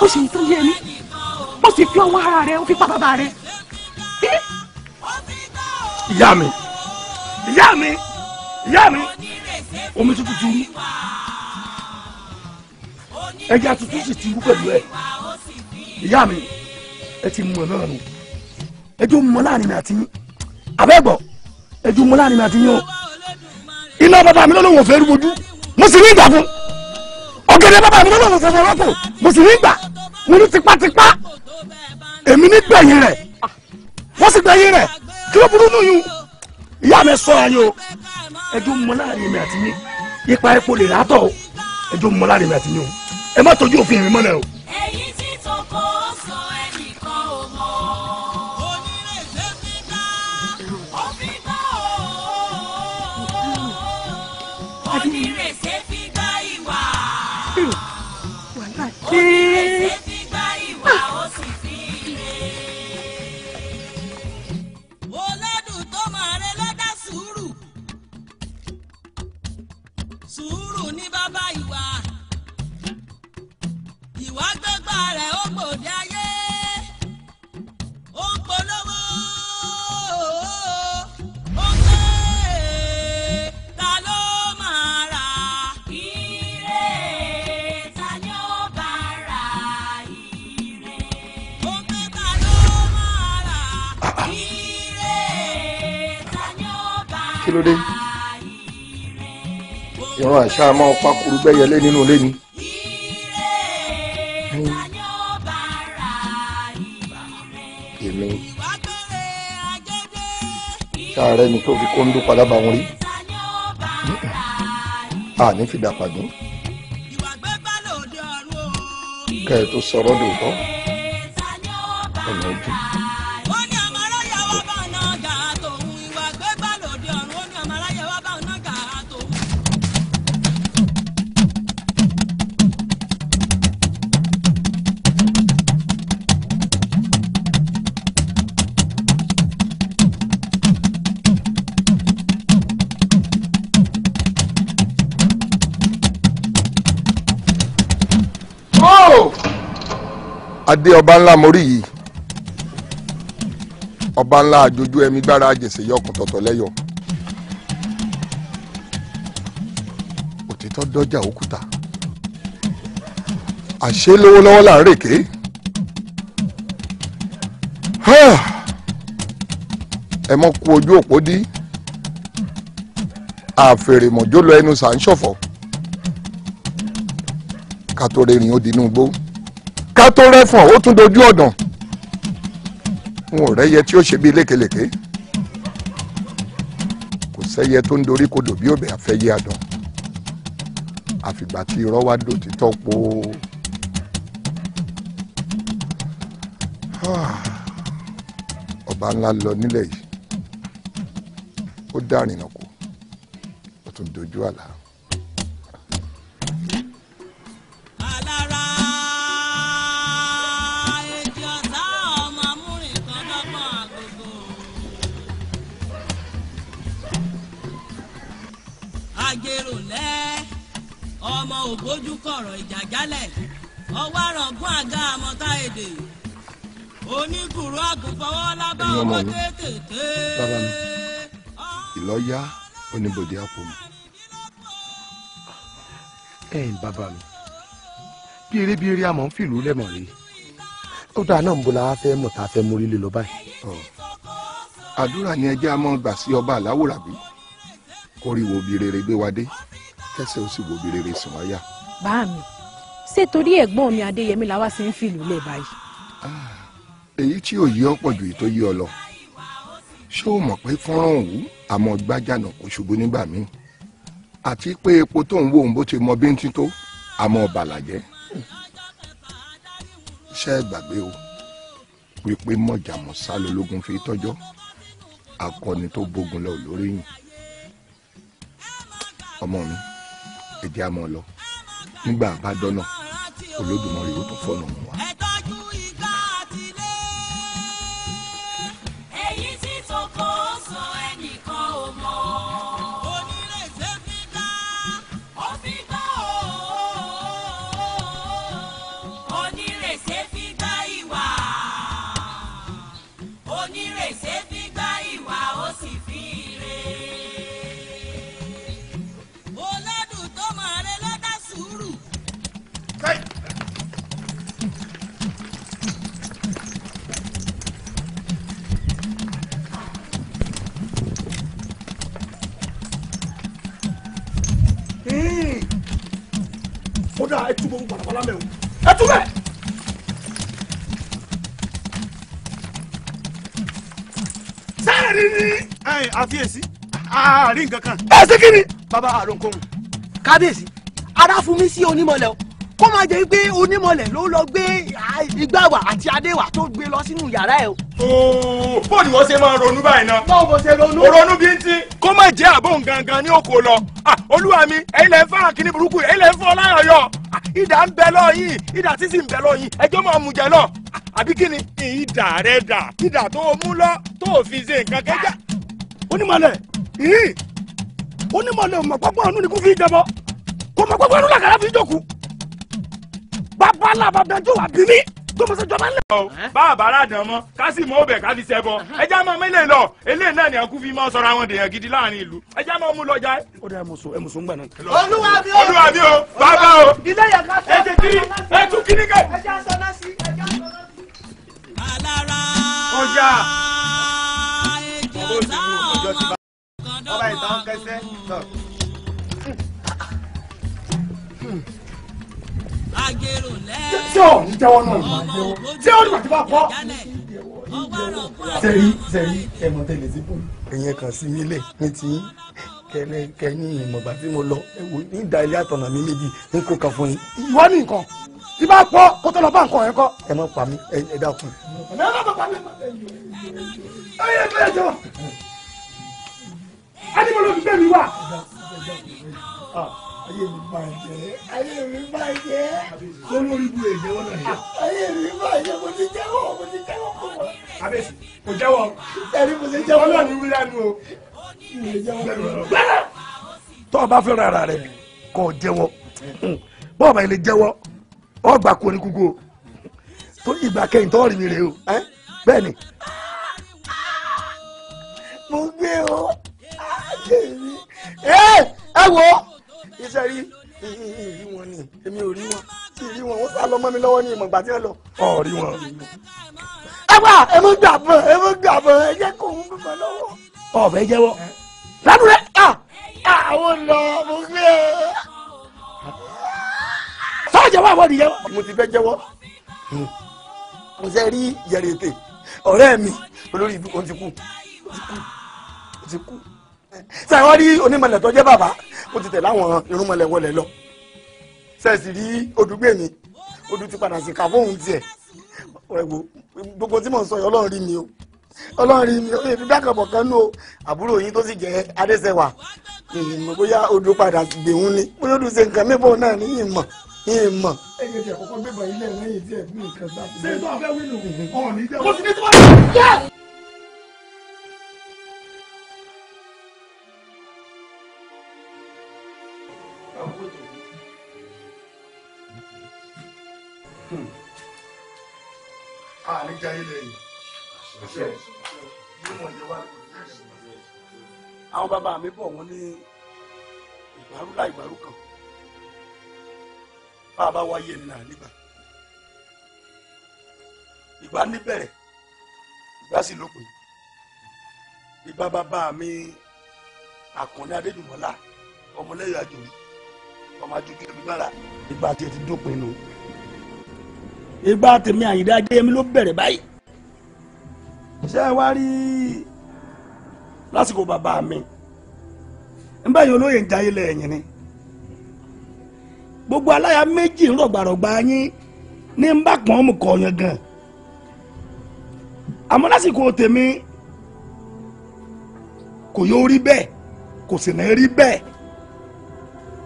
ó ṣe ìtọ́jú ẹni ó sì fi ọwọ́ ara rẹ̀ ó fi pa bàbá rẹ̀. ìyá mi ìyá mi ìyá mi omi tuntun ti rú ẹja tuntun sì ti rú pẹ̀lú ẹ̀ ìyá mi ẹ ti mọ̀ náà nù ẹjọ́ mọ̀ láàrin mi àti yín abẹ́gbọ̀ ẹjọ́ mọ̀ láàrin mi àti yín o iná bàbá mi lọ́lọ́wọ́ fẹ́ rúbojú mo sì ní ìgbà fún ọ̀gẹ̀dẹ̀ bàbá mi lọ́lọ́wọ́ fẹ́ fẹ́ rọ́pò mo sì ní ìgbà mo ní tipátipá èmi ní gbẹ̀yìn rẹ̀ wọ́n sì gbẹ̀yìn rẹ̀ kí ló burú nù yún ìyá mi sọ ayé o ẹjọ́ mọ láàrin mi àti yín ipa epo lè látọ̀ o ẹjọ́ mọ láàrin mi àti yín o ẹ má tọ́jú òfin mi mọ́lẹ̀ o. èyí tí tòkó sọ ẹnìkan ò mọ onírèlè fi dá òfin dá o onírèlè fi dá ìwà. Hmm. ṣáà máa pa kuru gbẹ́yẹlé nínú ilé mi. èmi ṣáà rẹ ni tó fi kóńdó padà bá wọn rí àní fìdá pàdé kẹ́ ẹ̀ tó sọ̀rọ̀ dòótọ́. adé ọba ńlá morí yìí ọba ńlá àjòjú ẹmí gbára àjèsè yọkùn tọ̀tọ̀ lẹ́yọ̀ òtítọ́ dọ́jà òkúta àṣé lọ́wọ́lọ́wọ́ là ń rèké ẹ mọ́ kú ojú òpó dí àfèrèmọ̀jó lọ ẹnu sà ń ṣọ̀fọ̀ ká tó rìnrìn ó dinú ká tó rẹ́fọ̀n ó tún dojú ọ̀dàn n ò rẹ́yẹ tí ó ṣe bíi lékelèké kò sẹ́yẹ tó ń dorí kodò bí òbẹ̀ àfẹ́yẹ àdán àfìgbà tí irọ́ wá dòtítọ́ po. ọba ńlá lọ nílẹ̀ yìí ó dá àrìnà kù ó tún dojú àlà. anybody help me. ẹ̀yin eh, bàbá mi bí eré bí eré àmọ́ ń fìlú lẹ́mọ̀ rí. ó dáa náà ń bo la wá fẹ́ mọ̀ tá a fẹ́ mórí lé lọ báyìí. àdúrà ni ẹjẹ́ a máa gbà sí ọba àláwòrà bí kó rí wo bí rere gbé wa dé kẹsẹ̀ ó sì wo bí rere sùn wáyà. bá mi ṣé torí ẹ̀gbọ́n mi adéyẹmí la wá sí ń fìlú lẹ̀ báyìí. Ah, èyí tí ò yí ọ pọ̀ ju èyí yí ọ lọ ṣé o mọ̀ pé fọ́nrán òwú àmọ́ gbájànà kò ṣubú nígbà míì àti pé epo tó ń wò ń bó ti mọ bíntín tó àmọ́ bàlàjẹ́ ṣe gbàgbé o wípé mọ̀jàmọ̀ sálọ fi tọ́jọ́ akọni tó bógun lọ lórí yìn ọmọ mi ẹ̀jẹ̀ àmọ́ lọ nígbà bá Olódùmarè ó tún fọ́nà wá. kódà ẹ túbọ̀ ń balabala mẹ́ o ẹ túbẹ̀. sẹ́yìn ni ni. ẹ àfiyèsí àárín nǹkan kan. ẹ ṣe kí ni. Baba àrùn kò ń. kábíyèsí adáfúnmi sí onímọ̀lẹ́ o kó máa jẹ́ pé onímọ̀lẹ̀ ló lọ gbé igbá wà àti adé wà tó gbé lọ sínú yàrá ẹ̀ o. bó ni wọ́n ṣe máa ronú báyìí náà. báwo mo ṣe ronú. ronú bíi ti kó má jẹ́ àbọ̀ gangan ní oko lọ. olúwa mi ẹ̀yin lẹ́ ń fà kíní burúkú ẹ̀yin lẹ́ ń fọ́ láyọ̀yọ̀. ìdá ń bẹ lọ́yìn ìdá sísì ń bẹ lọ́yìn ẹjọ́ máa mú jẹ lọ. àbí kíni ìdá rẹ dà ìdá tó mú lọ tó fi ṣe nǹkan kẹjá. onímọ̀lẹ̀ onímọ̀lẹ̀ ò mọ̀ pápá ọ̀nù ni kò fi jẹ bọ́ kò mọ̀ pápá ọ̀nù làkàrà fi jókòó bàbá làbà bẹjú wà bí mi tó mo ṣe jọba ń lẹ. báwa bàrà dàn mọ ká sì mọ ọbẹ ká fi ṣẹ bọ ẹjẹ máa mọ ilé lọ eléyìí náà ni a kú fi máa sọra àwọn èèyàn gidi láàrin ìlú ẹjẹ máa mú lọjà. ó dẹ ẹmùsùn ẹmùsùn gbà náà. olúwa mi o olúwa mi o bàbá o ilé yẹn ká sọ ẹjẹ kiri ẹtú kiri kẹ. ẹjẹ aṣọ náà sí ẹjẹ aṣọ náà sí. alára ọjà ọgbọ́n sì mú ọjọ́ ti bá ọba ìtàn kẹsẹ́ náà tí ò ní jẹ́wọ́ náà máa jẹ́wọ́ tí ó ní bàtí bá kọ́ sẹ́rí sẹ́rí ẹ̀mọ́ tẹ̀lé sí fún mi. ìyẹn kàn sí mi lè ní ti kẹlẹ kẹni ìmọ̀gbà tí mo lọ ẹ̀wò ní ìdá ilé àtọ̀nà mi méjì ń kó kan fún yín. ìwọ ní nǹkan tí bá pọ̀ kó tó lọ bá nǹkan yẹn kọ́. ẹ má pa mí ẹ dákun. ẹ má pa mí ẹ yẹ kí ẹ jọ adimọlọ fi bẹ́ẹ̀ mi wá ayé mi bàjẹ́ ayé mi bàjẹ́. kó lórí ibu èyí jẹ́wọ́ náà yẹ. ayé mi bàjẹ́ mo ti jẹ́wọ́ mo ti jẹ́wọ́ kó wọ́n. kábíyèsí kò jẹ́wọ́. ẹni mo ti jẹ́wọ́. ọlọ́run ní wíwá nu o. mo lè jẹ́wọ́ gbẹ́rẹ́. tó o bá fẹ́ràn ara rẹ kò jẹ́wọ́ bó o bá ilé jẹ́wọ́ ọ gbà kú oníkúkú o tó ìgbà kẹ́yìn tó mi rèé o bẹ́ẹ̀ ni. mo gbé o ẹ wo iṣẹ́ rí ìrí wọn ni èmi ò rí wọn ìrí wọn wọ́n sá lọ mọ́ mi lọ́wọ́ ní ìmọ̀gbà tí wọ́n lọ ọ̀rí wọn. ẹ wá ẹ mọ gbà bọ ẹ mọ gbà bọ ẹ jẹ kó ń bọ lọ́wọ́. ọbẹ jẹ́wọ́ ládùúrẹ àwọn lọ mo gbé e. sọ jẹ́wọ́ àwọn ìdíyẹwọ. mo ti fẹ́ jẹ́wọ́ hmm. mo ṣe rí yẹrẹtẹ ọ̀rẹ́ mi olórí ibi kan ti kú ti kú ti kú sẹ́yìn wọ́n rí onímọ̀lẹ̀ tó jẹ́ bàbá ó ti tẹ̀ láwọn irúnmọ̀lẹ̀ wọlé lọ sẹ́yìn sì rí odùgbé mi odù ti padà sí káfóhùn tiẹ̀ gbogbo tí mò ń sọ yìí ọlọ́run rí mi o ọlọ́run rí mi o èmi dákàbọ̀ kan nù o àbúrò yín tó sì jẹ́ adẹ́sẹ̀wà ìmọ̀ bóyá odù padà gbèhún ni bóyá odù ṣe nǹkan mẹ́bọ̀ náà ní ìmọ̀ ìmọ̀. ẹ̀yin tí àkọ́kọ́ gbẹ̀bọ̀ ilé ẹ̀ lẹ́yìn tí ẹ̀ Hmm. a ah, ní jayé lẹ́yìn àwọn bàbá mi bọ̀ wọ́n ní ìgbàrú láì gbàrú kan bàbá wáyé nà nígbà ìgbà níbẹ̀rẹ̀ ìgbà sì lópin ìgbà bàbá mi àkànní adédùmọ́lá ọmọlẹ́yìn àjòyí ọmọ àjòjì ẹ̀mí bára ìgbà tí ẹ ti dópin nù ìgbà tèmi àyídá adéyẹmí ló bẹ̀rẹ̀ báyìí ṣé ẹ wá rí lásìkò bàbá mi ń báyìí olóyè ń jayé lẹ́yìn ni gbogbo aláya méjì ń rọ̀gbàrọ̀gbà yín ní ń bá pọ́n mu kọ̀ọ̀yàn gan àmọ́ lásìkò tèmi kò yóò rí bẹ́ẹ̀ kò sì ní rí bẹ́ẹ̀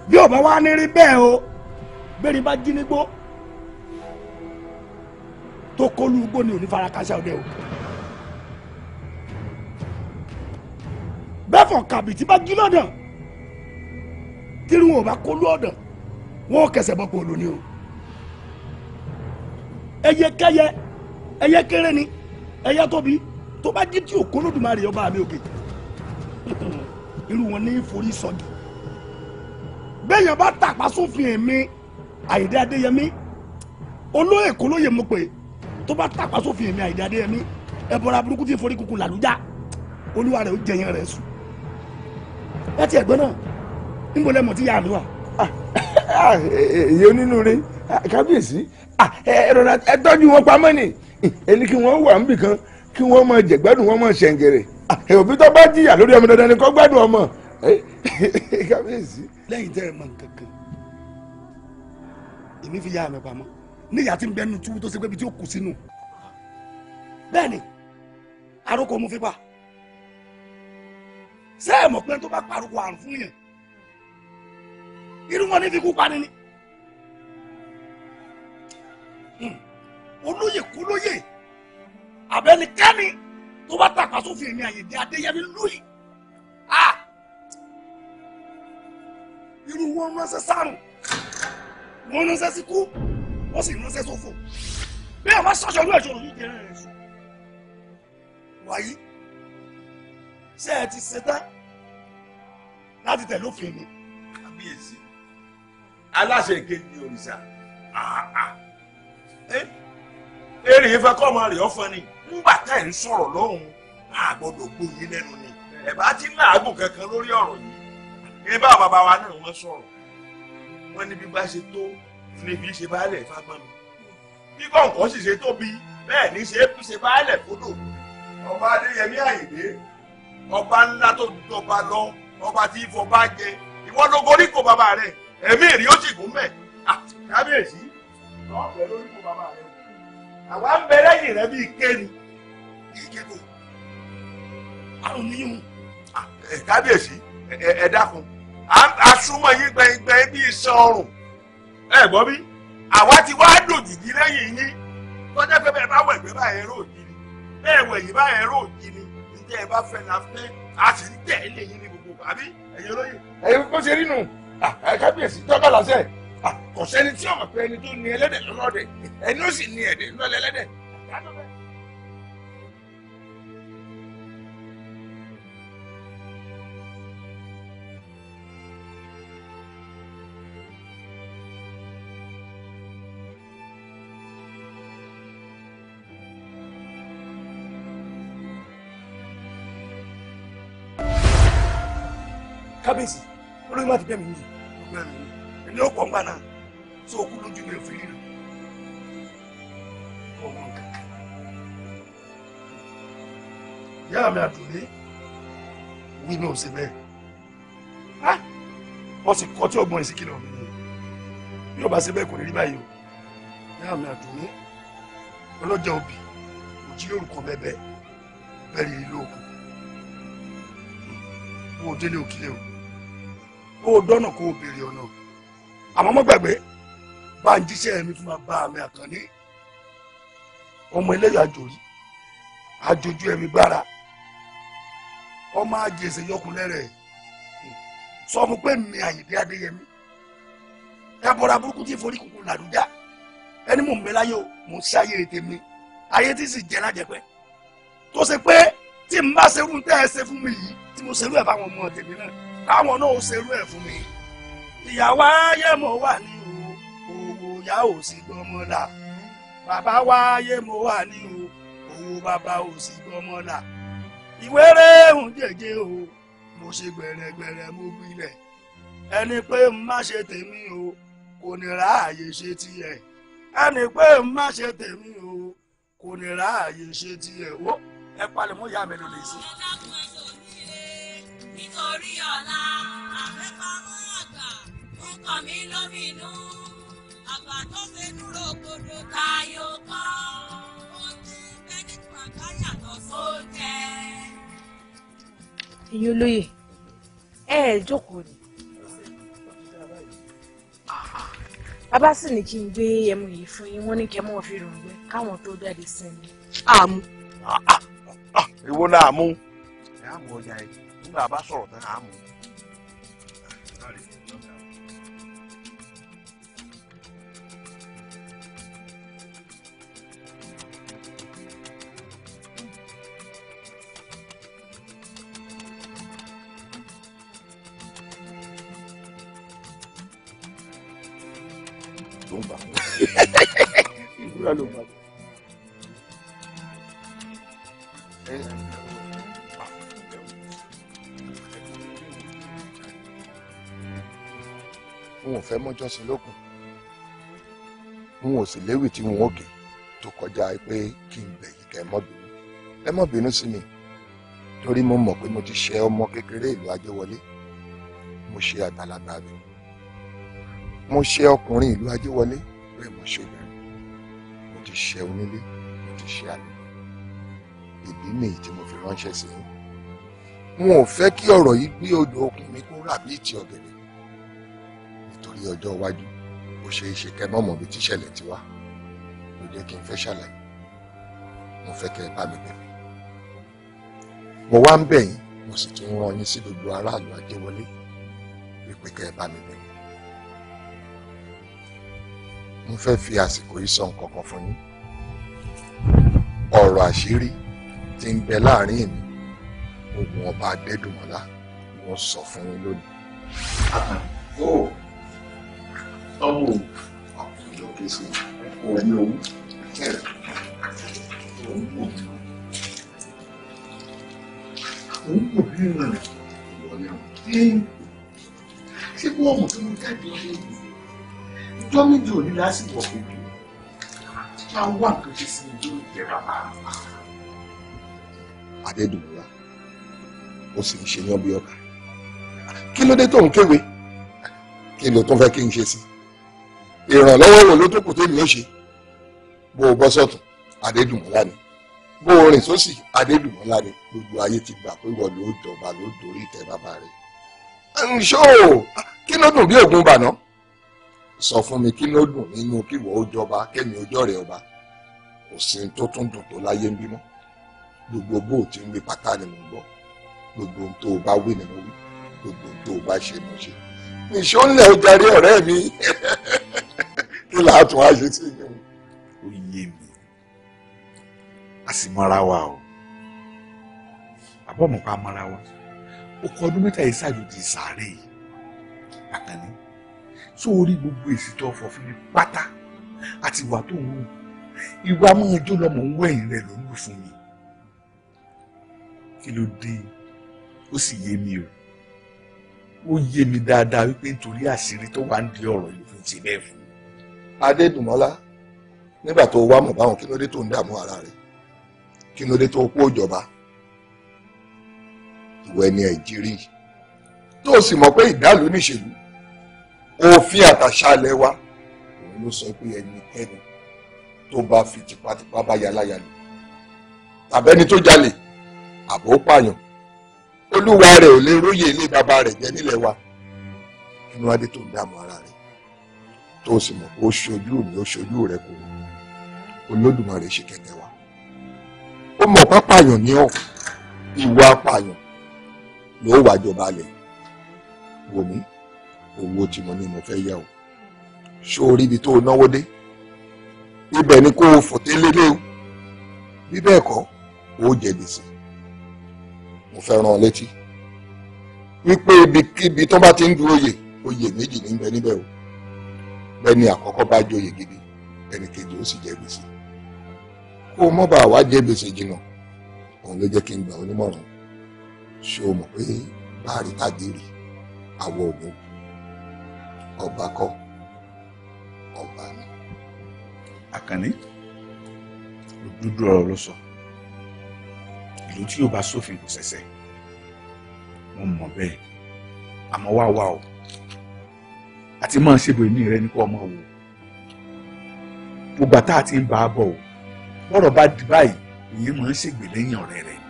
bí ọba wa ní rí bẹ́ẹ̀ o bẹ́ẹ̀ ni bá jí nígbó tó kólú ugbó ni òní fara kásá ọdẹ o. bẹ́fọ̀ kàbìtì bá jí lọ́dọ̀ tírun ò bá kólú ọ̀dọ̀ wọn ò kẹsẹ̀ bọ́ pòlò ni o. ẹyẹ kẹyẹ ẹyẹ kéré ni ẹyẹ tóbi tó bá jí tí òkú lódùmarè ọba mi òkè irú wọn ní forí sọdì bẹ́ẹ̀yàn bá tàpá sófin èmi àyídé adéyẹmí olóyè kólóyè mo pè é tó bá tàpá sófin èmi Àyìndé Adéyẹmí ẹ bọra burúkú tí forí kúkú làlújá olúwa rẹ ó jẹyìn rẹ sùn ẹ ti ẹgbẹ náà níbo lẹmọ tí yára mi wà. Ah, ah, èyí onínúure ah, kábíyèsí ẹ tọ́jú wọn pamọ́ ni ẹni kí wọ́n wà níbì kan kí wọ́n máa jẹ̀gbádùn wọn máa ṣẹ̀ǹgẹ̀rẹ̀ òbí tó bá jìyà lórí ọmọ dandan ni kó gbádùn ọmọ kábíyèsí. lẹ́yìn tẹ́ ẹ mọ nǹkan kan èmi fi yára mi pamọ́ níyà tí ń bẹnu túbú tó ṣe pé ibi tí ó kù sínú bẹ́ẹ̀ ni àròkọ mú fipá ṣé ẹ mọ̀ pé tó bá paroko àrùn fún yẹn irú wọn ní fikú pani ni hmm. olóyè kólóyè àbẹnikẹ́ni tó bá tàpá sófin èmi àyèdè adéyẹmí lóyè irú wọn ránṣẹ́ sárùn wọn ránṣẹ́ síkú wọ́n sì ránṣẹ́ sófò bí àwọn aṣọ́jọ́rú ẹ̀ṣọ́ yìí jẹ́ ẹ̀ṣọ́ wáyé ṣé ẹ ti ṣetán láti tẹ̀lé òfin ni. kábíyèsí aláṣẹ kejì òrìṣà èrè ìfẹ́ kọ́ ọmọ rẹ̀ ọ̀fọ̀ ni ńgbà tẹ̀ ń sọ̀rọ̀ lọ́hùn-ún àgbọ̀dọ̀ gbòòyìn lẹ́nu ni ẹ̀ bá ti ń làágùn kankan lórí ọ̀rọ̀ yìí ní bá bàbá wa náà wọ́n sọ̀rọ̀ wọ́n ní bí bá ṣe tó níbi ṣe baálẹ̀ fagbọ́n mi bí kọ̀ǹkọ́ sì ṣe tóbi bẹ́ẹ̀ ní ṣe é fi ṣe baálẹ̀ fódò ọba adéyẹmí àyèdè ọba ńlá tó dọba lọ ọba tí ìfọba jẹ ìwọ ló gorí kò bàbá rẹ ẹ̀mí ìrí ó sì gún mẹ́ kábíyèsí ọ̀bẹ lórí kò bàbá rẹ àwa ń bẹ lẹ́yìn rẹ bíi kéènì ìkéèkó àrùn níyùn kábíyèsí ẹ dákun a súnmọ́ yín gbẹ̀yìn gbẹ̀yìn bíi sọ̀rùn ẹ gbọ́ bí àwa ti wá dòjìjì lẹ́yìn yín tọ́jà pé bẹ́ẹ̀ bá wẹ̀ gbé báyẹn rò jìnnì bẹ́ẹ̀ wẹ̀ yìí báyẹn rò jìnnì níjẹ́ ẹ bá fẹ́ la fẹ́ a sì ń tẹ̀ lé yín ní gbogbo àbí ẹ̀yin olóyè. ẹ̀yin kó ṣe rí nù kábíyèsí tọ́ka làṣẹ kò sẹ́ni tí ọmọ pé ẹni tó ní ẹlẹ́dẹ̀ lọ́lọ́dẹ̀ ẹni ó sì ní ẹ̀dẹ̀ lọ́lẹ́lẹ́dẹ̀ àti àtọ́fẹ́. kábíyèsí olóyún má ti bẹ́ẹ̀ mi ní ọgbẹ́ mi ní ẹni ó pọ̀ ń gbà náà tó o kú lójú mi ò fi rí nà. ìyá mi àdùnní wí ní òsè bẹ́ẹ̀ wọ́n sì kọ́ tí ọgbọ́n yìí sì kìlọ̀ mi ni bí o bá ṣe bẹ́ẹ̀ kò ní rí báyìí o ìyá mi àdùnní ọlọ́jà òbí òjì lórúkọ bẹ́ẹ̀ bẹ́ẹ̀ bẹ́ẹ̀ rí lóògùn wọn ò délé òkìlẹ̀ o kó o dọ́nà kó o béèrè ọ̀nà àmọ́ mọ́ gbàgbé bá ń jíṣẹ́ mi fún bàbá mi àkànní ọmọ eléyà àjòrí àjòjú ẹ̀mí gbára ọmọ àjèsè yọkùnlẹ́rẹ̀ sọ fún pé mi àyèdè adéyẹmí ẹbọra burúkú tí forí kúkú làdújá ẹni mò ń bẹ o mò ń ṣe ayé ètè mi ayé tí sì jẹ lájẹpẹ tó ṣe pé tí n bá ṣerú tẹ́ ẹ ṣe fún mi yìí tí mo ṣerú ẹ̀ fáwọn ọmọ tèmi náà káwọn náà ṣerú ẹ̀ fún mi ìyàwó ayémo wà ní òwò ìyá ò sì gbọmọlà bàbá wa ayémo wà ní o òwò bàbá ò sì gbọmọlà ìwéré ń jẹjẹ o mo ṣe gbẹrẹgbẹrẹ mo gbilẹ̀ ẹni pé n má ṣe tèmi o kò ní ráàyè ṣe tiẹ̀ ẹni pé n má ṣe tèmi o kò ní ráàyè ṣe tiẹ̀ o ẹ palẹ̀ mọ́ ìyá mi lọ lè ṣe nítorí ọ̀la àfẹ́pamọ́ àgbà tó kàn mí lóminú àgbà tó fẹ́ dúró gbogbo tayo kan ó ti fẹ́ nípa sóúnjẹ. ẹ̀yin olóye ẹ ẹ̀ jókòó ni bàbá sì ní kí n gbé ẹmu yìí fún yín wọ́n ní kẹ́ mọ́ fi rògbé káwọn tó jáde sí àmú. Ah, ah, ah, ìwo náà mú. ìyá àmú ọjà yìí nígbà bá sọ̀rọ̀ tán àmú. ló ń fẹ́ mọ́jọ́sìn lókun n ò sì léwì tí n ò kè tó kọjá pé kí n bẹ̀ yìí kẹ́ ẹ mọ́ bínú ẹ mọ́ bínú sí mi torí mo mọ̀ pé mo ti ṣe ọmọ kékeré ìlú ajéwọlé mo ṣe àgbàlagbà mi mo ṣe ọkùnrin ìlú ajéwọlé bẹ́ẹ̀ mo ṣe obìnrin mo ti ṣe onílé mo ti ṣe àlejò ìdí nìyí tí mo fi ránṣẹ́ sí yín n ò fẹ́ kí ọ̀rọ̀ yìí gbé odò okùn mi kó rà bíi ti ọ̀gẹ̀dẹ̀ ní ọjọ́ iwájú ó ṣe é ṣe kẹ́ mọ̀mọ́ bí tíṣẹ̀lẹ̀ ti wá ló jẹ́ kí n fẹ́ ṣàlàyé mo fẹ́ kẹ́ ẹ bá mi bẹ̀bẹ̀. mo wá ń bẹ̀ yín mo sì tún rán yín sí gbogbo aráàlú ajéwọlé wípé kẹ́ ẹ bá mi bẹ̀bẹ̀. mo fẹ́ fi àsìkò yìí sọ nǹkan kan fún yín ọ̀rọ̀ àṣírí tí ń bẹ láàrin èmi ogun ọba adédùnmọ́lá wọ́n sọ fún yín lónìí. Oh tọ́wọ́ o. àkùnjọ kẹsì orí owó. òun kò bí ìrìnà wọlé o. ṣé kí wọ́n mọ̀ kí wọ́n jáde ṣe é ìjọ méjì ò ní lásìkò òkèèrè bá wà tó ti sin ìjọ ó sì ń ṣe yán bí kí ló dé tó ń kéwe kí ló tún fẹ́ kí n ṣe sí i ìrànlọ́wọ́ rẹ̀ ló tó kù ṣe bó o bọ́ sọ́tún adédùnmọ́lá ni bó o rìn sósì adédùnmọ́lá ni gbogbo ayé ti gbà pé wọ́n ló jọba ló dorí ìtẹ́ bàbá rẹ̀. ǹṣó kí ló dùn bí ògùn bàná sọ fún mi kí ló dùn nínú kíwọ́ ó jọba kẹ́mi ojú ọ̀rẹ́ ọba kò sí tó tún dùn tó láyé ń bímọ gbogbo bó o ti ń wí pátá ni mo gbọ́ gbogbo ohun tó o bá wí ni mo wí gbogbo ohun tó o bá ṣe mo ṣe ǹṣó ńlẹ̀ ó darí ọ̀rẹ́ mi. kí láàtún àṣẹ tí yẹn o. ó yé mi a sì mọra wa o àbọ̀ mọ̀ pa mọra wa ó kọ ọdún mẹ́ta yìí ṣàjòjì sàárè yìí àkànní tó o rí gbogbo èsì tó fọ fún mi pátá àti ìwà tó ń wù ìwà máa jó lọmọ ń wẹ̀yìn rẹ ló ń lù fún mi kí ló dé ó sì yé mi o ó yé mi dáadáa wípé nítorí àṣírí tó wà ń di ọ̀rọ̀ yìí fún ti bẹ́ẹ̀ fún adédùmọ́lá nígbà tó wá mọ̀ báwọn kí ló dé tó ń dààmú ara rẹ̀ kí ló dé tó kó ìjọba ìwẹ̀ ni nàìjíríì tó o sì mọ̀ pé ìdálù níṣèlú òfin àtàṣálẹ̀ wa òun ló sọ pé ẹnikẹ́ni tó bá fi tipátipá bá yaláya lò tàbẹ́ni tó jalè àbò pààyàn olúwa rẹ̀ ò lè róye ilé bàbá rẹ̀ jẹ́ nílẹ̀ wa inú adé tó ń dààmú ara rẹ̀ tó o sì mọ̀ pé ó ṣojú mi ó ṣojú rẹ kò olódùmarè ṣe kẹtẹ wa ó mọ̀ pápáyàn ní ọ̀ ìwà apààyàn ló wàá jọba lẹ̀ wò mí owó tí mo ní mo fẹ́ yá o ṣó o rí ibi tó o náwó dé ibẹ̀ ni kó o fòté lélẹ̀ o bí bẹ́ẹ̀ kọ́ o jẹ gbèsè mo fẹ́ rán ọ létí wípé ibikíbi tó bá ti ń dúró yè oyè méjì níbẹ̀ níbẹ̀ o bẹ́ni àkọ́kọ́ bá joyè gidi ẹnì kejì ó sì jẹ gbèsè kó o mọ́ bá wá jẹ gbèsè jìnnà òun ló jẹ́ kí n gbà onímọ̀ràn ṣé o mọ̀ pé báàrí tàdírì àwọ ògùn ọba kọ́ ọba ni. àkànní dúdú ọ̀rọ̀ ló sọ ìlú tí yóò bá sófin kò ṣẹ̀ṣẹ̀ wọ́n mọ̀ bẹ́ẹ̀ àmọ́ wá wá o àti máa ṣe bòyí ní rẹ ní kó ọmọ wò gbogbo àtà àti ń bá a bọ̀ bọ́rọ̀ bá di báyìí èyí máa ń ṣègbè lẹ́yìn ọ̀rẹ́ rẹ̀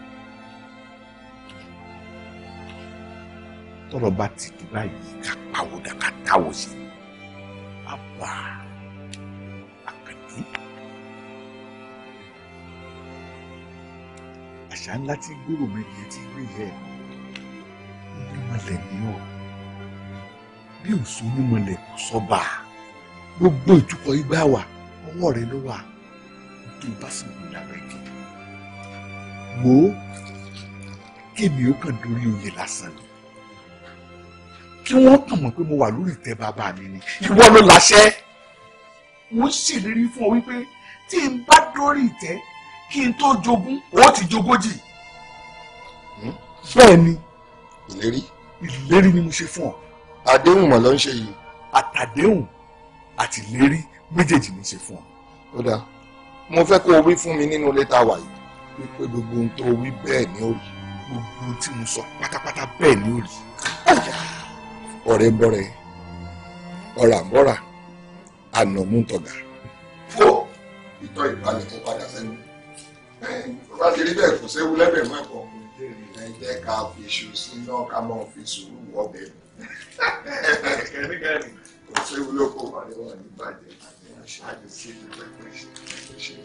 tọ́rọ̀ bá ti di báyìí ká pàwọ́dà ká táwọ̀ sí àbá àkànní àṣà ńlá tí gbèrò mẹ́rin ti gbé yẹ ìdúmọ̀lẹ̀ ní ọ̀rọ̀ bí òsó onímọ̀lẹ̀ kò sọ́ba gbogbo ìtukọ̀ igbá wa ọwọ́ rẹ ló wà tó bá sì wù lábẹ́ kí wo kémi ó kàn dórí oyè lásán ni kí wọ́n kàn mọ̀ pé mo wà lórí ìtẹ́ bàbá mi ni ìwọ ló láṣẹ mo ṣèlérí fún ọ wípé tí n bá dórí ìtẹ́ kí n tó jogún ó ti jogójì hmm? bẹ́ẹ̀ ni ìlérí ìlérí ni mo ṣe fún ọ àdéhùn mọ̀ ló ń ṣe yìí. àtàdéhùn àtìlérí méjèèjì ní í ṣe fún ọ. ó dáa mo fẹ́ kó o wí fún mi nínú ilé tá a wà yìí wípé gbogbo ohun tó wí bẹ́ẹ̀ ni ó rí gbogbo ohun tí mo sọ pátápátá bẹ́ẹ̀ ni ó rí. ọ̀rẹ́ bọ́rẹ́ ọ̀rà bọ́rà àná mú tọ̀gà. kó ìtọ́ ìbalẹ̀ tó padà sẹ́nu tó bá ti rí bẹ́ẹ̀ kò séwu lẹ́bẹ̀ẹ́ mọ́ ẹ̀kọ́ ẹ jẹ́ ká fi iṣu náà ká mọ́ fi sùúrù ọbẹ̀ mi kẹ́míkẹ́mí kò séwu lóko wà ní wọn ní bàjẹ́ àti àṣà àti síbi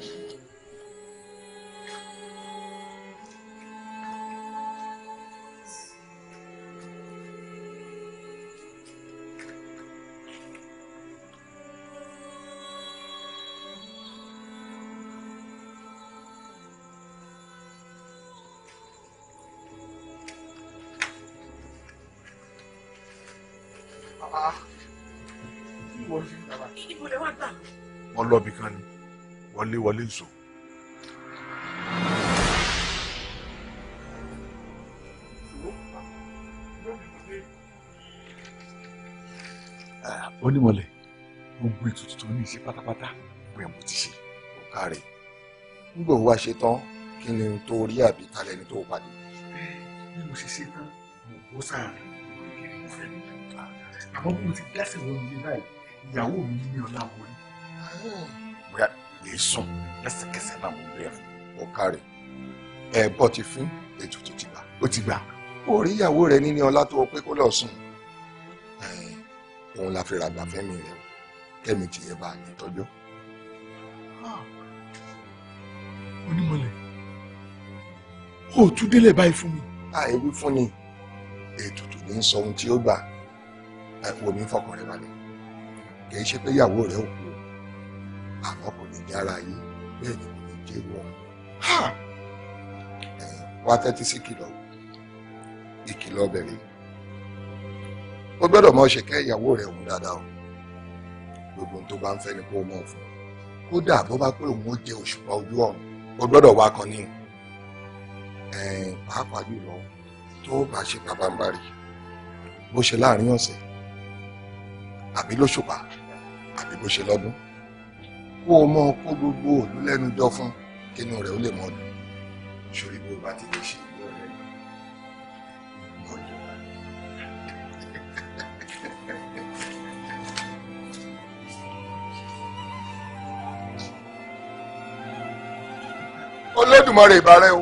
Lenzo. Ah, onímọ̀lẹ̀ gbogbo ètùtù tó ní ìṣe pátápátá bóyá mo ti ṣe ọ̀ká rẹ̀ nígbà wo wá ṣe tán kí ni tó rí àbí talẹ̀ ni tó pàdé. bí mo ṣe ṣe tán mo bọ́ sáàrin ìrìn ìfẹ́ àmọ́ bí mo ti dá sí ìwọ́n mi báyìí ìyàwó mi ní ọlá wọlé èso lẹ́sẹ̀kẹsẹ̀ náà mo bẹ fún ọkàrẹ ẹbọ ti fín ètùtù ti gbà ó ti gbà ó rí ìyàwó rẹ níní ọlá tó pé kó lọ sùn òun la fi ràgbà fẹmi rẹ o kẹmi tìyẹ bá a ní tọjọ. onímọ̀lẹ̀ ó tún délẹ̀ báyìí fún mi. àì wí fún ni ètùtù ní sọ ohun tí ó gbà ẹ kò ní fọkàn rẹ balẹ̀ kì í ṣe pé ìyàwó rẹ ò kú àmọ́ kò ní jára yín bẹ́ẹ̀ ni kò ní jẹ́ wọ́n wá tẹ́tí sí kìlọ̀ ìkìlọ̀ bẹ̀rẹ̀ o gbọ́dọ̀ mọ ṣe kẹ́ ìyàwó rẹ̀ òun dáadáa o gbogbo ohun tó bá ń fẹ́ ni kó mọ̀ fún kódà bó bá pé òun ó jẹ òṣùpá ojú ọ̀run ó gbọ́dọ̀ wá kan ní pàápàá jùlọ tó bá ṣe pàpàǹbarì bó ṣe láàrin ọ̀sẹ̀ àbí lóṣùpá àbí bó ṣe lọ́dún kó o mọ kó gbogbo òlú lẹ́nu jọ fún kínú rẹ̀ ó lè mọ́ dùn sórí bó bá ti lè ṣe ìlú rẹ̀ mọ́ dùn. Olódùmarè o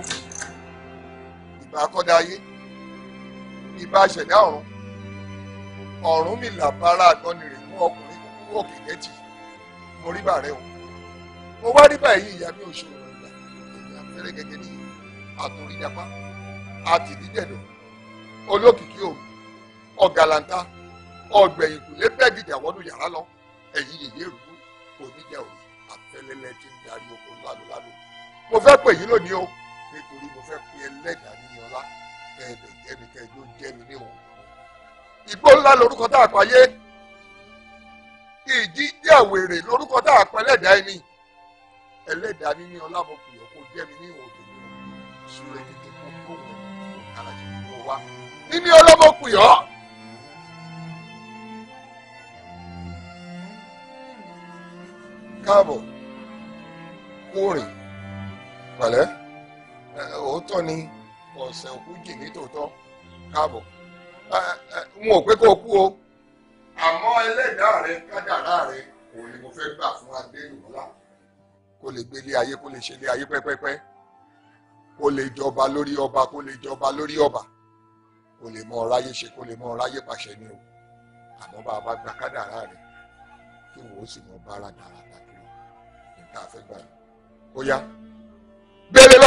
ìbá akọ́dá ayé ìbá ṣẹ̀dá ọ̀run ọ̀run mi là bára àgbọ̀nì rẹ̀ ọkùnrin kókó òkè lẹ́tì mo rí bàrẹ o mo wá rí báyìí ìyá mi ò ṣòro ìgbà èyí afẹ́rẹ́ gẹ́gẹ́ ní àtòrídàpá àtìdídẹ̀dọ̀ olókìkí òru ọ̀gàlàǹta ọ̀gbẹ̀yìnkù lẹ́gbẹ̀gìjà wọ́dún yàrá lọ ẹ̀yìn yèyé ìrúgbó oníjà òru àfẹ́lẹ́lẹ́ ti ń darí oko lálóláló mo fẹ́ pè yín lónìí o nítorí mo fẹ́ pe ẹlẹ́dàá nínú ọlá kẹ́ẹ̀dẹ̀ jẹ́mi kẹ́ẹ̀dẹ̀ ó jẹ́mi níwọ̀n ìgbó ńlá lorúkọ tá a pààyè ìdíje dị lórúkọ tá a pẹ lẹ́dàá ẹni ẹlẹ́dàá mi ní ọlámọkùn yọ jẹ́ mi ní ìṣúra tó wọn kó kára jù lọ wá yọ. káàbọ̀ tòótọ́ káàbọ̀ n ò pé kó àmọ́ ẹlẹ́dàá rẹ kádàrá rẹ òun ni mo fẹ́ gbà fún Adéyìnbọ́lá kó lè gbélé ayé kó lè ṣẹlé ayé pẹ́pẹ́pẹ́ kó lè jọba lórí ọba kó lè jọba lórí ọba kó lè mọ ọráyé ṣe kó lè mọ ọráyé pàṣẹ ni o àmọ́ bá a bá gba kádàrá rẹ kí wò ó sì mọ bára dára dákìrì níta fẹ́ gbà ó yá bẹ́ẹ̀ lọ.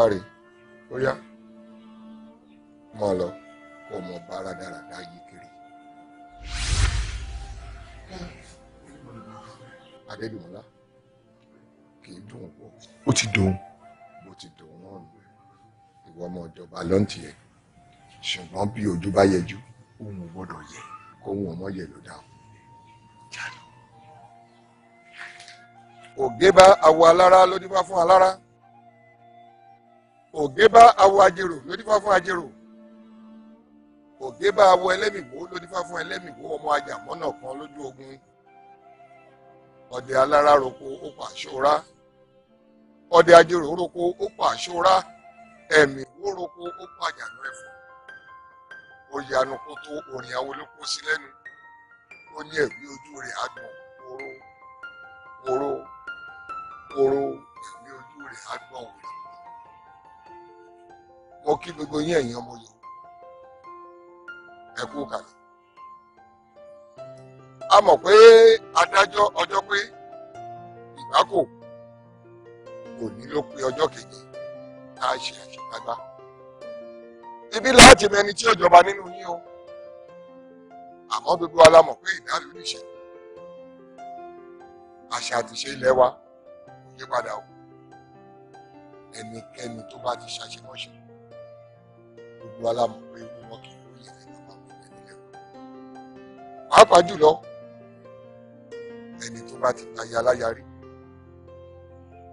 káre ó yá mọ lọ kó mọ bá rádaràda yìí kiri. adédùnmọ́lá kì í dùn wọ. ó ti dùn. bó ti dùn náà nù ìwọ ọmọ ìjọba ló ń tiẹ̀ ṣùgbọ́n bí ojú bá yẹjú òun gbọ́dọ̀ yẹ kóun ọmọ yẹ ló dáhùn. ògé bá awọ alára ló bá fún alára ògé bá awo ajérò ló dífá fún ajérò ògé bá awo ẹlẹ́mìgbó ló dífá fún ẹlẹ́mìgbó ọmọ ajàmọ́nà kan lójú ogun ọdẹ alára roko ó pa àṣọra ọdẹ ajérò roko ó pa àṣọra ẹ̀mí ó roko ó pa àjànú ẹ̀fọ́ oyè anukoto orin awolóko sí lẹ́nu ó ní ẹ̀rí ojú rẹ̀ adùn kóró kóró kóró ẹ̀rí ojú rẹ̀ adùn òwúrọ̀. mo kí gbogbo yín ẹ̀yin ọmọ yìí ẹ kú kàlẹ̀. a mọ̀ pé adájọ́ ọjọ́ pé ìgbákò kò ní ló pé ọjọ́ keje tá a ṣe àṣekágbá. ibi láti mẹni tí ó jọba nínú yín o àmọ́ gbogbo wa la mọ̀ pé ìdálò níṣẹ́ àṣà àtìṣe ilé wa kò yí padà o ẹnikẹ́ni tó bá ti ṣàṣemọ́ṣe. gbogbo alámọ̀ pé wọn kì í yẹ ẹni máa ń bẹ̀rẹ̀ nílẹ̀ pàápàá jùlọ ẹni tó bá ti ta yaláya rí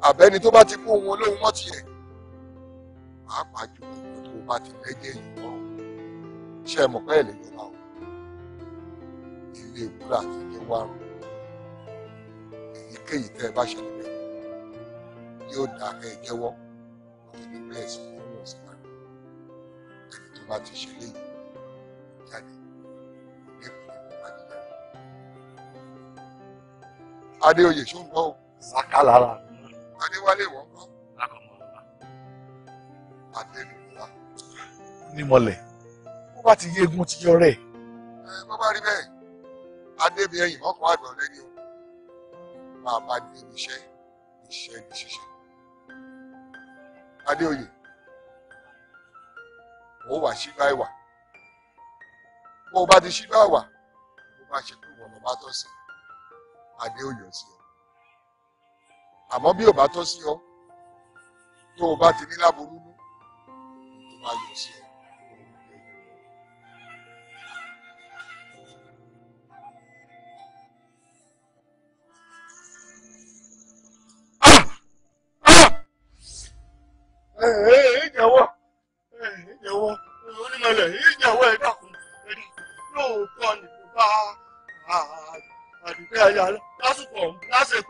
àbẹ́ni tó bá ti kó ohun olóhùn mọ́ tiẹ̀ pàápàá jùlọ ẹni tó bá ti lẹ́jẹ̀ yìí lọ́rùn ṣe é mọ̀ pé ẹ̀lẹ́ yọba o ilé wúrà àti ilé wárùn èyíkéyìí tẹ́ ẹ bá ṣe níbẹ̀ yóò dá ẹ jẹ́wọ́ òní bẹ́ẹ̀ sí i bá ti ṣe léyìí jáde lẹ́kùn àdìyà. Adéoyè ṣó ń bọ́ o. Saka lára. Adéwálé wọ̀ ń bọ́. Lákọ̀mọ́ ọ̀la. Adélùmọ́lá. Onímọ̀lẹ̀, bó bá ti yégun ti yọ rẹ̀. Ẹ bó bá rí bẹ́ẹ̀, Adébí ẹ̀yìn mọ́kàn àgbọ̀n lẹ́ni o. Bàbá dé níṣẹ́, níṣẹ́ ní ṣiṣẹ́. Adéoyè o wà ṣígbà ìwà bó o bá ti ṣígbà ìwà bó bá ṣe pé wọn bá tọ́ sí adé ò sí ọ àmọ́ bí ò bá tọ́ sí ọ tó o bá ti ní láborúnú tó bá yọ sí ọ.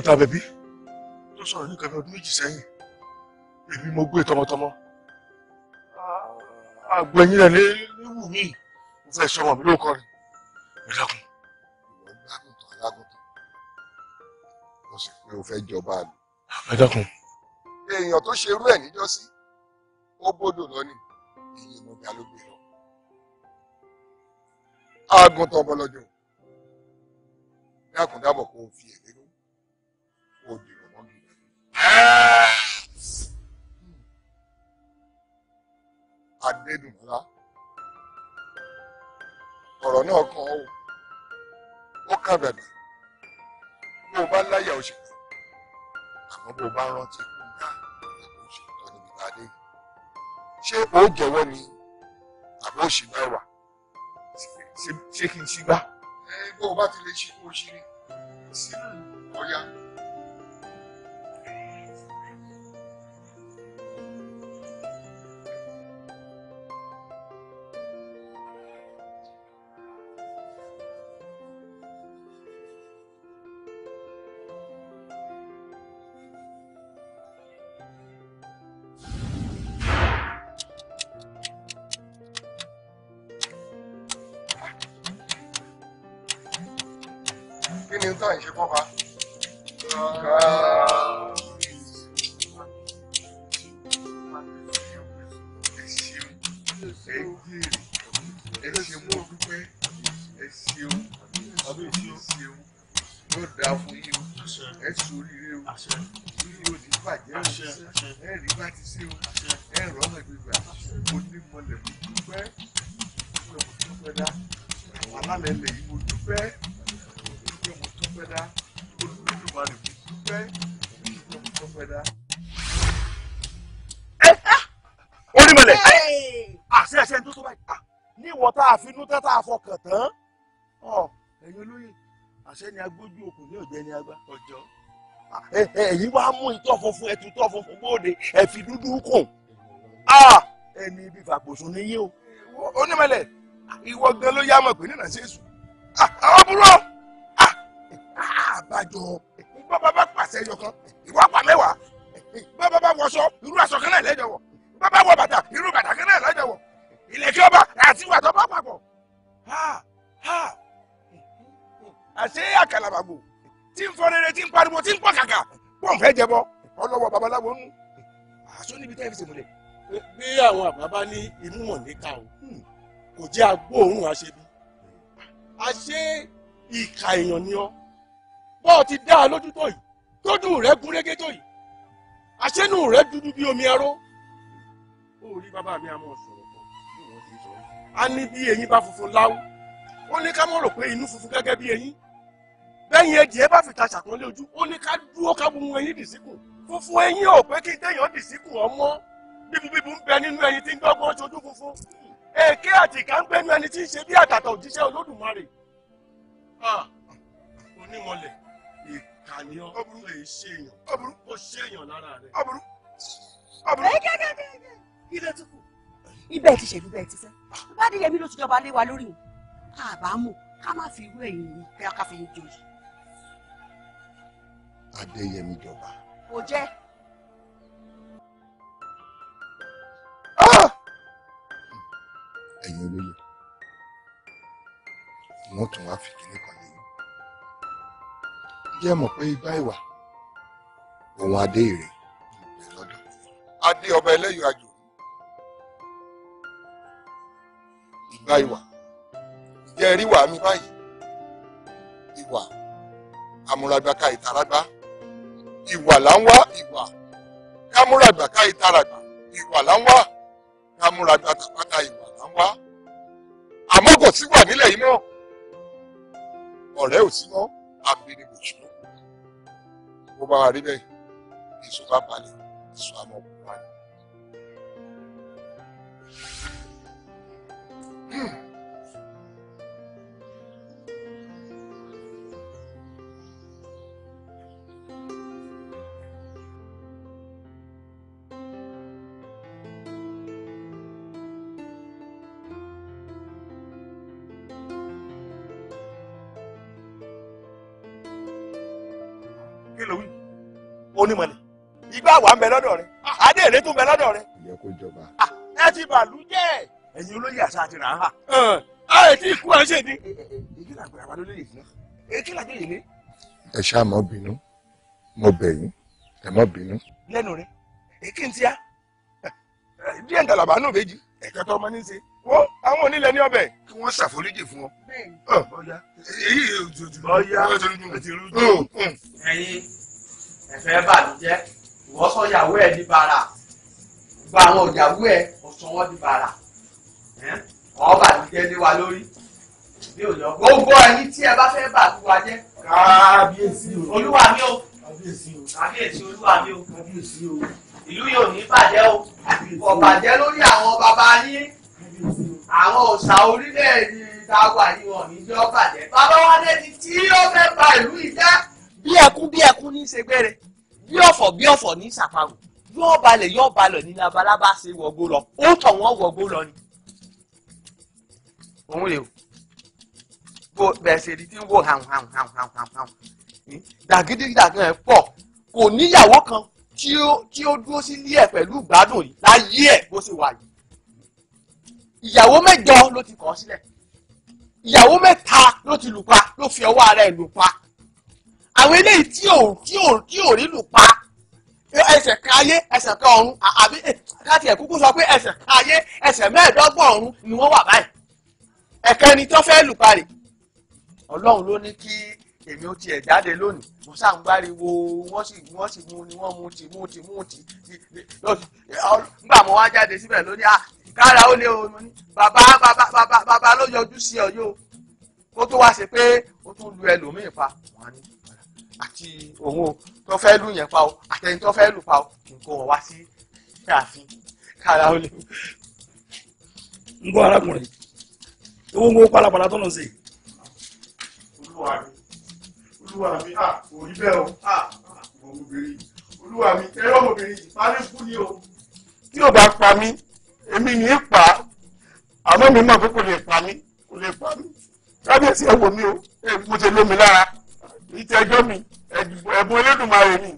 òkúta bẹ̀bí tó sọ̀rọ̀ ní kẹfẹ́ ọdún méjì sẹ́yìn bẹ̀bí mo gbé tọmọtọmọ àgbẹ̀yìn rẹ̀ ní wù mí mo fẹ́ sọmọ mi lóòkọ́ rẹ̀ ìlàkùn ìlàkùn alágùntàn mo sì pé o fẹ́ jọba àlù. àbẹ̀dàkùn. èèyàn tó ṣerú ẹ̀ níjọ́sí ó bọ́dọ̀ lọ ni èèyàn mo gbà ló gbé lọ. àgùntàn ọbọlọjọ dákùn dábọ̀ kó o fi èrè Ah! Adédùnmọ́lá ọ̀rọ̀ náà kan ó ó kàn bẹ̀bẹ̀ bó o bá láyà ó àmọ́ bó o bá rántí kó gbá àbò ṣe tọ́ níbi tá ṣé o jẹ́wọ́ ni àbò ṣì náà ṣé kí n ṣí gbá bó o bá ti lè ṣe kó o ṣe sínú ọ̀ya. àfinú tán tá a fọkàn tán ọ ẹ̀yin olóyè àṣẹ ni agbójú okùn ní ọ̀jẹ̀ ni agbá ọjọ́ ẹ̀yin wá mú itọ́ funfun ẹ̀tú tọ́ funfun bóde ẹ̀fì dúdú kùn ẹni ibi fàgbòsùn ni yín o onímọ̀lẹ̀ ìwọ gan ló yá mọ̀ pé nínà ṣe sùn àwọn búrọ̀ àbájọ bàbá bá pàṣẹ ẹyọ kan ìwọ pa mẹ́wàá bàbá bá wọṣọ irú aṣọ kan náà lẹ́jọ̀ wọ̀ bàbá wọ bàtà irú bàtà kan náà lẹ́jọ̀ wọ̀ ilẹ̀kẹ́ ọba àti wàtọ́ ha ha àṣé àkàlàbàgbò tí ń fọ rere tí ń pariwo tí ń pọ̀ kàkà pọ̀ ń fẹ́ jẹbọ ọlọ́wọ́ babaláwo nù àṣọ níbi tẹ́ fi sèmùlẹ̀. bí àwọn àbábá ní inú mọ̀ níta o kò jẹ́ agbóòórùn àṣebí àṣé ìkà èèyàn ni ọ bọ́ọ̀ ti dá a lójú tó yìí tójú rẹ gún régé tó yìí àṣẹ́nu rẹ dúdú bí omi aró. ó rí bàbá mi àmọ́ sọ̀rọ̀ a ní bí eyín bá funfun láwú ó ní ká mọ̀ rò pé inú funfun gẹ́gẹ́ bí eyín bẹ́yìn ẹ̀jẹ̀ bá fìta ṣàpọ́nlé ojú ó ní ká dúró ká bu eyín dì síkù funfun eyín ò pé kí téèyàn dì síkù ọmọ bíbubíbu ń bẹ nínú ẹyin tí ń dọ́gbọ́n ṣojú funfun èké àti ìka ń gbẹ́nu ẹni tí ń ṣe bí àtàtà òjíṣẹ́ olódùmarè onímọ̀lẹ̀ ìkànnì ọ̀bùrú lè ṣe èèyàn ọ̀bùrú kò ṣe èèyàn lára rẹ̀ ọ̀bùrú ọ̀bùrú. ilé tó ibẹ̀ ti ṣèlú bẹ́ẹ̀ ti fẹ́ bá dìde mi ló ti jọba lé wa lórí o àbámu ká má fi irú ẹ̀yìn yìí kí a ká fi joyè. adéyẹmí jọba. kò jẹ́. ẹ̀yin olóyè wọ́n tún wá fi kíní kan lẹ́yìn jẹ́ mọ̀ pé igbá ìwà òun adé ìrè lọ́dọ̀ adé ọba ẹlẹ́yọ̀ àjò nípa ìwà ǹjẹ́ ẹ rí wà mí báyìí ìwà amúragbàkà ìtaragbá ìwà là ń wá ìwà kámúragbàkà ìtaragbá ìwà là ń wá kámúragbà tàpátá ìwà là ń wá àmọ́ kò wà nílẹ̀ yìí mọ́ ọ̀rẹ́ ò sí mọ́ àbẹ̀rẹ̀ òṣùwọ̀n bó bá wà rí bẹ́ẹ̀ èso bá balẹ̀ èso kí ló ìgbà wà ń bẹ lọ́dọ̀ rẹ adé èrè tún bẹ lọ́dọ̀ rẹ. Ah, ẹ ti bàlú jẹ́ ẹ̀ ẹ̀yin olóyè àṣà àti ràhà. ẹ ti kú ẹ ṣe ni. èyí làgbé àwọn olóyè yìí èyí làgbé yìí ni. ẹ ṣáà mọ bínú mo bẹ̀ yín ẹ mọ bínú. lẹ́nu rẹ èkì ń tíya díẹ̀ ntàlàbà náà méjì ẹ̀ka tó ọmọ ní í ṣe wọ́n àwọn onílẹ̀ ní ọbẹ̀. kí wọ́n ṣàforíjì fún ọ. ọ̀ya èyí ọ̀ya àti rúdú. ẹ̀yin ẹ̀fẹ́ bàlújẹ́ ìwọ́sọ̀yàwó ẹ̀ di bàrà gbogbo àwọn òjàwó ẹ̀ ọ̀sán wọn di bàrà ọba àtijọ́ lé wa lórí bí ò lọ gbogbo ẹni tí ẹ bá fẹ́ bà tó wa jẹ́. kábíyèsí o olúwa mi o kábíyèsí o kábíyèsí olúwa mi o kábíyèsí o ìlú yóò ní bàjẹ́ o kò bàjẹ́ lórí àwọn baba yín àwọn òòṣà orílẹ̀-èdè táwa yìí wọ̀n ní jọ́ bàjẹ́ bàbá wa lẹ́ni tí ó fẹ́ ba ìlú yìí jẹ́ bí ẹkún bí ẹkún ní í ṣe gbére bí ọ̀fọ̀ bí ọ̀fọ̀ ní í ṣàparò yóò balẹ̀ yóò balẹ̀ ní labalábá ṣe wọ̀gbó lọ ó tọ̀ wọ́n wọ̀gbó lọ ni òun rè o bó bẹ̀rẹ̀ ṣe ń wò hàn hàn hàn hàn hàn hàn dàgídídàgídà pọ̀ kò níyàwó kan tí ó dúró sí ilé ẹ̀ pẹ̀lú ìgbádùn yìí láyé ẹ̀ bó ṣe wà yìí ìyàwó mẹ́jọ ló ti kọ̀ sílẹ̀ ìyàwó mẹ́ta ló ti lù ló fi ọwọ́ ara ẹ̀ lù àwọn eléyìí tí ò rí lù ẹsẹ̀ kan ẹsẹ̀ kan ọ̀run àbí káàtì ẹ̀ sọ pé ẹsẹ̀ kan ẹsẹ̀ mẹ́ẹ̀ẹ́dọ́gbọ̀n ọ̀run ni wọ́n wà báyìí ẹ̀kẹ́ ni tó fẹ́ lù parì ọlọ́run ló ní kí èmi ó tiẹ̀ jáde lónìí mo sá ń gbáriwo wọ́n sì wọ́n sì mú ni wọ́n mú ti mú ti mú ti nígbà mo wá jáde síbẹ̀ lónìí à ah, kára ó lé o bàbá bàbá bàbá bàbá ló yọjú sí ọ yóò kó tó wá ṣe pé ó tún lu ẹlòmíì pa wọn ni àti òun o tó fẹ́ lù yẹn pa o àtẹni tó fẹ́ lù pa o kì í sí ààfin kára ó lé o. ń gbọ́ arákùnrin owó ń wo pálapàla tó ń lọ sí. olúwa mi olúwa mi à kò rí bẹ́ẹ̀ o à ọmọbìnrin olúwa mi ẹ̀rọ ọmọbìnrin o. tí ò bá pa mí èmi ní í pa àmọ́ mi mọ̀ pé kò lè pa mí kò lè pa mí kábíyèsí ẹ wò mí o mo ti lómi lára ìtẹ́jọ́ mi ẹ̀bùn elédùnmáre mi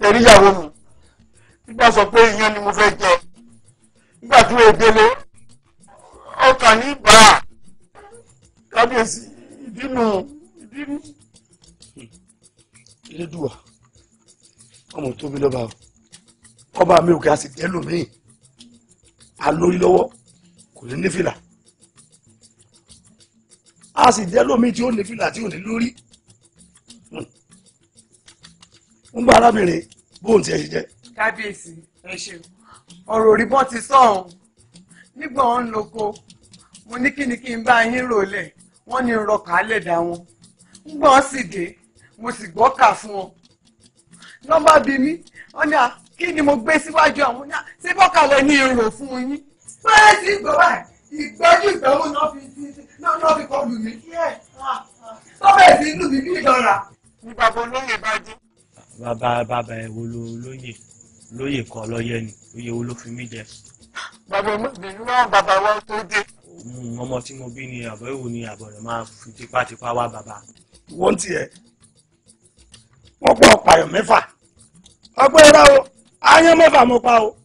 tẹ̀ríyàwó mi nígbà sọ pé iyán ni mo fẹ́ jẹ nígbà tí mo èdè lé ọkàn ní bá a kábíyèsí ìdínú ìdínú. elédùà ọmọ tóbi lọ́ba o ọba mi ò kí a sì jẹ́ lómìn a lórí lọ́wọ́ kò ní nífìlà a sì jẹ́ lómìn tí ó nífìlà tí ò ní lórí ń bá arábìnrin bóun ti ẹ ṣe jẹ. kábíyèsí ẹ ṣeun ọ̀rọ̀ òrìbọn ti sọ ọ́n nígbà wọn ń loko mo ní kí ni kí n bá yín rọlẹ̀ wọ́n ní rọkà á lè dá wọn nígbà wọn sì dé mo sì gbọ́ kà fún wọn nọ́mbà bí mi wọ́n ní à kí ni mo gbé síwájú àwọn ní à ṣé bọ́kà lẹ ní irun fún yín bẹ́ẹ̀ sì gbọ́ báyìí ìgbẹ́jú ìgbẹ́wò náà fi náà fi kọlù mí tọ́bẹ̀ sí inú mi bí ìdọ́ra. ní bàbá olóyè bá dé. bàbá bàbá ẹ̀ wo lóyè lóyè kọ́ lọ́yẹ́ ni oyè wo ló fi mí jẹ bàbá bìnú náà bàbá wa tó dé. Mm, ọmọ tí mo bí ni àbọ̀ èwo ni àbọ̀ rẹ̀ máa fi tipátipá wá bàbá. wọ́n tiẹ̀ wọ́n pọ̀ pààyàn mẹ́fà ọgbẹ́ ra o aáyán mẹ́fà mo pa o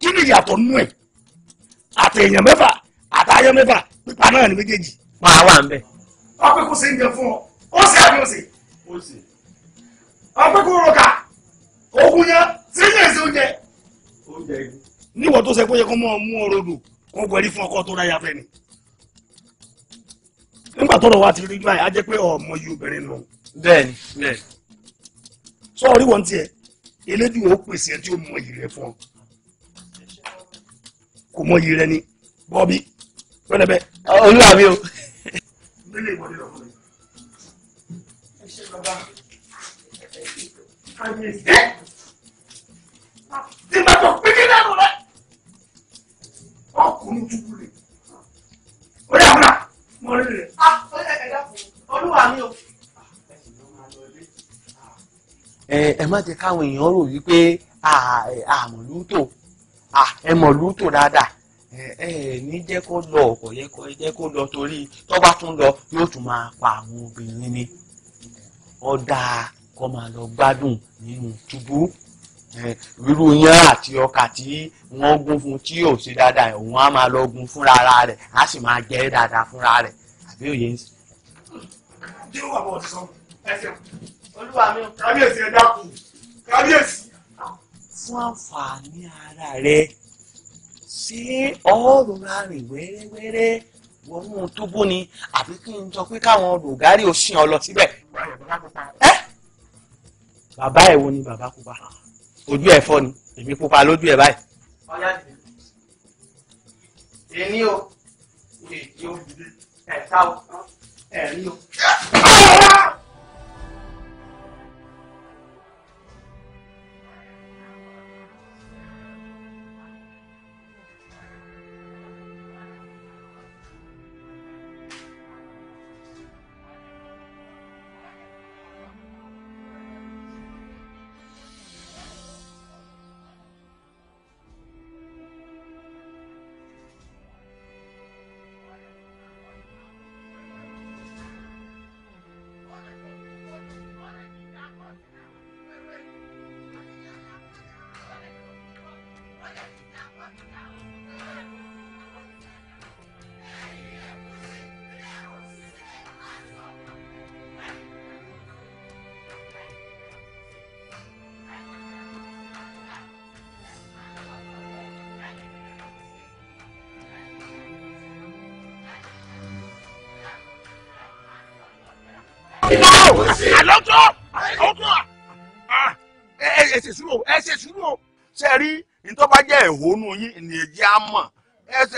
kí ni ìyàtọ̀ nú ẹ̀ àti èèyàn mẹ́fà àti aáyán mẹ́fà pípa náà ni méjèèjì. pa wà ń bẹ. ọpẹ kò sí ń jẹ fún ọ ó sì àbí ó sì. ó sì. ọpẹ kò rọkà ogun yẹn sí ilé ìsìn oúnjẹ. oúnjẹ igun níwọ̀n tó ṣe kó yẹ kó mọ́ mú ọrọ̀ odò kó gbẹ̀rí fún ọkọ tó ráyà fẹ́ ni. nígbà tọ́rọ̀ wa ti rí báyìí á jẹ́ pé ọmọ yìí obìnrin nù. bẹ́ẹ̀ni bẹ́ẹ̀ni. sọ orí wọn tiẹ̀ elédùn ó pèsè tí ó mọ iyì rẹ fún ọ kò mọ iyì rẹ ni bọ́bí pẹlẹbẹ. olúwa mi o. bẹ́lẹ̀ ìwọlé lọ́kùnrin. ẹ ṣe bàbá ẹ ṣe bàbá tí bá tó ọkùnrin kúkú rè ó dà múra mo rí rè. ẹ má jẹ́ káwọn èèyàn rò wípé dáadáa ní kó lọ yẹ kó kó lọ torí tún lọ yóò tún máa pa àwọn obìnrin ni kó máa lọ gbádùn nínú irú yán àti ọkà tí wọ́n gún fún tí yóò ṣe dáadáa òun á máa lọ gún fúnra rẹ̀ á sì máa jẹ dáadáa fúnra rẹ̀ àbí òye ń sìn. kí ló wà bọ̀ sọ ẹsẹ̀ olúwa mi ò kábíyèsí ẹ dákun kábíyèsí. fún àǹfààní ara rẹ ṣé ọ̀rọ̀ ra rìn wẹ́rẹ́wẹ́rẹ́ wọnú túbú ni àbí kí n sọ pé káwọn rògárì ò sìn ọ lọ síbẹ̀. bàbá ẹ̀ wo ni bàbá kò bá ojú ẹ̀ fọ́ ni èmi pupa lójú ẹ̀ báyìí. ọ̀yá ti èmi o èyí o ẹ̀ta o ẹ̀rí o. àlọ́tọ̀ àlọ́tọ̀ ẹ ṣe sùúrù ẹ ṣe sùúrù ṣe rí ìtọ́ba jẹ́ ẹ̀hónú yín ènìyàn jẹ́ á mọ̀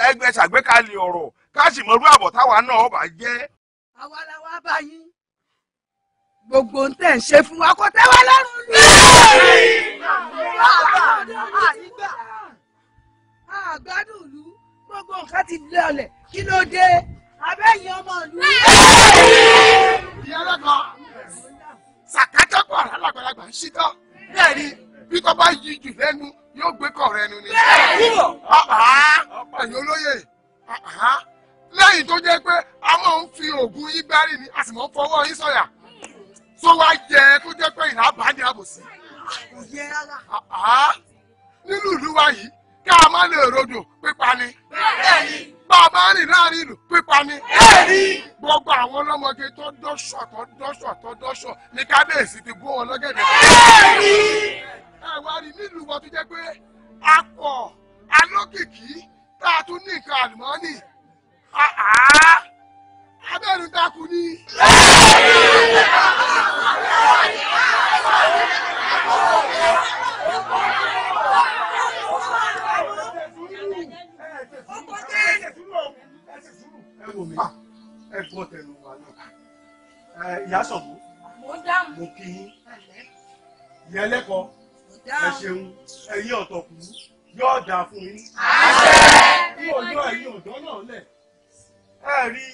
ẹgbẹ́ ṣàgbékalẹ̀ ọ̀rọ̀ káàsì mọ̀rú àbọ̀ táwa náà bá jẹ́. àwa la wá bá yín gbogbo ń tẹ̀ ń ṣe fún wa kó tẹ́ wa lọ́rùn ní. àgbádùn ìlú gbogbo nǹkan ti lé ọlẹ̀ kí ló dé abẹ́yìn ọmọ ìlú. ìyá lọ́kọ̀ọ́ sàkátọ́pọ̀ alálàgbàlagbà ń ṣítọ́ bẹ́ẹ̀ ni bí kò bá yí jù lẹ́nu yóò gbé kọ̀ rẹ nu ni. ẹ̀yin olóyè lẹ́yìn tó jẹ́ pé a ń fi oògùn yín gbárí ni a sì máa ń fọwọ́ yín sọ̀yà tó wá yẹ kó jẹ́ pé ìhà bá ní àbòsí. nínú ìlú wa yìí kí a má lè rodò pípa ni. bẹ́ẹ̀ni. bá a bá rìn láàrin ìlú pípa ni. bẹ́ẹ̀ni. gbogbo àwọn ọlọ́mọge tó dọ́ṣọ̀ tó dọ́ṣọ̀ tó dọ́ṣọ̀ ní kábíyèsí ti bó wọn lọ́gẹ̀dẹ̀. bẹ́ẹ̀ni. ẹ wá rí nílùú wọn tó jẹ́ pé a pọ̀ alókìkí tá a tún ní nǹkan àlùmọ́ọ́nì. abẹ́rù dákú ni. bẹ́ẹ̀ni. Ah, ẹ wò mí ẹ gbọ́ tẹnu wa náà ẹ ìyá sọ̀bù mo dáhùn mo kí yín ìyá ẹlẹ́kọ̀ọ́ ẹ ṣeun ẹ̀yìn ọ̀tọ̀kù yóò dáa fún yín kí ọjọ́ ẹ̀yìn ọ̀dọ́ náà lẹ̀ ẹ rí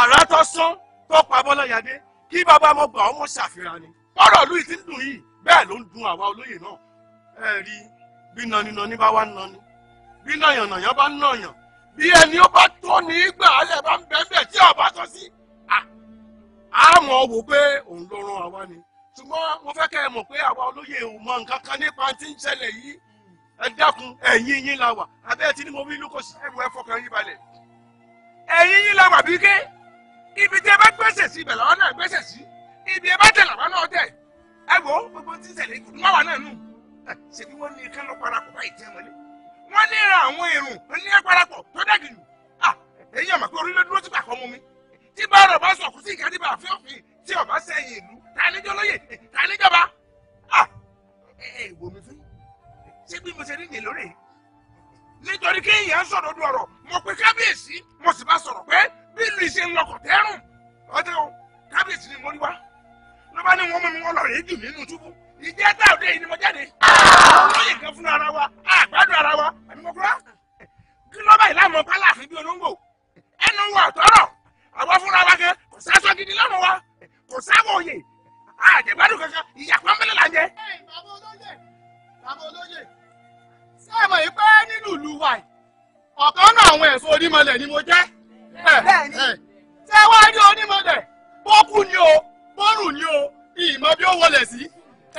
àrà tó sán tó pa bọ́láyadé kí bàbá mo gbà ọmọ ṣàfihàn ni ọ̀rọ̀ ìlú ti ń dùn yìí bẹ́ẹ̀ ló ń dùn àwa olóyè náà ẹ rí bí naninani bá wá nani bí nàyànnàyàn bá nàyàn bí ẹni ó bá tó ní gbà á lẹ̀ bá ń bẹ́ẹ̀ bẹ́ẹ̀ tí ọba tó sí. àmọ́ wò pé òun ló rán àwa ni ṣùgbọ́n mo fẹ́ kẹ́ ẹ mọ̀ pé àwa olóyè ò mọ nǹkan kan nípa tí ń ṣẹlẹ̀ yìí ẹ dákun ẹ̀yìn yín la wà abẹ́ ti ní mo wí lóko sí ẹ̀rù ẹ fọkàn yín balẹ̀. ẹ̀yìn yín la wà bí ké ibi tí ẹ bá gbèsè sí ibẹ̀ làwọn náà gbèsè sí ibi ẹ bá tẹ̀ làwọn náà tẹ̀ ẹ wò ó gbogbo tí ń ṣẹlẹ̀ ìkùdùmáwà náà nù ṣèbí wọ́n ní kánú parapọ̀ báyìí tẹ́ wọlé wọ́n níra àwọn èrò ní ẹgbẹ́rẹ́pọ̀ tó dẹ́gì jù ah, èyí ọ̀mà pé orílẹ̀ dúró sípà kan mú mi tí bá ọ̀rọ̀ bá sọ̀kú sí ìkádìbà àfin òfin tí ọ̀bá sẹ́yìn ìlú ta níjọ́ lóye ta níjọba èèwò ah, mi fún ṣé bí mo ṣe ní ìyè lórí nítorí kéèyàn sọ̀rọ̀ du ọ̀rọ̀ mo pe kábíyèsí mo sì bá sọ̀rọ̀ pé bí ìlú ìṣe ń lọkọ̀ tẹ́rùn ọdẹ o kábíyèsí ni mo rí wá ló bá ní wọn mú mi wọn lọ ìjẹta òde yìí ni mo jáde olóyè kan fún ara wa àgbàdo ara wa àmì mo kúrò kí ló báyìí láàmú pálàfin bí olóńgbò ẹnu wa tọrọ àwọn fúnra wa kan kò sásọ gidi lọ́nà wa kò sáwọ òye àjẹgbádùn kankan ìyà pọ́nbélé là ń jẹ. bàbá olóyè bàbá olóyè ṣé ẹ mọ̀ yìí pé nínú ìlú wa yìí ọ̀kan náà àwọn ẹ̀sùn onímọ̀lẹ̀ ni mo jẹ́ bẹ́ẹ̀ ni ṣé wàá rí onímọ̀lẹ̀ bókù ni o bórù ni o ìmọ̀ bí ó wọlé sí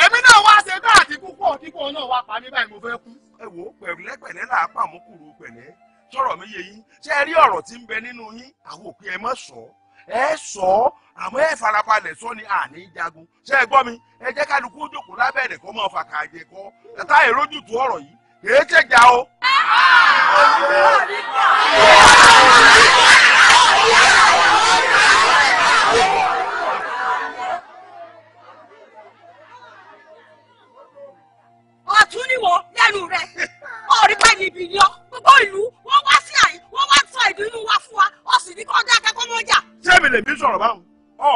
èmi náà wá ṣe bá àti púpọ̀ púpọ̀ náà wá pa mí báyìí mo fẹ́ kú. ẹ wo pẹ̀lẹ́pẹ̀lẹ́ là á pa àmúkúrú pẹ̀lẹ́ sọ̀rọ̀ mi yé yín ṣé ẹ rí ọ̀rọ̀ tí ń bẹ nínú yín àwọn òpin ẹ má sọ ẹ sọ àmọ́ ẹ farabalẹ̀ sọ ni àní jagun ṣé ẹ gbọ́ mi ẹ jẹ́ kálukú jókòó lábẹ́rẹ̀ kọ́ mọ́ fàkà àjẹ kọ́ ẹ tá èrò jùtú ọ̀rọ̀ yìí kèé ṣèjà o. lẹ́nu rẹ̀ ọ̀rí báyìí ibi yọ gbogbo ìlú wọ́n wá sí àyè wọ́n wá tọ ìdùnnú wa fún wa ó sì ní kọ́ dákẹ́ kọ́ mọ́jà. sẹ́mi lèmi sọ̀rọ̀ báwọn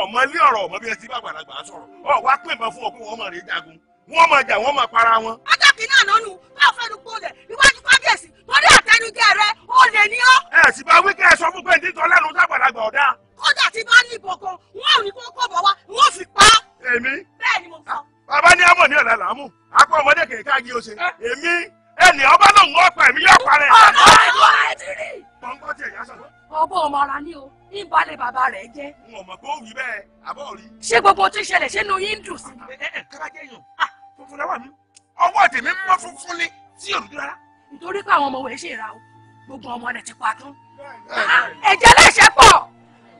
ọmọ ilé ọ̀rọ̀ ọmọ bí ẹ ti bá gbàlagbà sọ̀rọ̀ ọ wá pè mọ́ fún ọkùnrin wọn mọ̀ rí jagun wọn mọ̀ jà wọn mọ̀ para wọn. pàtàkì náà lọ́nu bá fẹ́nu gbolẹ̀ iwájú kábíyèsí torí àtẹnujẹ rẹ ó lè ní ọ́. ẹ sì bá wíkẹ́ ẹ sọ fún pé nítorí lẹ́nu dàgbàlagbà ọ̀dà. kódà tí bá ní ìbọn kan wọn ò ní kó kọ̀ bọ̀ wá wọn ò fi pa. èmi bẹ́ẹ̀ ni mo sọ. bàbá ní àmọ̀ ní ọ̀la làámù akọ ọmọdé kẹ̀kẹ́ agi o èmi ẹnì ọba náà ń ọ̀pọ̀ ẹ̀mí yóò parẹ́. ọ̀gá ẹ̀dùn ẹ̀ ti rí. pọ́ńpọ́ ti ẹ̀yà sọ̀rọ̀. ọgbọ́n ọmọ ni o ìbalẹ̀ bàbá rẹ̀ jẹ́. n ò mọ̀ pé ó wí bẹ́ẹ̀ àbọ̀ rí. ṣé gbogbo tí ṣẹlẹ̀ ṣé nu yín sí. Ah, eh, eh, ẹ ah, tèmi ń funfun ni tí yóò rárá. nítorí pé àwọn ọmọ wẹ̀ ṣe ra o gbogbo ọmọ rẹ̀ ti patún. Ah, ẹ̀jẹ̀ lẹ́sẹ̀ pọ̀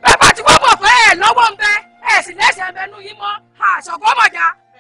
bàbá tí wọ́n mọ̀ pé ẹ̀ lọ́wọ́ ń bẹ ẹ̀ sì lẹ́sẹ̀ ń bẹ nú yín mọ́ àṣọ̀gbọ́mọ̀já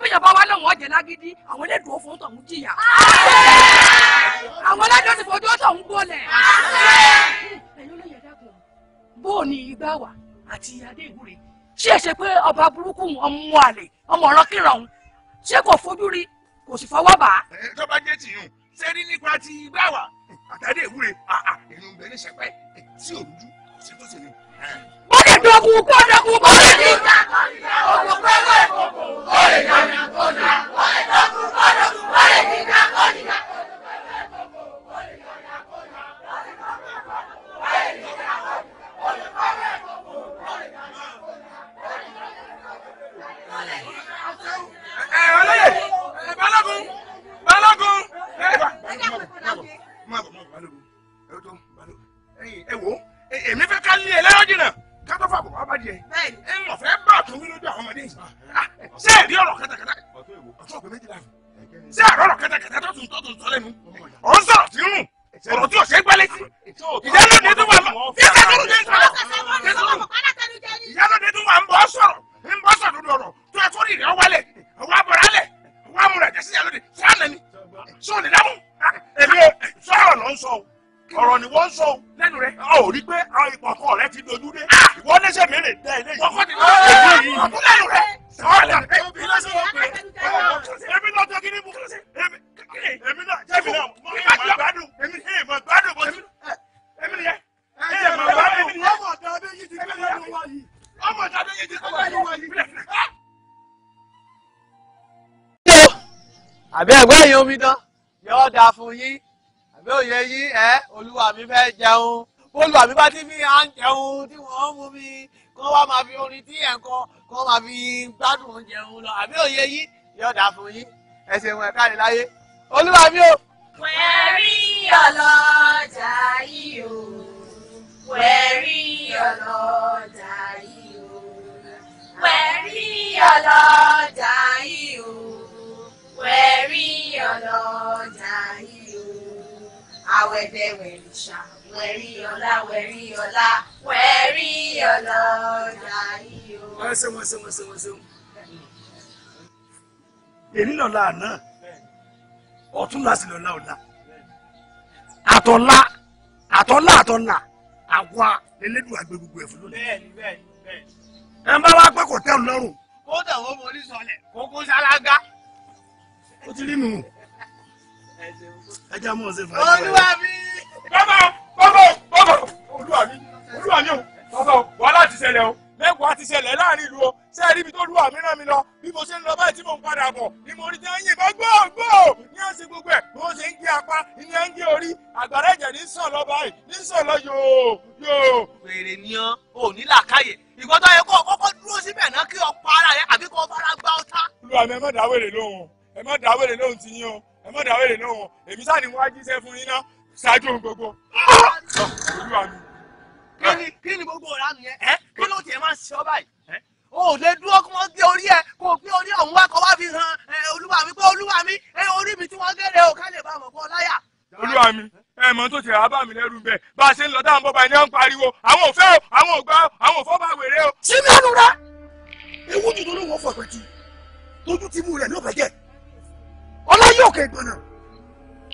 bíyàn bá wá lọ́wọ́ ọ̀jẹ̀ lágídí àwọn ẹlẹ́dùn òfin tọ̀hún jìyà àwọn ẹlẹ́dùn ti fojú tọ̀hún gbọ́lẹ̀ ẹ̀yin olóyè dàgbọ̀n bóò ni igbá wà àti adé ìwúre ṣé ẹ ṣe pé ọba burúkú ọmọ àlè ọmọ ọ̀rọ̀kìnrọ̀ ọ̀hún ṣé kò fojú rí kò sì fọwọ́ bà á. tó bá jẹ́ tìyún sẹ́ni nípa ti igbá wà àtàdé ìwúre èèyàn ń bẹ ní sẹ́pẹ́ tí òrùjú kò sí tó sì ní. bó ẹ̀dọ̀gùn gbádùn oúnjẹ òun lọ àbí òye yín yóò dà fún yín ẹsẹ̀ wọn ẹ̀ka rẹ̀ láyé olúwa mi o. wẹ̀rí ọlọ́jà yìí o wẹ̀rí ọlọ́jà yìí o wẹ̀rí ọlọ́jà yìí o wẹ̀rí ọlọ́jà yìí o àwẹ̀dẹ̀ wẹ̀rí ṣá wẹ̀rí ọlá wẹ̀rí ọlá wẹ̀rí ọlọ́jà yìí o. wọ́n ṣe wọ́n ṣe wọ́n ṣe wọ́n ṣe wọ́n. èyí lọ́la àná ọ̀túnla sì lọ́la ọ̀la àtọ̀la àtọ̀la àtọ̀la àwa elédùn àgbẹ̀ gbogbo ẹ̀fọ́ lónìí. ẹ bá wá pé kò tẹ́ ọ lọ́rùn. kó tẹ̀wọ́ mo ní sọlẹ̀ kó sálágá. ó ti rí ẹ jẹ́ o o. mẹ́wàá ti ṣẹlẹ̀ láàrin ìlú o ṣé ẹ rí tó lù àmì rán mi lọ bí mo ṣe ń lọ báyìí tí mò ń padà bọ̀ ni mo rí tí wọ́n yìnbọn gbòògbò ní ọ̀sìn gbogbo ẹ̀ bí ṣe ń gé apá ní ẹ̀ ń gé orí àgbàrá ẹ̀jẹ̀ ní sàn lọ báyìí ní sàn lọ yòó yòó. wèrè ni ọ ò ní làákàyè ìwọ tó yẹ kó o kọ́kọ́ dúró síbẹ̀ náà kí ọkọ ara rẹ àbí kó o fara gbá ọ̀tá. olúwa mi ẹ má dáwèrè lóhùn ẹ má dáwèrè lóhùn ti yín o ẹ má dáwèrè lóhùn èmi sáà kíni kíni gbogbo ìranù yẹn ẹ kí ló tiẹ̀ máa ń ṣe ọ báyìí o ò lè dúró kí wọ́n gbé orí ẹ kó o gbé orí ọ̀hún wá kó wá fi hàn olúwa mi pé olúwa mi orí mi tí wọ́n gé o ká lè bá mọ̀ bọ́ láyà. olúwa mi ẹ mọ tó ti rà bá mi lẹ́rù bẹ́ẹ̀ bá a ṣe ń lọ dáhùn bọba ẹni à ń pariwo àwọn ò fẹ́ o àwọn ò gbà o àwọn ò fọ́ bá wèrè o. sí mi ẹnu rẹ ewu dùdú ló wọ fọpẹ jù tójú ti mú rẹ ló bẹjẹ ọlá yóò kẹ gbọnà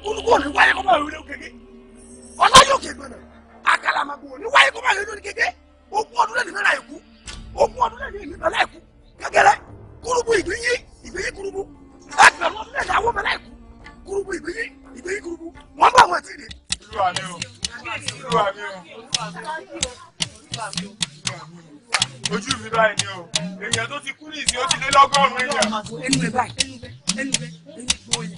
olùkọ́ ni wáyé kọ́ bá wẹ̀rẹ̀ òkèké ọlá yóò kẹ gbọnà àkàlàmàgbò ní wáyé kó má yẹ lórí kéke ogún ọdún lẹ́nu náírà èkú ogún ọdún lẹ́nu èyí bẹ̀rẹ̀ èkú gẹ́gẹ́rẹ́ kúrúbù ìgbéyé ìgbéyé kúrúbù ẹgbẹ̀rún ọdún lẹ́nu àwọn bẹ̀rẹ̀ èkú kúrúbù ìgbéyé ìgbéyé kúrúbù wọ́n bá wọn ti dé. ìlú àmì o ìlú àmì o ojú mi báyìí ni o èèyàn tó ti kú ní ìsìn ó ti lé lọ́gọ́rùn-ún èèyàn. ẹnu ẹ báyìí ẹnu ẹ ẹnu ẹ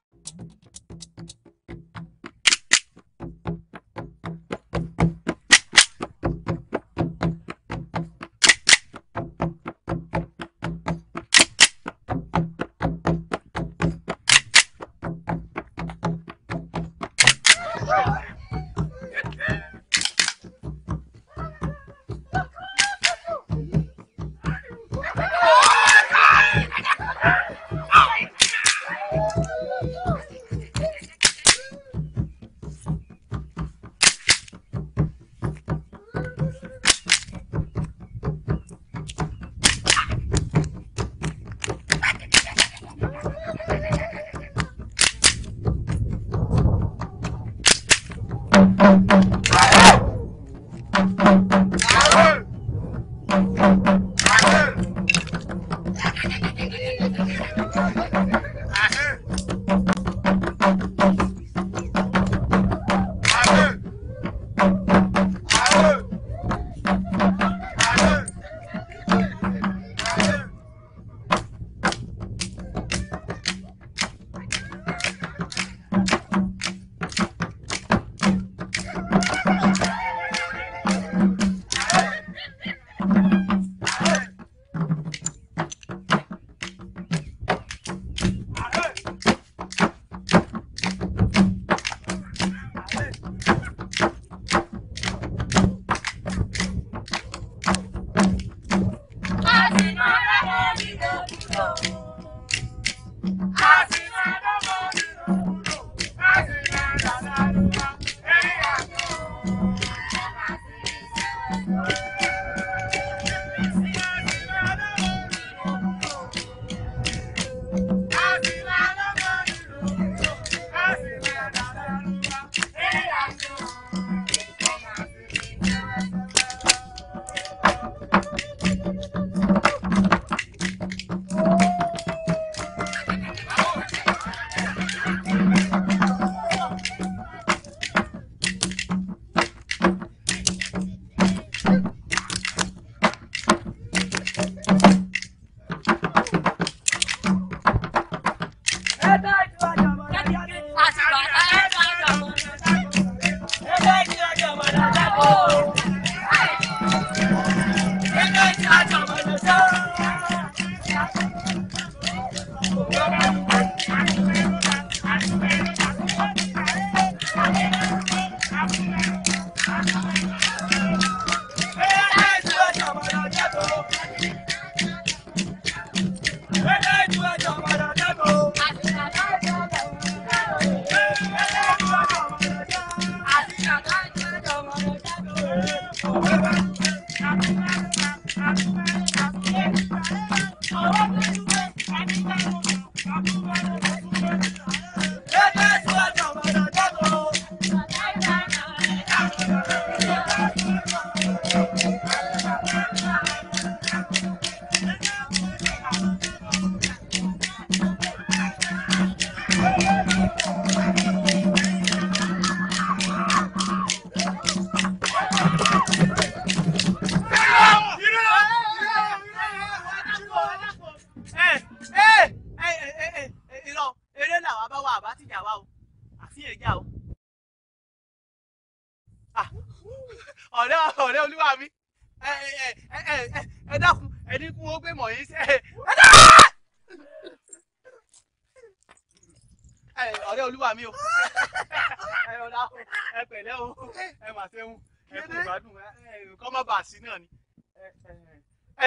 Música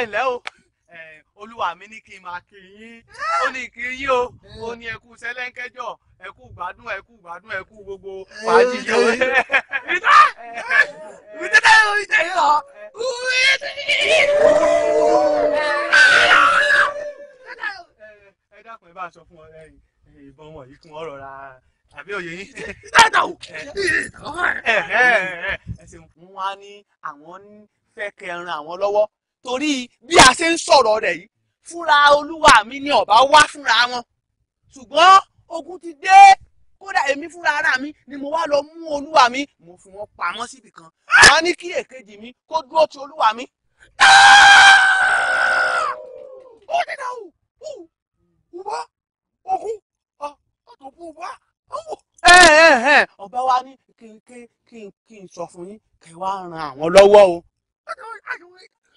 ẹ ǹlẹ́ o olúwa mi ní kí n máa kí yín ó ní kí yín o ó ní ẹkú sẹlẹ́ńkẹ́jọ ẹkú gbádùn ẹkú gbádùn ẹkú gbogbo fàájì yẹn o. ìdá ìdá ìdá yìí lọ. ẹ dákun ẹ bá sọ fún ọ ìbọn wọn yìí kún ọ̀rọ̀ ra àbí òye yín. dáadáa o ẹ ẹ ẹ ẹ ṣe wọn á ní àwọn fẹ́ kẹrin àwọn lọ́wọ́ torí bí a ṣe ń sọ̀rọ̀ rẹ̀ yìí fúnra olúwa mi ni ọba wá fúnra wọn ṣùgbọ́n ogun ti dé kódà èmi fúnra ara mi ni mo wá lọ mú olúwa mi mo fi wọn pamọ́ síbi kan wọn ní kí èkejì mi kó dúró ti olúwa mi. ó ti dà ó wá ogun ọ̀tọ̀kùn wá ọba wa ní kí n sọ fún yín kẹ́ ran àwọn lọ́wọ́ o.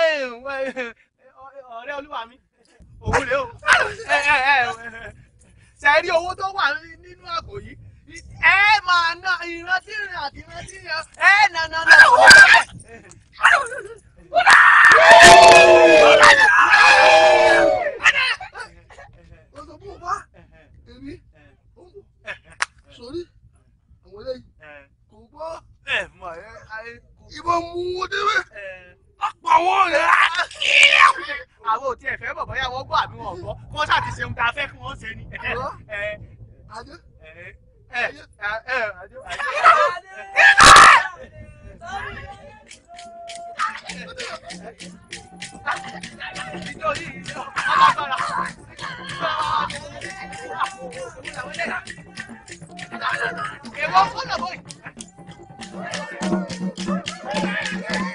ọ̀rẹ́ olúwa mi òun rèé o ṣe rí owó tó wà nínú àpò yìí ẹ máa ná ìrántí ìrìn àti ìrántí ìrìn ẹ nà nà nà. Sorry, àwọn eléyìí kò gbọ́. Ìbọn mú wọ́n ọ̀pọ̀wọ́ rẹ̀ á kí ẹ̀. àwọn ò tiẹ̀ fẹ́ bọ̀ bọ́yá wọ́n gbọ́ àbí wọn gbọ́ kí ṣáà ti ṣeun tá a fẹ́ kí wọ́n ṣe ni. adé adé adé adé. nítorí ọlọ́gbọ́nà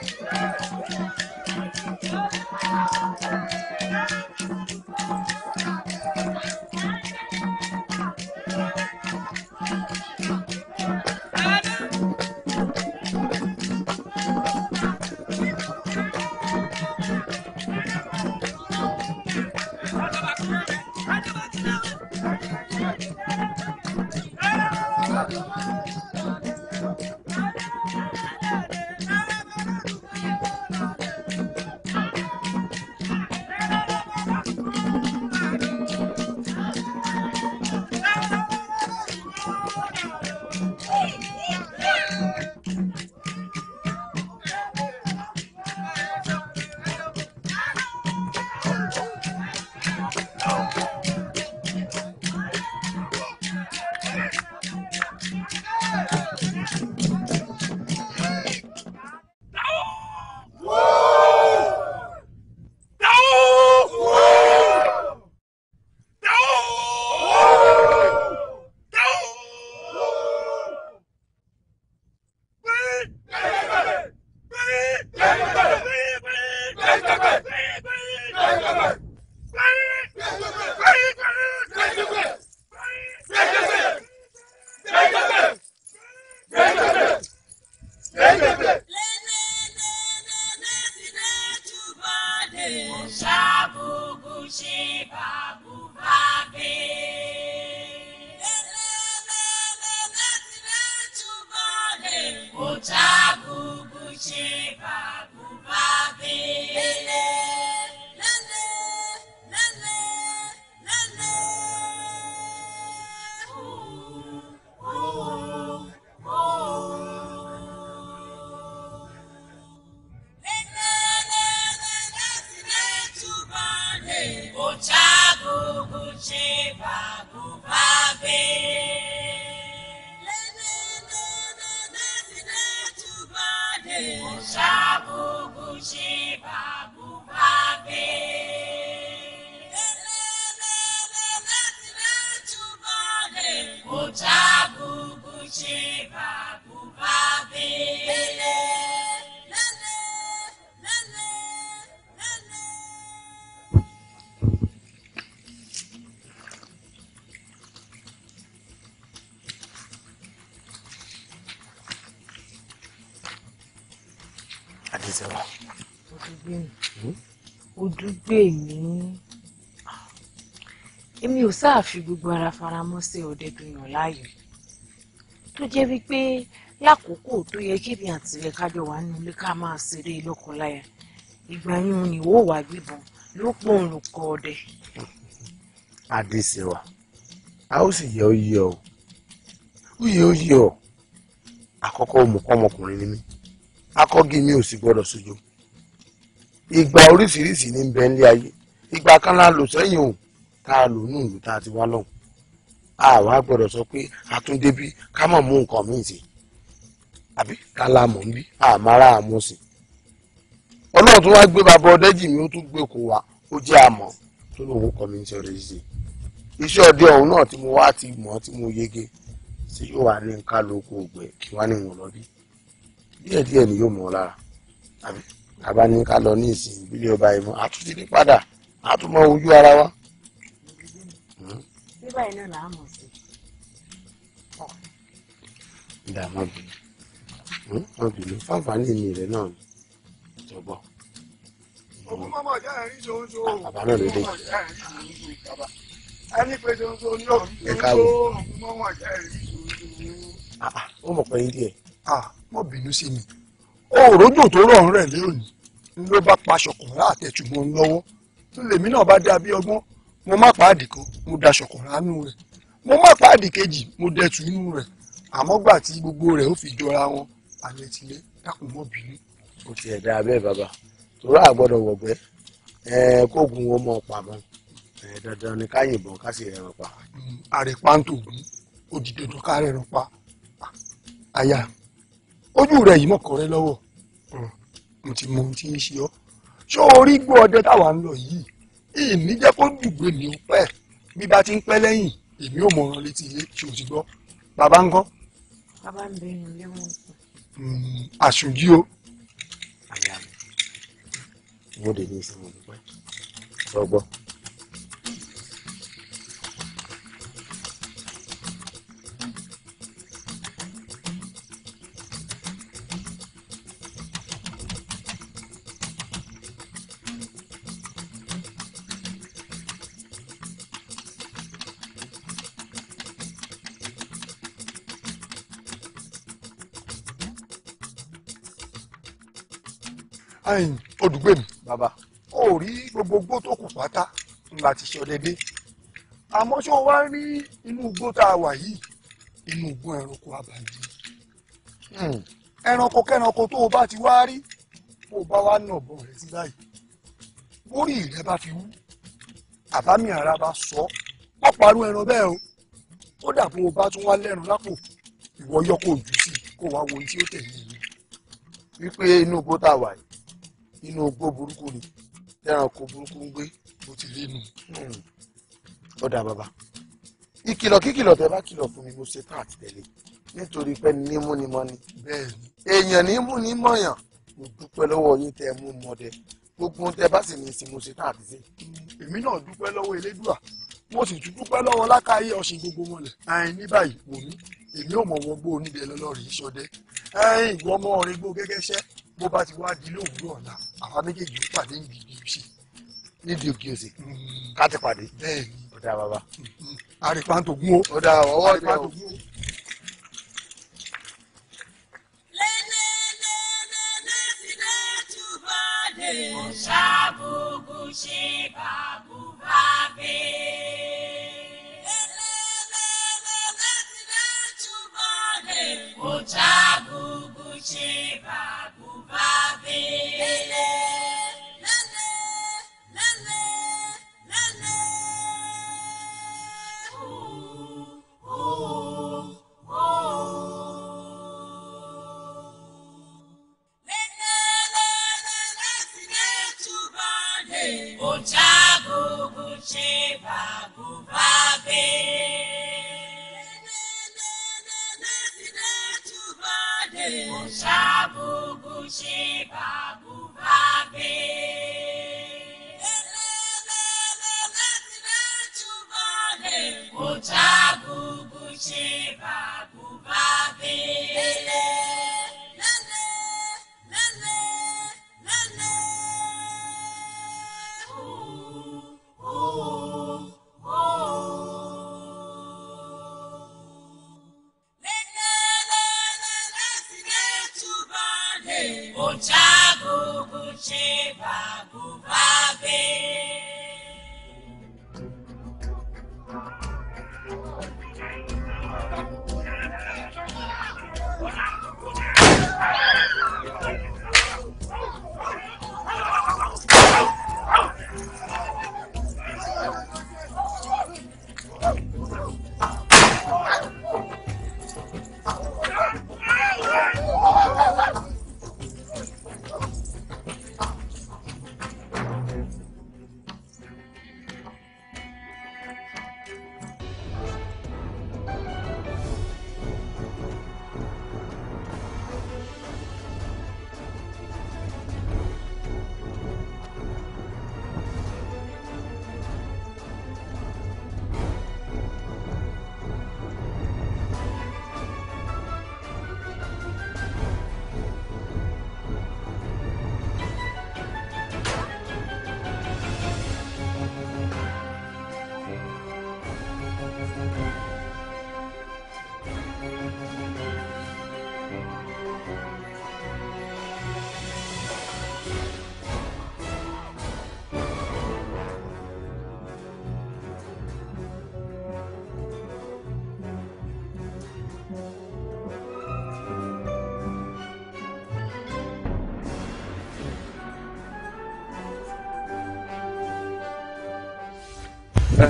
ṣáà fi gbogbo ara faramọ́ sí Ọ̀dẹ́gbìyàn láàyò tó jẹ́ wípé lákòókò tó yẹ kébì àti ilẹ̀ kájọ wà nínú ilé ká máa ṣeré lọ́kọláya ìgbà yín ni ìwọ wà gbìbọn ló pọ̀ ń lò kọ́ ọdẹ. Adéṣewà a ó sì yẹ ó yẹ ọ ó yẹ ó yẹ ọ àkọ́kọ́ òmùkọ́ ọmọkùnrin ni mí akọ́gi mi ò sì gbọ́dọ̀ sojo ìgbà oríṣiríṣi ní bẹ́ńlẹ̀ ayé ìgbà kan la lò sẹ́yìn òun tá a lò nínú ìlú tá a ti wá lọ́hùn àwa gbọ́dọ̀ sọ pé a tún débí ká mọ̀ mú nǹkan míì sí àbí ká la mọ̀ ń bí àmàrà àmọ̀ sí ọlọ́run tó wá gbé bàbá ọdẹ́jì mi ó tún gbé kó wa ó jẹ́ àmọ́ tó lóun kọ́ mi ń yìí sí iṣẹ́ ọdẹ ọ̀hún náà tí mo wá ti mọ̀ tí mo yege sí yóò wá ní nǹkan lóko ògbẹ́ kí wá ní ìwọ̀n lọ bí díẹ̀ díẹ̀ ni yóò mọ̀ ọ́ lára àbí àbá ní ká lọ ní ìsìn ìbílẹ̀ ọba ìmọ̀ àtúntì ní padà àtúmọ̀ ojú ara wa báyìí náà là á mọ̀ sí. ìdá má bínú má bínú fáfáàní mi rẹ náà jọgbọ. òun mọ́mọ́ ọ̀já rẹ̀ rí ṣoṣo. bàbá náà ló dé. ẹni pé ṣoṣo náà ló ń tó mọ́mọ́ ọ̀já rẹ̀ rí ṣoṣo. ó mọ̀ pé ń díẹ̀. má bínú sí mi òòròjò tó rọrùn rẹ̀ lérò ni ló bá paṣọkùnrin àtẹ̀tùmọ̀ lọ́wọ́ lèmi náà bá dà bí ọgbọ́n mo má pàdé kan mo daṣọ kan ránú rẹ̀ mo má pàdé kejì mo dẹ̀tù inú rẹ̀ àmọ́ gbà tí gbogbo rẹ̀ ó fi jọra wọn àlẹ́ tilẹ̀ dákun mọ́ bínú. o ti ẹ̀dá abẹ́ bàbá torí àgbọ̀dọ̀ wọ̀gbẹ́ kóògùn wọn mọ̀ pamọ́ dandan ni ká yìnbọn ká sì rẹran pa. àrèpá ń tòògùn ó di dandan ká rẹran pa àyà ojú rẹ yìí mọ̀kọ́ rẹ lọ́wọ́ mo ti mọ ohun tí ń ṣe ọ́ ṣó orí gbọ́ ọdẹ táwa ń lọ yìí ìní jẹ́ kó dùgbò ní pẹ́ bí bá ti ń pẹ́ lẹ́yìn èmi ò mọ̀ràn létí ilé ṣe ò ti gbọ́ bàbá ń kọ́. bàbá ń bẹ ìrìn lẹ́wọ̀n sùn. o. àyà mi mo lè ní ìsinmi ọgbọ́n. olùgbé mi bàbá ó rí gbogbo igbó tó kù pátá ńlá ti ṣọdẹ dé àmọ́ ṣé o wá rí inú igbó tá a wà yìí inú igbó ẹranko abàjẹ́ hmm. ẹranko kẹranko tó o bá ti wá rí o bá wá nà bọ̀ rẹ̀ sí báyìí bórí rẹ̀ bá fi wú àbámi ara bá sọ ọ́ parú ẹran bẹ́ẹ̀ o kódà bó o bá tún wá lẹ́run lápò ìwọ yọ kó o jù sí kó o wá wo ohun tí ó tẹ̀lé yìí wípé inú igbó tá a wà yìí inú ogbó burúkú ni ẹranko burúkú ń gbé bó ti rí nu hmm. ọ̀dà bàbá ìkìlọ̀ kíkìlọ̀ tẹ bá kìlọ̀ fún mi mo ṣe tá àtìlẹ́lẹ̀ nítorí pé ní múnimọ́ ni èèyàn ní múnimọ́yàn mo dúpẹ́ lọ́wọ́ yín tẹ mú mọ́dẹ gbogbo tẹ bá sì ní sí mo ṣe tá àtìlẹ́ èmi náà dúpẹ́ lọ́wọ́ elédùà mo sì tún dúpẹ́ lọ́wọ́ lákàáyé ọ̀sìn gbogbo mọ́lẹ̀ ẹ̀yin ní báyìí wò mí èmi ò mọ̀ wọ́n gbó onídẹ lọ́lọ́rìí sọdẹ ẹ̀yin ìwọ gẹ́gẹ́ sẹ́ bó bá ti wá di lóòwúrọ̀ ọ̀la àwa méjèèjì ó pàdé níbi ìbísí níbi òkè ọ̀sẹ̀ mm. ká ti pàdé. bẹ́ẹ̀ni ọ̀dà bàbá. àrìpàǹtògún mm. o. ọ̀dà ọwọ́ rẹ̀ o. ṣàbùkù ṣe bàbù bàbẹ́.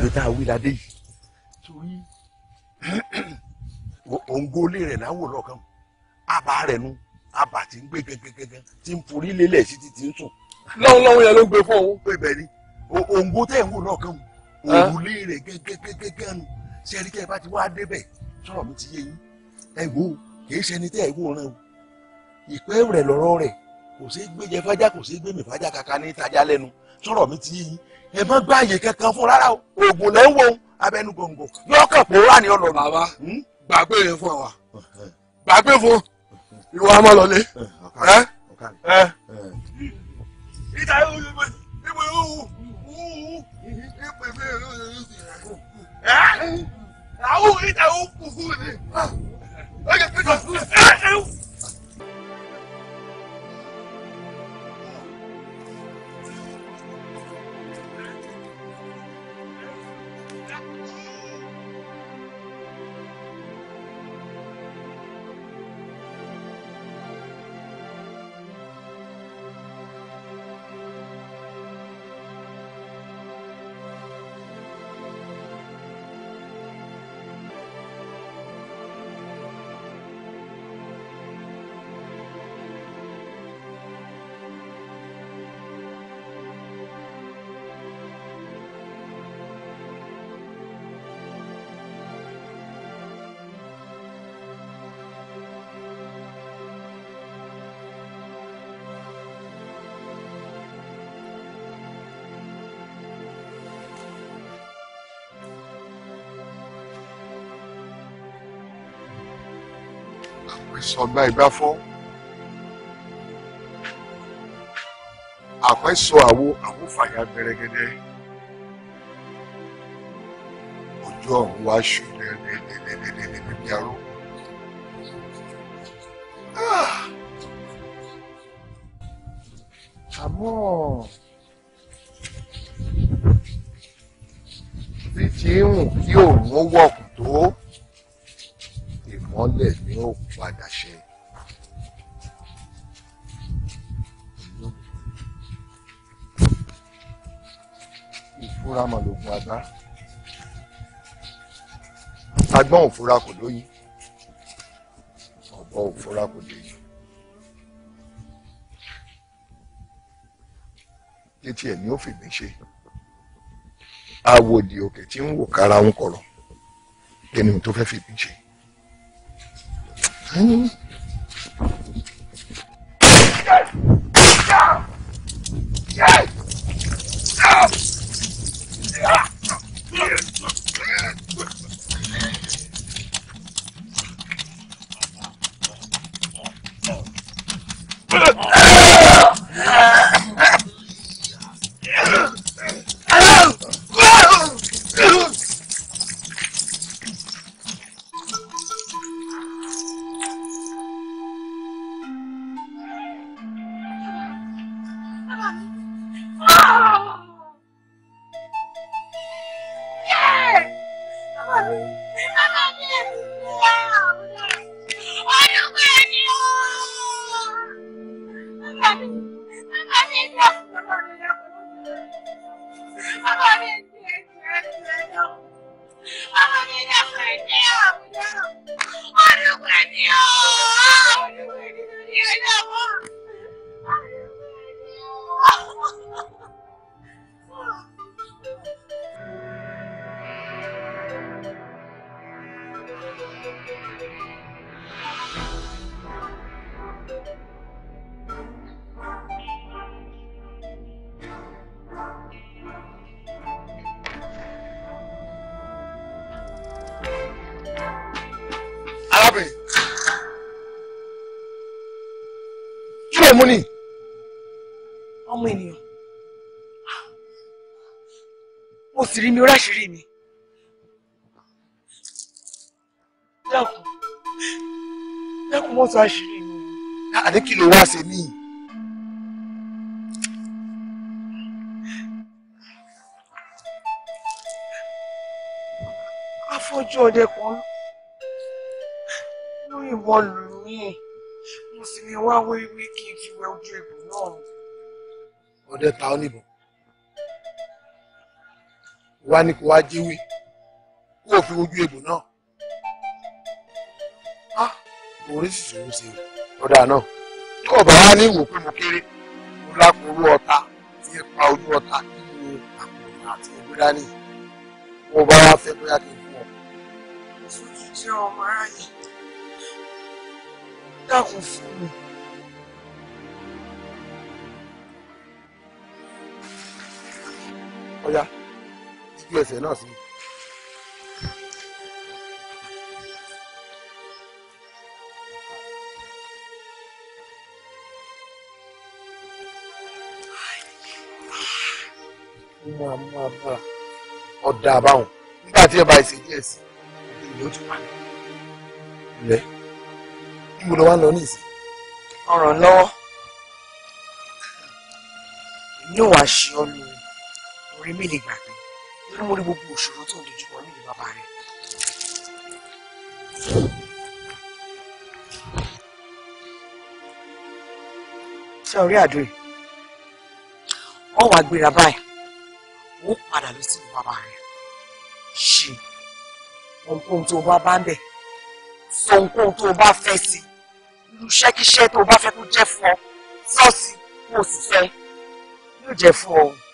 ibi tá a wí ládé yìí torí òǹgó ilé rẹ̀ náà wò lọ́kàn àbá rẹ̀ nu àbá tí ń gbé gẹ́gẹ́gẹ́gẹ́ tí ń forí lélẹ̀ sí ti ti ń sùn lọ́wọ́lọ́wọ́ yẹn ló gbé fún òun. pé bẹ́ẹ̀ ni òǹgó tẹ̀ ń wò lọ́kàn òrùlé rẹ̀ gẹ́gẹ́gẹ́gẹ́ nu ṣe ẹni tẹ́ ẹ bá ti wá débẹ̀ sọ̀rọ̀ mi ti yé yín ẹ wò ó kìí ṣe ẹni tẹ́ ẹ wò ó rán o ìpẹ́ rẹ̀ lọ́rọ̀ rẹ̀ kò sí gbé jẹ fájá kò sí gbé mi fájá kaka ní ìtajà lẹ́nu sọ̀rọ̀ mi ti yé yín ẹ má gbààyè kankan fún rárá o oògùn lẹ́ ń wo abẹnú gbòǹgbò yóò kàn pé wà ní ọlọ́run. bàbá hmm? gbàgbé yẹn fún wa gbàgbé fún ìwà amọ̀lọ́lé ẹ ẹ. ìta yóò yẹ bẹ́ẹ̀ ibo yóò wù wù wù ipò ìfẹ́ yóò yẹ yóò sì rà kó. ẹ àwọn ìta yóò kú fún mi. ó yẹ kí n sọ fún mi. sọgbà ìgbáfọ́ àpẹ́sọ àwo àwòfàyà gbẹrẹgẹdẹ ojú ọ̀hún wá ṣù lẹ́lẹ́lẹ́lẹ́lẹ́lẹ́ bí arú. Ah! àmọ́ bí ti ń hùn kí òun wọ̀ agbọ́n òfura kò lóyún ọ̀bọ òfura kò lóyún títí ẹ̀ ní ó fìmí ṣe awòdì òkè tí ń wò kára ń kọ̀rọ̀ ẹni tó fẹ́ fìmí ṣe. Yes! àṣírí mi ó ráṣírí mi. dákun dákun mọ́tò àṣírí mi. àdé kí ló wá ṣe mí. afọ́jú ọdẹ kan ló yìnbọn lù mí mo sì ní wá wéwé kí n fi wẹ ojú egbò náà. ọdẹ ta ọ níbọn wá ní kó wá jíwì kó o fi ojú egbò náà á orí sì sòwò sí ọ̀dà náà tó o bá wá ní ìwò pé mo kéré mo lákòóró ọ̀tá tí ẹ pa ojú ọ̀tá kí ni àkùnrin àti ẹgbẹ́ dání mo bá wá fẹ́ bóyá kí n fún ọ. ìṣojú jẹ́ ọmọ aráyè dákun fún mi. Oh, yeah tú ẹsẹ̀ náà sí. ọ̀dà àbáwọn nígbà tí ẹ bá ṣe díẹ̀ sí ìlú ó ti pa ilẹ̀ ibo ló wá ń lọ ní ìsìn. ọ̀ràn lọ́wọ́ èmi ò wá ṣe ọ́ lu orí mi nígbà kan kí mo rí gbogbo òṣòro tó ń dojú wọn nílé bàbá rẹ. ṣé orí àdúrà ọ wàá gbéra báyìí ó padà lọ sí bàbá rẹ ṣe ohunkóhun tó bá bá ń bẹ sọ ohunkóhun tó bá fẹ́ sí irú tó bá fẹ́ kó jẹ́ fún ọ sọ́ọ̀sì kó o sì fẹ́ yóò jẹ́ fún ọ.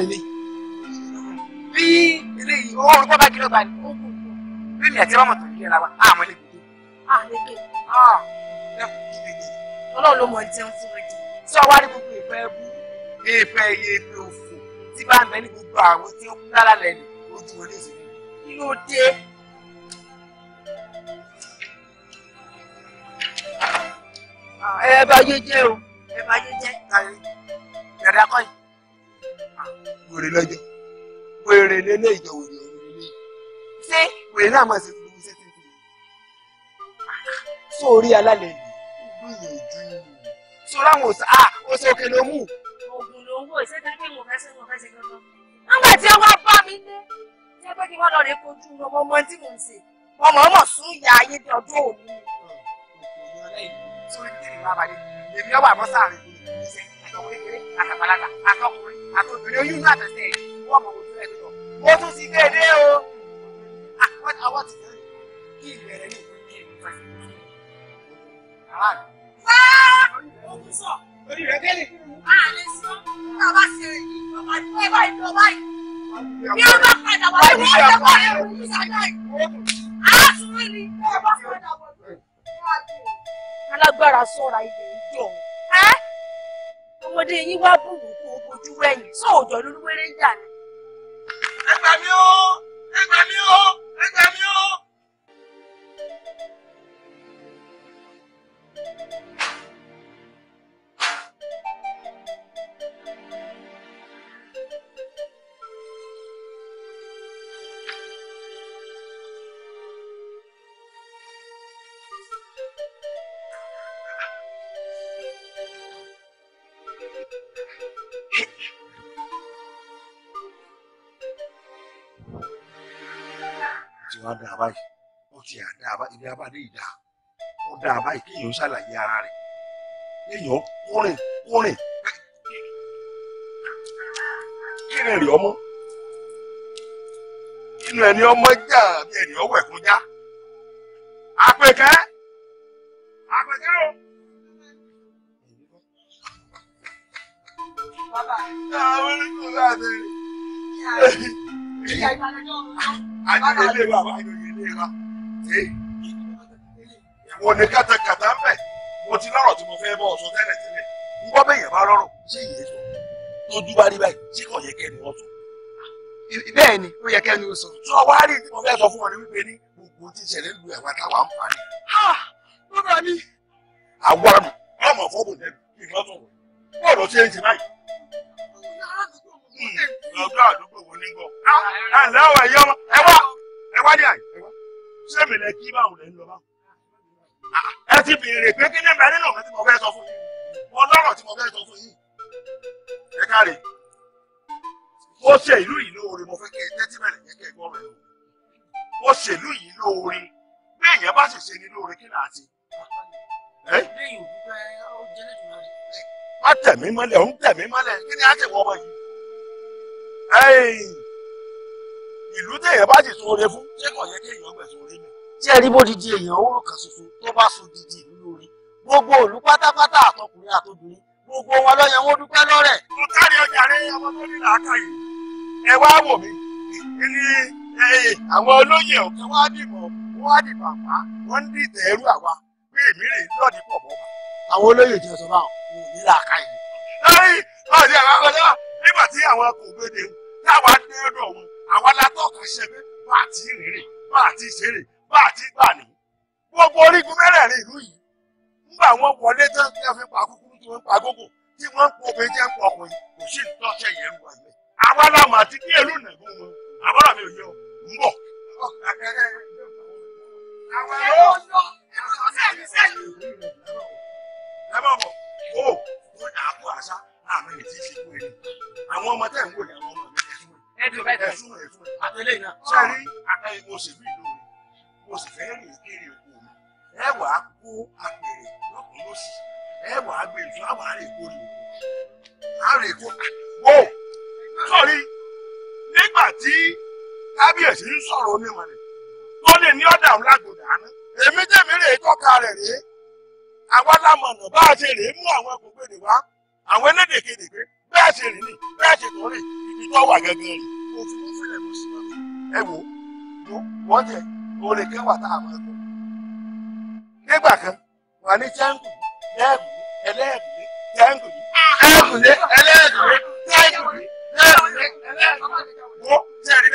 lélẹ̀. bí eléyìí oorun tó bá kí ló bá ní ó kù kù bí ni àti ọmọ tó ń yẹra wa àmọ́ lè kú. àlejò ọlọ́run ló mọ jẹun fún mi. sọ wá ní gbogbo ìfẹ́ bú ìfẹ́ iye ìfẹ́ òfò tí bá ń bẹ ní gbogbo àwọn tí ó kú lálẹ́ ní ojú oníṣẹ́ kí ló dé. ẹ bá yé jẹ́ o ẹ bá yé jẹ́ ìgbà yẹn ìgbà yìí wèrè lọ́jọ́ wèrè lélẹ́ ìjọ wèrè wèrè lé ṣé wèrè náà máa ṣe fún mi ṣe ti fún mi sórí alálẹ̀ ìlú ìyẹ̀jú sórí àwọn òsà ah òsè òkè ló mú. oògùn ló wò ṣé ká ní ìwòfẹ́ sí ìwòfẹ́ sí gbọ́dọ̀ nígbà tí wọ́n bá mi dé ṣé pé kí wọ́n lọ rè kojú ọmọ ọmọ tí mò ń ṣe ọmọ ọmọ sún ìyá ayé bí ọdún òní. sórí tèrè wà balẹ̀ èmi àtòbìnrin oyún náà tẹ̀sẹ̀ wọ́n mọ̀ ojú ẹ̀ lọ. mo tún ti dé dé o àwọn ah, àwọn ti dá kí ìbẹ̀rẹ̀ ní ìwé kí ìwé pàṣẹ kí ìwé. àwa rẹ̀. wá ogun sọ. orí rẹ̀ kẹ́lẹ̀. a lè sọ náà bá ṣe ìjọba tó ẹ báyìí lọ báyìí. bí ó bá padà wá ní ọjọ́ kan alágbára sọ́ra ilẹ̀ ìjọ ọmọdé yín wá ojú ẹ̀yìn sóòjọ́ lórí wẹ́rẹ́ ń jà ní. ẹ gbà mí o ẹ gbà báyìí ó ti àdá ìdá bá dé ìdá ó dá a báyìí kéèyàn ṣàlàyé ara rẹ̀ kéèyàn kúrìn kúrìn kírin rè ọmọ inú ẹni ọmọ jà bí ẹni ọwọ ẹkún já àpèkẹ́ àpèkẹ́ o. Bàbá. Àwọn oníkùnrin àti. Ìyá ìgbàlejò ọ̀run náà. Ajé ilé bàbá yìí nira ìwọ ni kátàkátà ń bẹ mo ti lọ́rọ̀ tí mo fẹ́ bọ́ ọ̀sán tẹ́lẹ̀ tẹ́lẹ̀ ń gbọ́ bẹ́yẹn bá rọrùn sí ìyẹn sọ tójú bá rí báyìí sí kò yẹ kẹ́ni wọ́n sọ. bẹ́ẹ̀ ni ó yẹ kẹ́ni ó sọ. sọ wá rí tí mo fẹ́ sọ fún ọ ní wípé ní gbogbo tí ìṣẹ̀lẹ̀ lu ẹ̀wà táwa ń parí. ẹ wá ní àyè sẹ́mi kí báwọn lẹ ń lọ bá. Ah, ẹ ti béèrè pé kí ni bẹ nínú mi tí mo fẹ́ sọ fún yín mo lọ́rọ̀ tí mo fẹ́ sọ fún yín. ẹ káre mo ṣe ìlú yìí lóore mo fẹ́ kẹ́ ẹ tẹ́tí bẹ̀rẹ̀ yẹn kẹ́ ẹ gbọ́ rẹ̀ mo ṣe ìlú yìí lóore bí èèyàn bá sì ṣe ni lóore kí là á ti. má tẹ̀mí mọ́lẹ̀ òun tẹ̀mí mọ́lẹ̀ kí ni á ti wọ́ ọmọ yìí ìlú téèyàn bá sì sun oore fún ṣé kò yẹ kéèyàn gbẹ̀sùn orí mi. tí ẹ rí bó èèyàn owó kan ṣoṣo tó bá sun didi ìlú lórí gbogbo òlú pátápátá àtọkùnrin àtobìnrin gbogbo wọn lọ́yẹ wọn dúpẹ́ lọ́rẹ̀. mo kárí ọjà rẹ ọmọ tó ní làákàyè ẹ wá wò mí ní àwọn olóyè ọ̀kẹ́ wá dìbò wọ́n dìbò àpá wọ́n ń dìtẹ̀ ẹrú àwa pé èmi rè lọ́ọ̀dì pọ̀ mọ́ àwọn olóyè jẹ́ sọ́nà wọn ò ní làákàyè àwa látọ́ka ṣẹgbẹ́ bá a ti rèrè bá a ti ṣeré bá a ti gbà ní. gbogbo orígun mẹ́rẹ̀ẹ̀rin ìlú yìí nígbà wọn wọlé tán kí wọ́n fi pa kúkú tí wọ́n pa gógó tí wọ́n ń po obìnrin tí pọ̀ kò sí ìtọ́ṣẹ́ yẹn wà lẹ́. àwa làwọn àti ní èlú nàgbọ́n wọn àwa làwọn èèyàn ń bọ̀. ẹ̀rọ lọ ẹ̀rọ sẹ́yìn sẹ́yìn. ẹ bá bọ̀ o kó dàá kó àṣà àmì ìtìsí kú ẹ̀dùn rẹ̀ tẹ̀ sún rẹ̀ fún ẹ̀ àtẹlẹ́ iná. sẹ́rí àtẹ mo sì fi ìlú rẹ̀ mo sì fẹ́ rìn kiri òkú mi ẹ wà á kó àpèrè lọ́kùn bá a ṣe rèé mú àwọn agbègbè rè wá àwọn elédèkédèké bẹ́ẹ̀ ṣe rìn ní bẹ́ẹ̀ ṣe tó rìn ibi tó wà gẹ́gẹ́ rìn kò fi mú sílẹ̀ kò sí wọn. ẹ wo wọ́n jẹ olè kẹwà tá a máa kọ. nígbà kan wà ní jẹ́ǹgù jẹ́ǹgù ẹlẹ́ẹ̀gùn jẹ́ǹgù jẹ́ǹgù ẹlẹ́ẹ̀gùn jẹ́ǹgù jẹ́ǹgù ẹlẹ́ẹ̀gùn. wọ́n ṣe àrí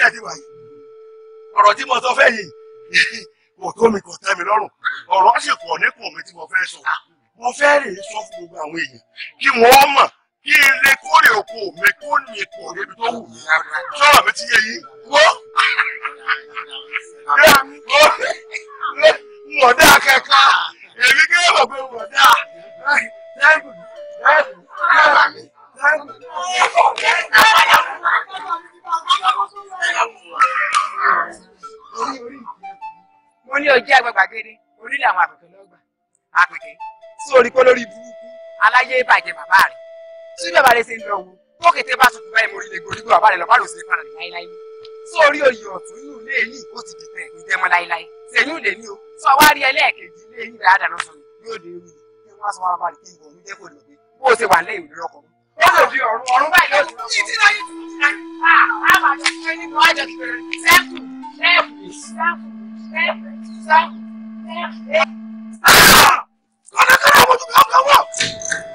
tí mo sọ fẹ́ yìí kò tó mi kò tẹ́ mi lọ́rùn ọ̀rọ̀ sì pọ̀ nípò mi tí mo fẹ́ sọ mo fẹ́ rèé sọ fún gbogbo àwọn èèyàn kí wọ́n mọ̀ kí kórè oko mi kó ní ipò níbi tó wù mí rárá sọ̀rọ̀ ti yé yín wọ́n kẹ́kẹ́ èmi kí wọ́n gbé wọ́n mo ní ojú agbàgbàgede orílẹ̀ àwọn àpèkè lọ́gbà àpèkè sórí kó lórí burúkú aláyé bàjẹ́ bàbá rẹ̀ síbí bàbá rẹ ṣe ń lọ wo ó kété bá tuntun báyìí mo rí lego nígbà bàbá rẹ lọ bá lò sí ìpara rẹ láíláí sórí oyè ọ̀tún inú ilé yìí ó ti dìtẹ̀ ìdẹ́mọ láíláí sẹ́yìn ò lè ní o sọ wá rí ẹlẹ́ẹ̀kejì ilé yìí dáadáa lọ́sọ̀rọ̀ yóò dé ewu kí wọ́n sọ wá bá rí kí ìbọn mi dẹ́kọ̀ lọ pé bó o ṣe wà lẹ́yìn òdúrọ̀ kan. ó lò di ọ̀run ọ̀run báyìí ó ti lọ. títí náà yìí ti ah, ah, ṣe àbájọ ṣe nínú àjọ ìbẹ̀rẹ̀ sẹ́kù sẹ́kù sẹ́kù sẹ́kù sẹ́kù sẹ́kù. Ah! ọ̀nà kan náà mo tún kọ́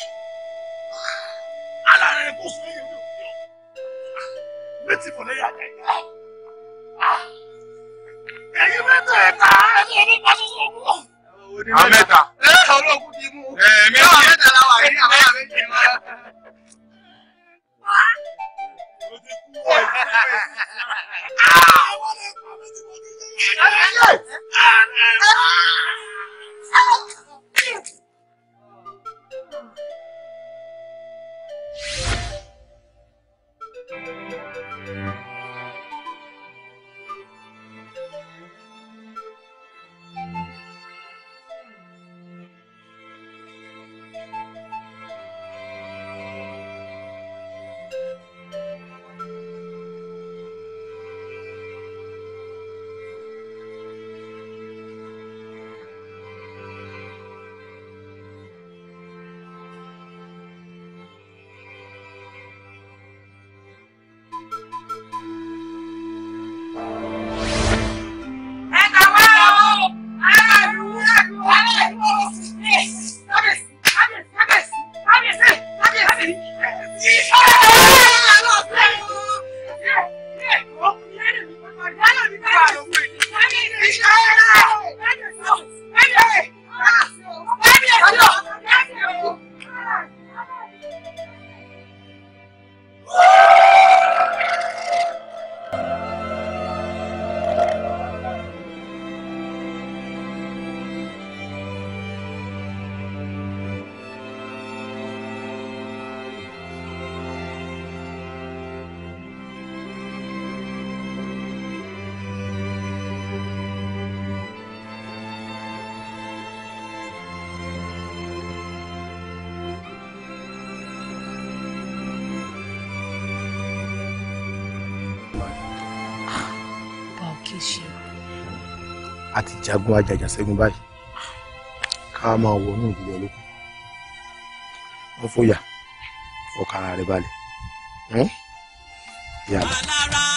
Bye. a ti jagun ajàjà ṣẹ́gun báyìí ká máa wọnú ìdílé olókùn wọ́n fòyà fọkàrà rẹ̀ balẹ̀ ìyá